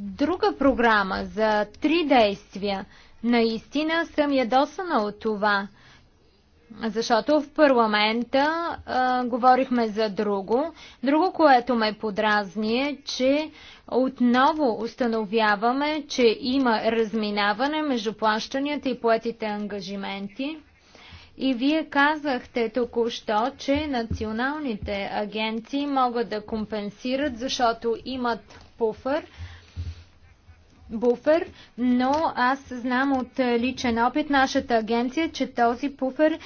друга програма, за три действия. Наистина съм ядосана от това – защото в парламента а, говорихме за друго. Друго, което ме подразни е, че отново установяваме, че има разминаване между плащанията и поетите ангажименти. И вие казахте току-що, че националните агенции могат да компенсират, защото имат пуфър – буфер, но аз знам от е, личен опит нашата агенция, че този буфер,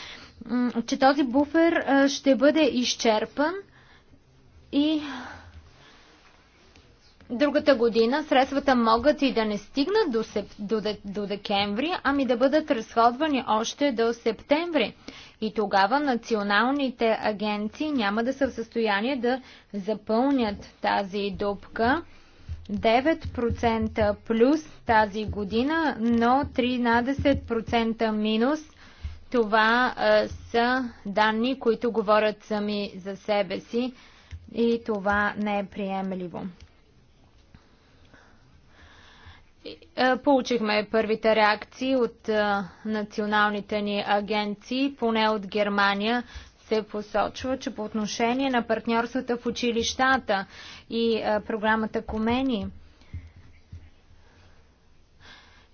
че този буфер е, ще бъде изчерпан и другата година средствата могат и да не стигнат до, сеп, до, до декември, ами да бъдат разходвани още до септември. И тогава националните агенции няма да са в състояние да запълнят тази дупка 9% плюс тази година, но 13% минус. Това а, са данни, които говорят сами за себе си и това не е приемливо. Получихме първите реакции от националните ни агенции, поне от Германия се посочва, че по отношение на партньорствата в училищата и програмата Комени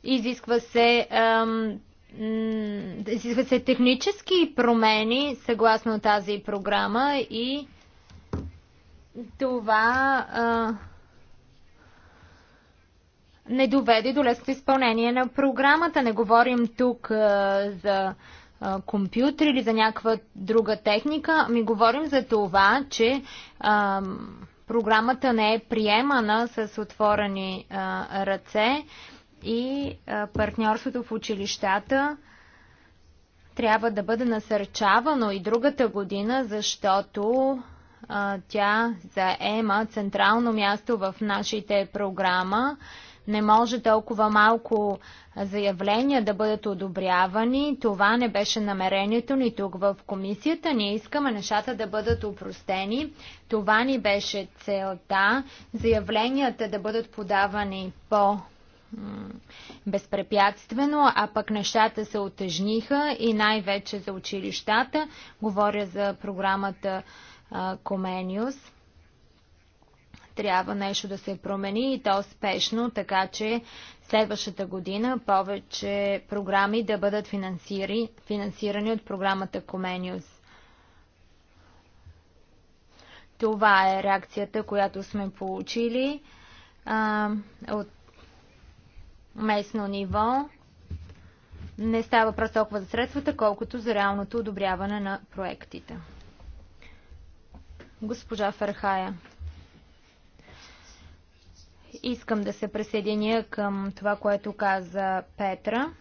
изисква се изискват се технически промени съгласно тази програма и това а, не доведе до лесното изпълнение на програмата. Не говорим тук а, за а, компютър компютри или за някаква друга техника, ми говорим за това, че а, програмата не е приемана с отворени а, ръце и а, партньорството в училищата трябва да бъде насърчавано и другата година, защото а, тя заема централно място в нашите програма. А, не може толкова малко заявления да бъдат одобрявани. Това не беше намерението ни тук в комисията. Ние искаме нещата да бъдат упростени. Това ни беше целта. Заявленията да бъдат подавани по безпрепятствено, а пък нещата се отежниха и най-вече за училищата. Говоря за програмата Комениус трябва нещо да се промени и то спешно, така че следващата година повече програми да бъдат финансири, финансирани от програмата Comenius. Това е реакцията, която сме получили а, от местно ниво. Не става просто толкова за средствата, колкото за реалното одобряване на проектите. Госпожа Ферхая. Искам да се присъединя към това, което каза Петра.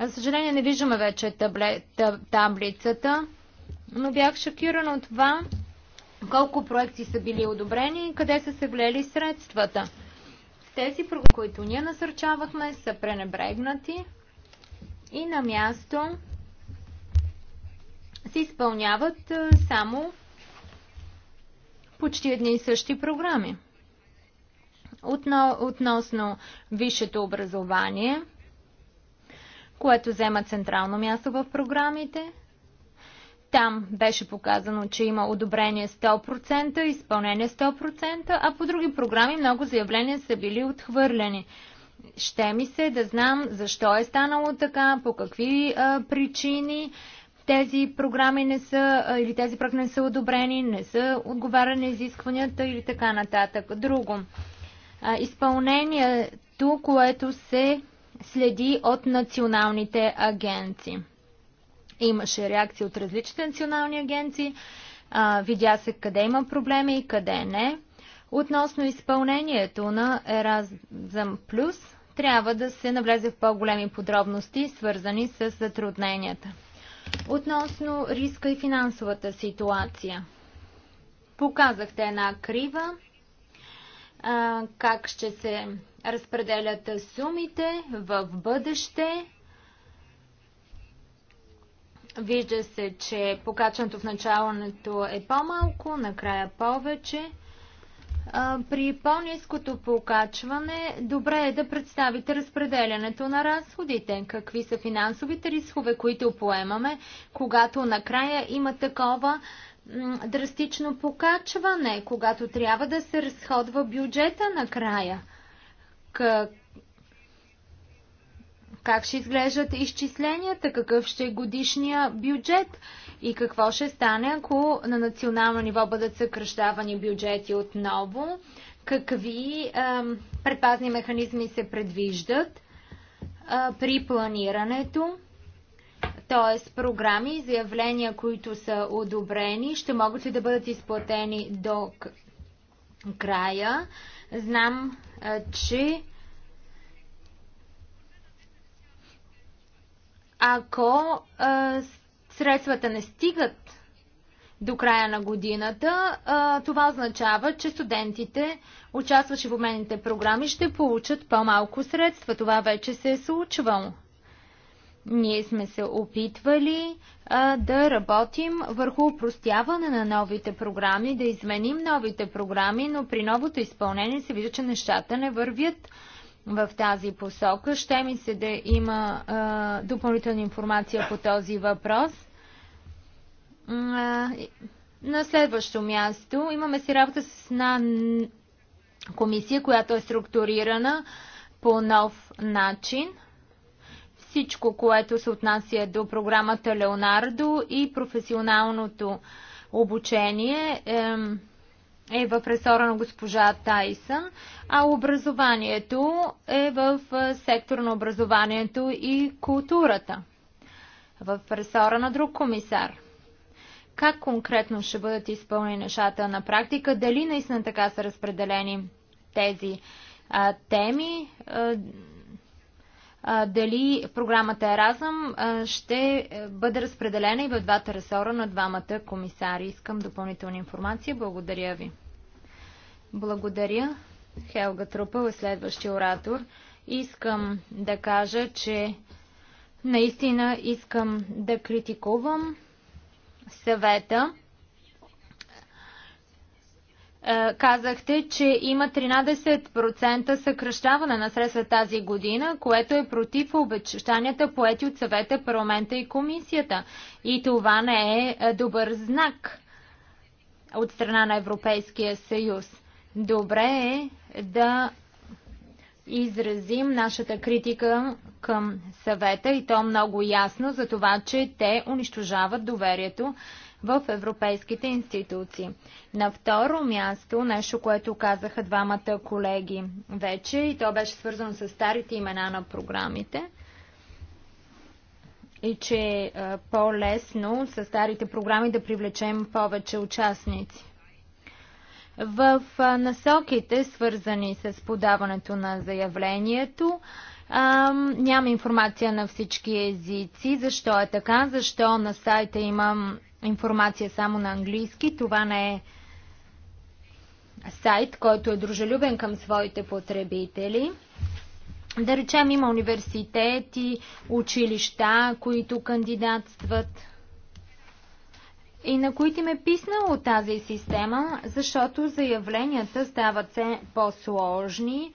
За съжаление не виждаме вече табле, таб, таблицата, но бях шокирана от това колко проекти са били одобрени и къде са се влели средствата. Тези, които ние насърчавахме, са пренебрегнати и на място се изпълняват само почти едни и същи програми. Отно, относно висшето образование, което взема централно място в програмите. Там беше показано, че има одобрение 100%, изпълнение 100%, а по други програми много заявления са били отхвърлени. Ще ми се да знам защо е станало така, по какви а, причини тези програми не са, а, или тези проекти не са одобрени, не са отговаряни изискванията или така нататък. Друго изпълнението, което се следи от националните агенции. Имаше реакции от различните национални агенции, а, видя се къде има проблеми и къде не. Относно изпълнението на Еразъм Плюс, трябва да се навлезе в по-големи подробности, свързани с затрудненията. Относно риска и финансовата ситуация. Показахте една крива как ще се разпределят сумите в бъдеще. Вижда се, че покачването в началото е по-малко, накрая повече. При по-низкото покачване добре е да представите разпределянето на разходите. Какви са финансовите рискове, които поемаме, когато накрая има такова драстично покачване, когато трябва да се разходва бюджета накрая. Как, как ще изглеждат изчисленията, какъв ще е годишния бюджет и какво ще стане, ако на национално ниво бъдат съкръщавани бюджети отново, какви ем, предпазни механизми се предвиждат е, при планирането т.е. програми и заявления, които са одобрени, ще могат ли да бъдат изплатени до края. Знам, че ако средствата не стигат до края на годината, това означава, че студентите, участващи в обменните програми, ще получат по-малко средства. Това вече се е случвало. Ние сме се опитвали а, да работим върху упростяване на новите програми, да изменим новите програми, но при новото изпълнение се вижда, че нещата не вървят в тази посока. Ще ми се да има а, допълнителна информация по този въпрос. А, на следващо място имаме си работа с една комисия, която е структурирана по нов начин – всичко, което се отнася до програмата Леонардо и професионалното обучение е в ресора на госпожа Тайсън, а образованието е в е, сектор на образованието и културата, в ресора на друг комисар. Как конкретно ще бъдат изпълнени нещата на практика? Дали наистина така са разпределени тези а, теми? А, дали програмата Еразъм ще е, бъде разпределена и в двата ресора на двамата комисари. Искам допълнителна информация. Благодаря ви. Благодаря. Хелга Трупъл е следващия оратор. Искам да кажа, че наистина искам да критикувам съвета. Е, казахте, че има 13% съкръщаване на средства тази година, което е против обещанията поети от съвета, парламента и комисията. И това не е, е добър знак от страна на Европейския съюз. Добре е да изразим нашата критика към съвета и то много ясно за това, че те унищожават доверието в европейските институции. На второ място, нещо, което казаха двамата колеги вече, и то беше свързано с старите имена на програмите, и че е по-лесно с старите програми да привлечем повече участници. В е, насоките, свързани с подаването на заявлението, няма информация на всички езици. Защо е така? Защо на сайта има информация само на английски. Това не е сайт, който е дружелюбен към своите потребители. Да речем, има университети, училища, които кандидатстват и на които ме е писнало тази система, защото заявленията стават все по-сложни,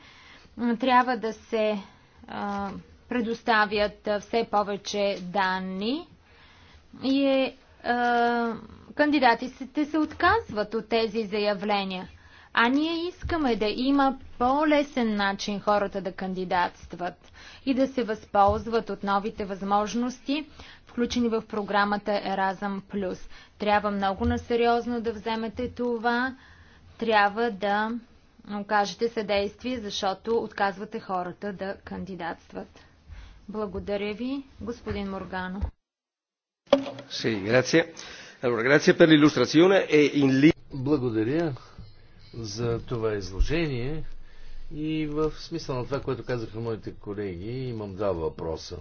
трябва да се а, предоставят все повече данни и е кандидатите се отказват от тези заявления. А ние искаме да има по-лесен начин хората да кандидатстват и да се възползват от новите възможности, включени в програмата Еразъм Плюс. Трябва много насериозно да вземете това. Трябва да окажете съдействие, защото отказвате хората да кандидатстват. Благодаря ви, господин Моргано. E Благодаря за това изложение и в смисъл на това, което казаха моите колеги, имам два въпроса.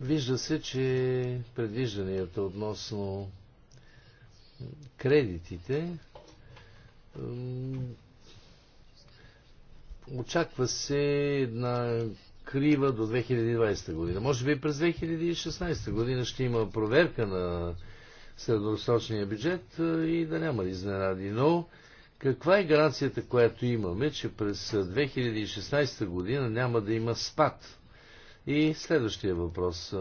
Вижда се, че предвижданията относно кредитите очаква се една покрива до 2020 година. Може би през 2016 година ще има проверка на средносрочния бюджет и да няма изненади. Но каква е гаранцията, която имаме, че през 2016 година няма да има спад? И следващия въпрос.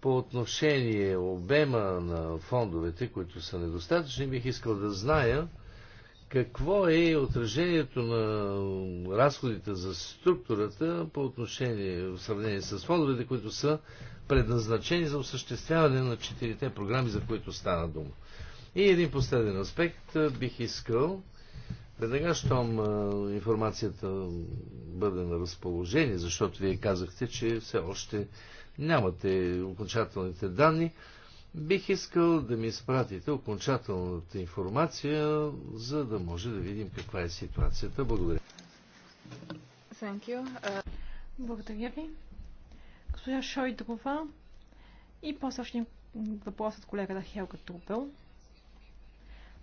По отношение обема на фондовете, които са недостатъчни, бих искал да зная какво е отражението на разходите за структурата по отношение в сравнение с фондовете, които са предназначени за осъществяване на четирите програми, за които стана дума. И един последен аспект бих искал веднага, щом информацията бъде на разположение, защото вие казахте, че все още нямате окончателните данни, Бих искал да ми изпратите окончателната информация, за да може да видим каква е ситуацията. Благодаря. Uh... Благодаря ви. Госпожа Шойдрова и по още въпрос от колегата Хелга Трупел.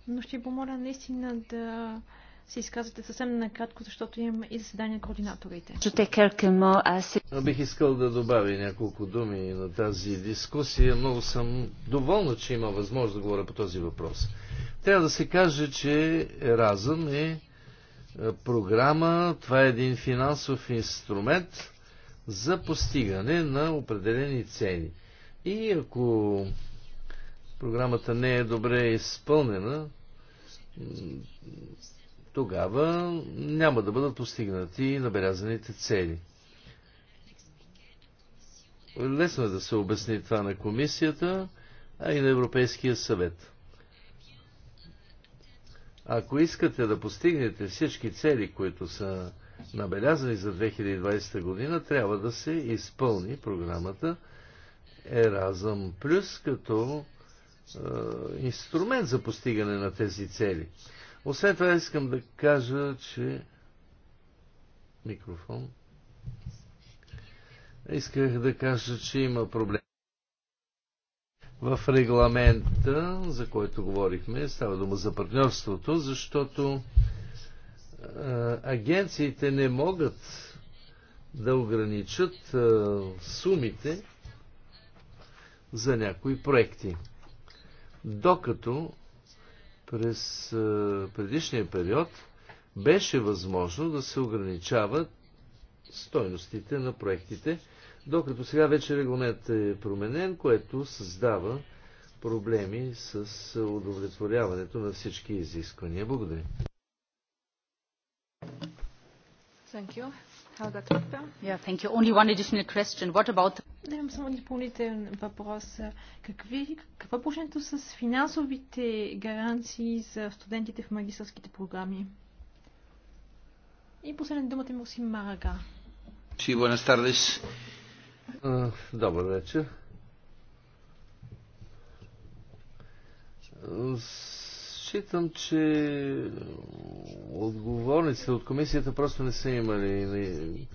Но ще помоля наистина да се изказвате съвсем накратко, защото имам и заседание на координаторите. Бих искал да добавя няколко думи на тази дискусия. Много съм доволна, че има възможност да говоря по този въпрос. Трябва да се каже, че Еразъм е, е програма, това е един финансов инструмент за постигане на определени цели. И ако програмата не е добре изпълнена, тогава няма да бъдат постигнати набелязаните цели. Лесно е да се обясни това на комисията, а и на Европейския съвет. Ако искате да постигнете всички цели, които са набелязани за 2020 година, трябва да се изпълни програмата Erasm Плюс като е, инструмент за постигане на тези цели. Освен това искам да кажа, че микрофон. Исках да кажа, че има проблем. В регламента, за който говорихме, става дума за партньорството, защото агенциите не могат да ограничат сумите за някои проекти. Докато през предишния период беше възможно да се ограничават стойностите на проектите, докато сега вече регламент е променен, което създава проблеми с удовлетворяването на всички изисквания. Благодаря. Thank you имам само допълнителен въпрос. Какви, какво е положението с финансовите гаранции за студентите в магистърските програми? И последна думата е Мусим Марага. Добър вечер Считам, че отговорниците от комисията просто не са имали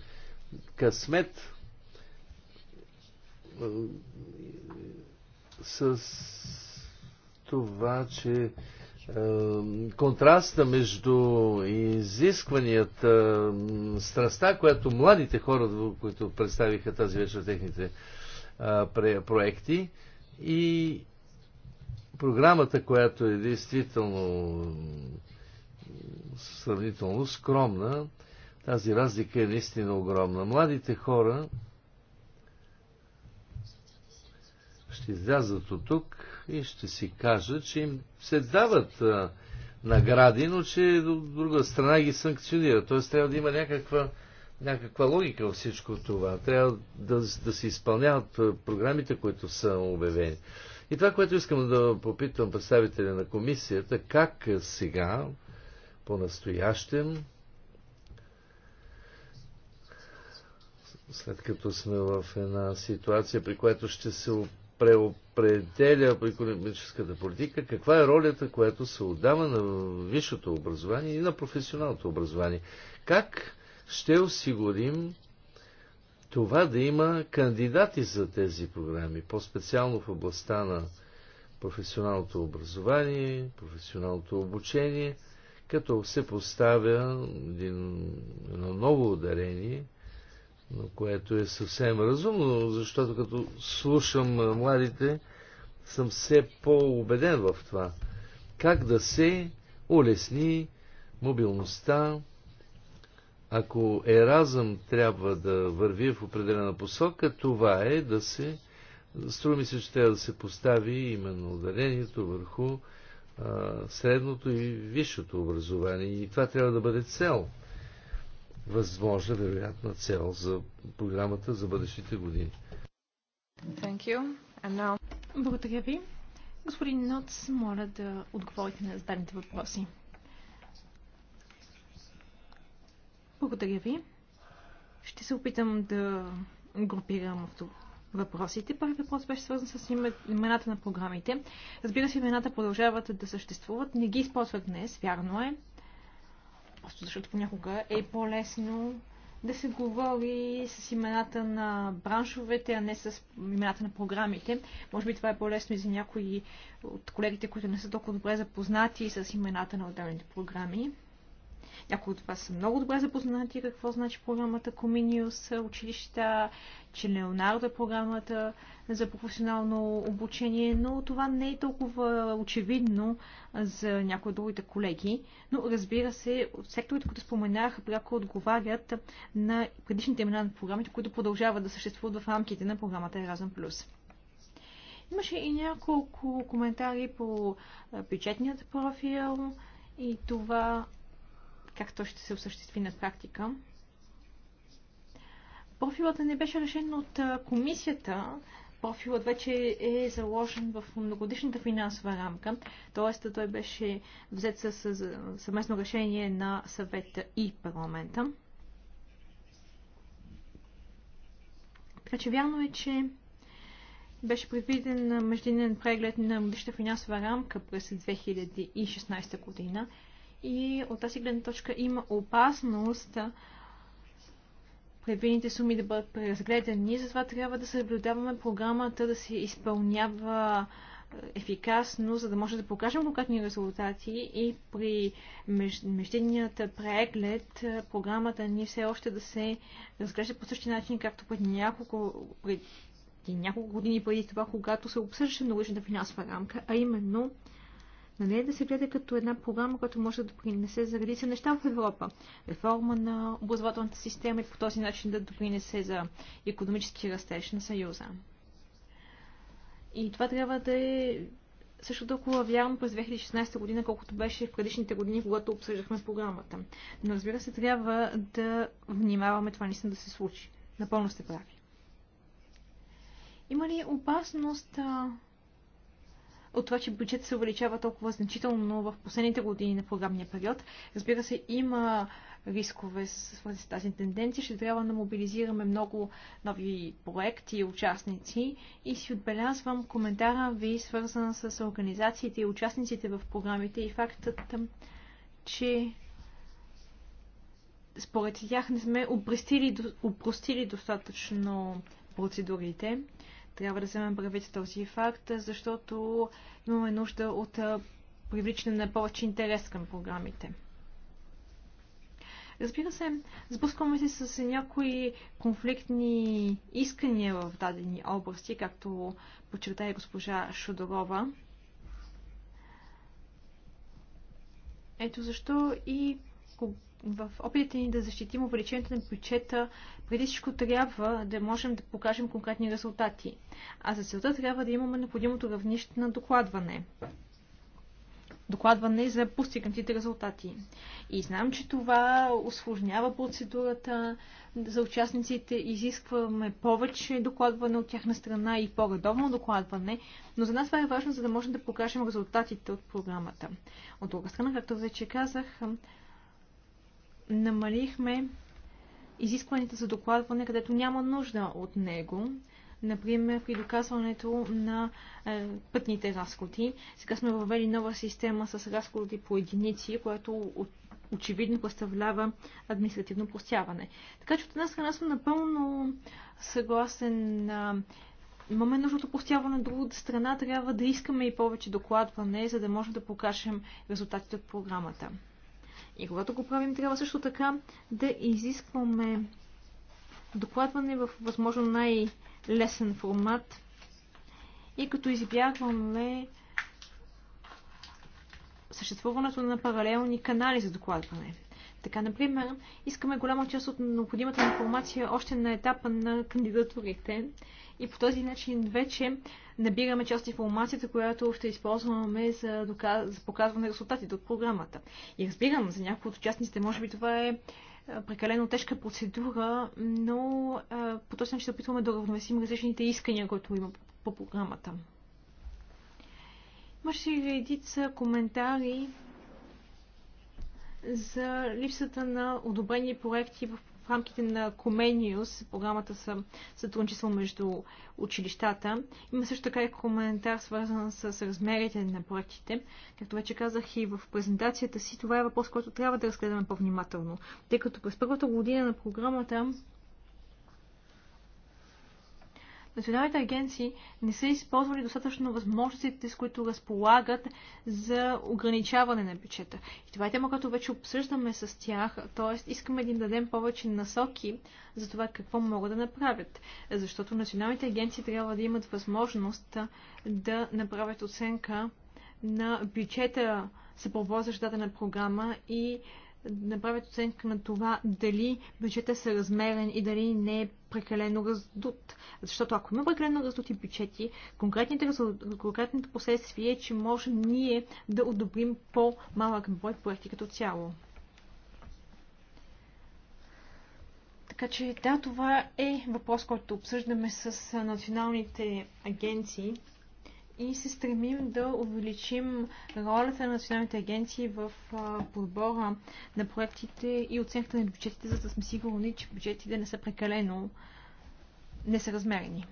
късмет с това, че контраста между изискванията, страста, която младите хора, които представиха тази вечер техните проекти и програмата, която е действително сравнително скромна, тази разлика е наистина огромна. Младите хора ще излязат от тук и ще си кажат, че им се дават а, награди, но че от друга страна ги санкционира. Т.е. трябва да има някаква, някаква логика във всичко това. Трябва да, да се изпълняват програмите, които са обявени. И това, което искам да попитам представителя на комисията, как сега, по-настоящем, след като сме в една ситуация, при която ще се преопределя по економическата политика, каква е ролята, която се отдава на висшето образование и на професионалното образование. Как ще осигурим това да има кандидати за тези програми, по-специално в областта на професионалното образование, професионалното обучение, като се поставя един, едно ново ударение, но което е съвсем разумно, защото като слушам младите, съм все по-убеден в това. Как да се улесни мобилността, ако еразъм трябва да върви в определена посока, това е да се... Струва ми се, че трябва да се постави именно ударението върху а, средното и висшето образование. И това трябва да бъде цел. Възможна, вероятна цел за програмата за бъдещите години. Thank you. And now... Благодаря ви. Господин Ноц, моля да отговорите на зададените въпроси. Благодаря ви. Ще се опитам да групирам въпросите. Първи въпрос беше свързан с имената на програмите. Разбира се, имената продължават да съществуват. Не ги използват днес, вярно е. Просто защото понякога е по-лесно да се говори с имената на браншовете, а не с имената на програмите. Може би това е по-лесно и за някои от колегите, които не са толкова добре запознати с имената на отделните програми. Някои от вас са много добре запознати какво значи програмата Comenius, училища, че Леонардо е програмата за професионално обучение, но това не е толкова очевидно за някои от другите колеги. Но разбира се, секторите, които споменах, пряко отговарят на предишните имена на програмите, които продължават да съществуват в рамките на програмата Erasmus+. Имаше и няколко коментари по бюджетният профил и това как то ще се осъществи на практика. Профилът не беше решен от комисията. Профилът вече е заложен в многодишната финансова рамка, т.е. той беше взет с съвместно решение на съвета и парламента. Така че вярно е, че беше предвиден междинен преглед на годишната финансова рамка през 2016 година и от тази гледна точка има опасност предвидените суми да бъдат преразгледани, затова трябва да съблюдаваме програмата да се изпълнява ефикасно, за да може да покажем конкретни резултати и при междинният преглед програмата ни все още да се разглежда по същия начин, както преди няколко, преди няколко години преди това, когато се обсъждаше многоличната финансова рамка, а именно но не е да се гледа като една програма, която може да допринесе за редица неща в Европа. Реформа на образователната система и по този начин да допринесе за економически растеж на Съюза. И това трябва да е също толкова вярно през 2016 година, колкото беше в предишните години, когато обсъждахме програмата. Но разбира се, трябва да внимаваме това наистина да се случи. Напълно сте прави. Има ли опасност а, от това, че бюджет се увеличава толкова значително в последните години на програмния период. Разбира се, има рискове с тази тенденция. Ще трябва да мобилизираме много нови проекти и участници. И си отбелязвам коментара ви, свързан с организациите и участниците в програмите и фактът, че според тях не сме упростили достатъчно процедурите. Трябва да вземем правит този факт, защото имаме нужда от привличане на повече интерес към програмите. Разбира се, сблъскваме се с някои конфликтни искания в дадени области, както подчерта и госпожа Шудорова. Ето защо и в опитите ни да защитим увеличението на бюджета, преди всичко трябва да можем да покажем конкретни резултати. А за целта трябва да имаме необходимото равнище на докладване. Докладване за постигнатите резултати. И знам, че това осложнява процедурата за участниците. Изискваме повече докладване от тяхна страна и по-редовно докладване, но за нас това е важно, за да можем да покажем резултатите от програмата. От друга страна, както вече казах, намалихме изискването за докладване, където няма нужда от него. Например, при доказването на е, пътните разходи. Сега сме въвели нова система с разходи по единици, която очевидно представлява административно простяване. Така че от една страна съм напълно съгласен. Е, имаме нужното постяване, от другата страна трябва да искаме и повече докладване, за да можем да покажем резултатите от програмата. И когато го правим, трябва също така да изискваме докладване в възможно най-лесен формат и като избягваме съществуването на паралелни канали за докладване. Така, например, искаме голяма част от необходимата информация още на етапа на кандидатурите и по този начин вече набираме част от информацията, която ще използваме за, доказ... за показване на резултатите от програмата. И разбирам, за някои от участниците може би това е, е прекалено тежка процедура, но е, по този начин ще опитваме да равновесим различните искания, които има по, по програмата. Имаше и редица коментари за липсата на одобрени проекти в в рамките на Comenius, програмата за сътрудничество между училищата. Има също така и коментар, свързан с размерите на проектите. Както вече казах и в презентацията си, това е въпрос, който трябва да разгледаме по-внимателно, тъй като през първата година на програмата националните агенции не са използвали достатъчно възможностите, с които разполагат за ограничаване на бюджета. И това е тема, която вече обсъждаме с тях, т.е. искаме да им дадем повече насоки за това какво могат да направят. Защото националните агенции трябва да имат възможност да направят оценка на бюджета, съпровозващ дадена програма и да направят оценка на това дали бюджета са размерен и дали не е прекалено раздут. Защото ако има прекалено раздути бюджети, конкретните, конкретните последствия е, че можем ние да одобрим по-малък брой проекти като цяло. Така че да, това е въпрос, който обсъждаме с националните агенции и се стремим да увеличим ролята на националните агенции в подбора на проектите и оценката на бюджетите, за да сме сигурни, че бюджетите не са прекалено несъразмерени.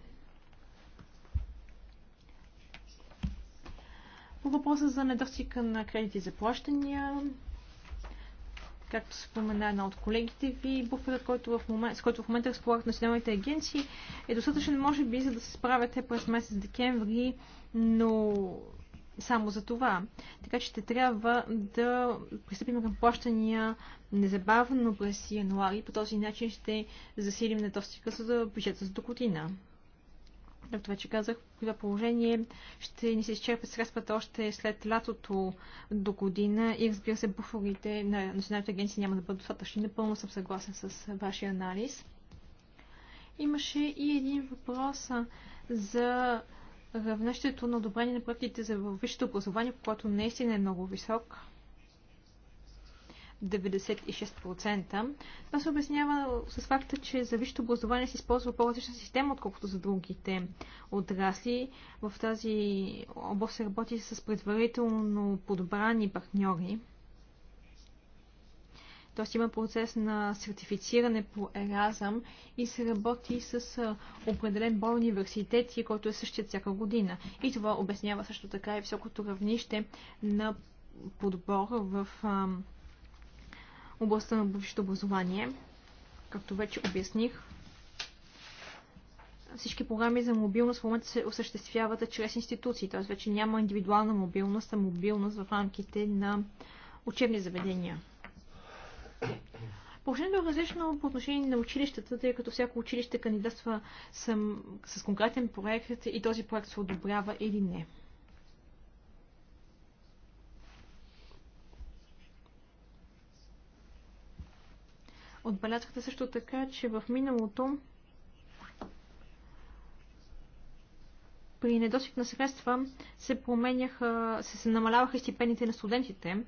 По въпроса за недостига на кредити за плащания, както спомена една от колегите ви, буферът, който в момент, с който в момента разполагат националните агенции, е достатъчен, може би, за да се справяте през месец декември, но само за това. Така че ще трябва да пристъпим към плащания незабавно през януари. По този начин ще засилим недостига за бюджета за до година както вече казах, в това положение ще ни се изчерпят средствата още след лятото до година и разбира се, буфорите на Националната агенция няма да бъдат достатъчни. Напълно съм съгласен с вашия анализ. Имаше и един въпрос за равнището на одобрение на проектите за висшето образование, което наистина е много висок. 96%. Това се обяснява с факта, че за висшето образование се използва по-различна система, отколкото за другите отрасли. В тази област се работи с предварително подобрани партньори. Тоест има процес на сертифициране по Еразъм и се работи с определен бой университети, който е същият всяка година. И това обяснява също така и високото равнище на подбор в областта на бившето образование. Както вече обясних, всички програми за мобилност в момента се осъществяват чрез институции, т.е. вече няма индивидуална мобилност, а мобилност в рамките на учебни заведения. Положението е различно по отношение на училищата, тъй като всяко училище кандидатства с конкретен проект и този проект се одобрява или не. Отбелязахте също така, че в миналото при недостиг на средства се променяха, се, се намаляваха стипендите на студентите.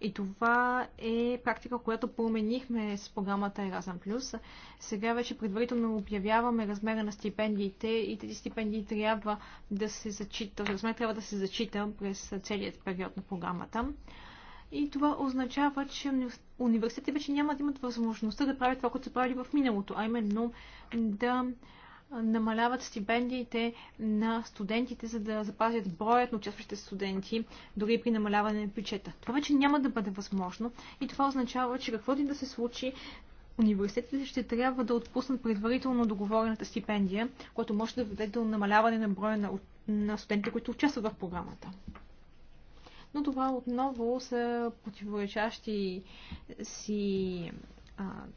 И това е практика, която променихме с програмата Erasmus Plus. Сега вече предварително обявяваме размера на стипендиите и тези стипендии трябва да се зачита, размер трябва да се зачита през целият период на програмата. И това означава, че университетите вече няма да имат възможността да правят това, което са правили в миналото, а именно да намаляват стипендиите на студентите, за да запазят броят на участващите студенти, дори при намаляване на бюджета. Това вече няма да бъде възможно и това означава, че каквото и да се случи, университетите ще трябва да отпуснат предварително договорената стипендия, което може да доведе до намаляване на броя на, на студентите, които участват в програмата но това отново са противоречащи си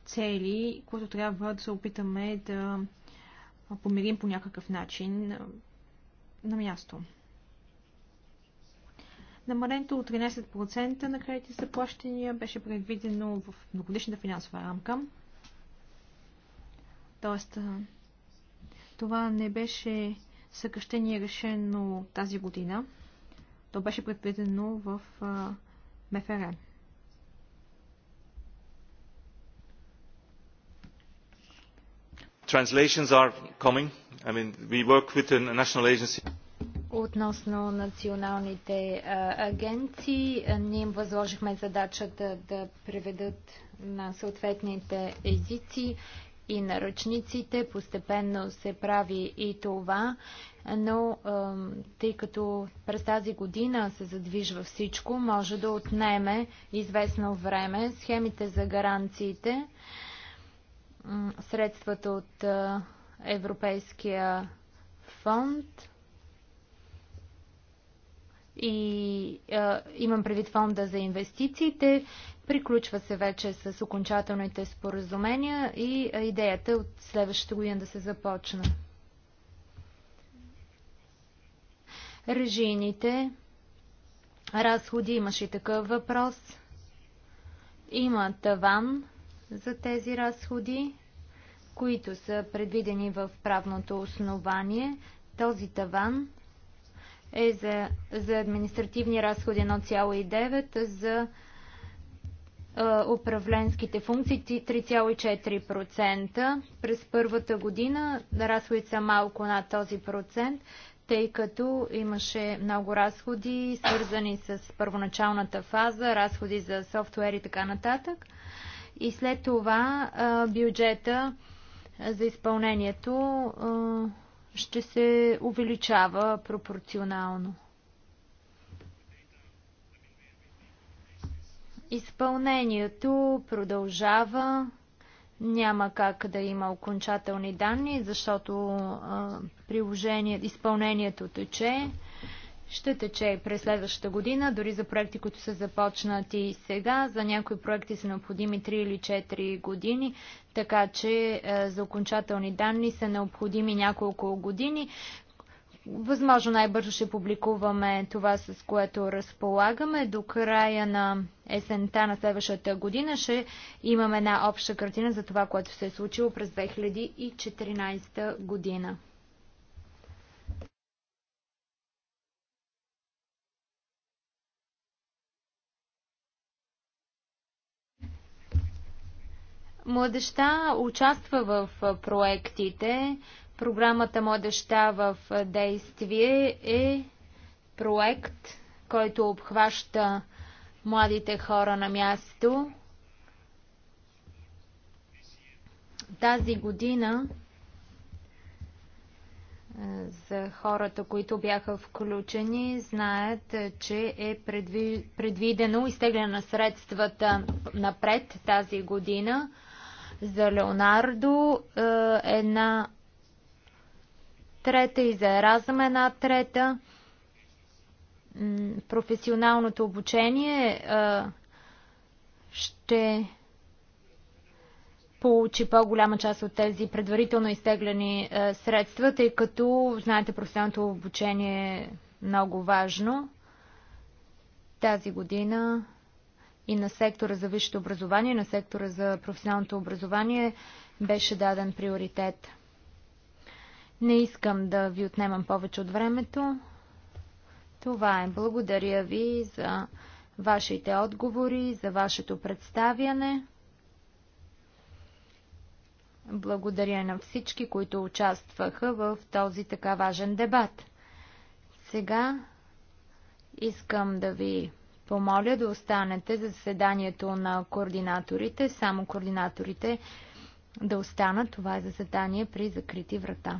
цели, които трябва да се опитаме да помирим по някакъв начин на място. Намалението от 13% на кредити за плащания беше предвидено в многодишната финансова рамка. Тоест, това не беше съкръщение решено тази година. То беше предвидено в а, МФР. Translations are coming. I mean, we work with a national agency относно националните агенции. Ние им възложихме задачата да преведат на съответните езици и на ръчниците, Постепенно се прави и това, но тъй като през тази година се задвижва всичко, може да отнеме известно време схемите за гаранциите, средствата от Европейския фонд, и а, имам предвид фонда за инвестициите. Приключва се вече с окончателните споразумения и а, идеята е от следващата година да се започна. Режийните разходи имаше и такъв въпрос. Има таван за тези разходи, които са предвидени в правното основание. Този таван е за, за административни разходи 1,9, за е, управленските функции 3,4%. През първата година разходите са малко над този процент, тъй като имаше много разходи, свързани с първоначалната фаза, разходи за софтуер и така нататък. И след това е, бюджета за изпълнението ще се увеличава пропорционално. Изпълнението продължава. Няма как да има окончателни данни, защото а, приложение, изпълнението тече ще тече през следващата година, дори за проекти, които са започнати сега. За някои проекти са необходими 3 или 4 години, така че е, за окончателни данни са необходими няколко години. Възможно най-бързо ще публикуваме това, с което разполагаме. До края на есента на следващата година ще имаме една обща картина за това, което се е случило през 2014 година. Младеща участва в проектите. Програмата Младеща в действие е проект, който обхваща младите хора на място. Тази година за хората, които бяха включени, знаят, че е предвидено изтегляне на средствата напред тази година за Леонардо, е, една трета и за Еразъм една трета. Професионалното обучение е, ще получи по-голяма част от тези предварително изтеглени е, средства, тъй като, знаете, професионалното обучение е много важно. Тази година и на сектора за висшето образование, и на сектора за професионалното образование беше даден приоритет. Не искам да ви отнемам повече от времето. Това е. Благодаря ви за вашите отговори, за вашето представяне. Благодаря на всички, които участваха в този така важен дебат. Сега искам да ви помоля да останете за заседанието на координаторите. Само координаторите да останат. Това е заседание при закрити врата.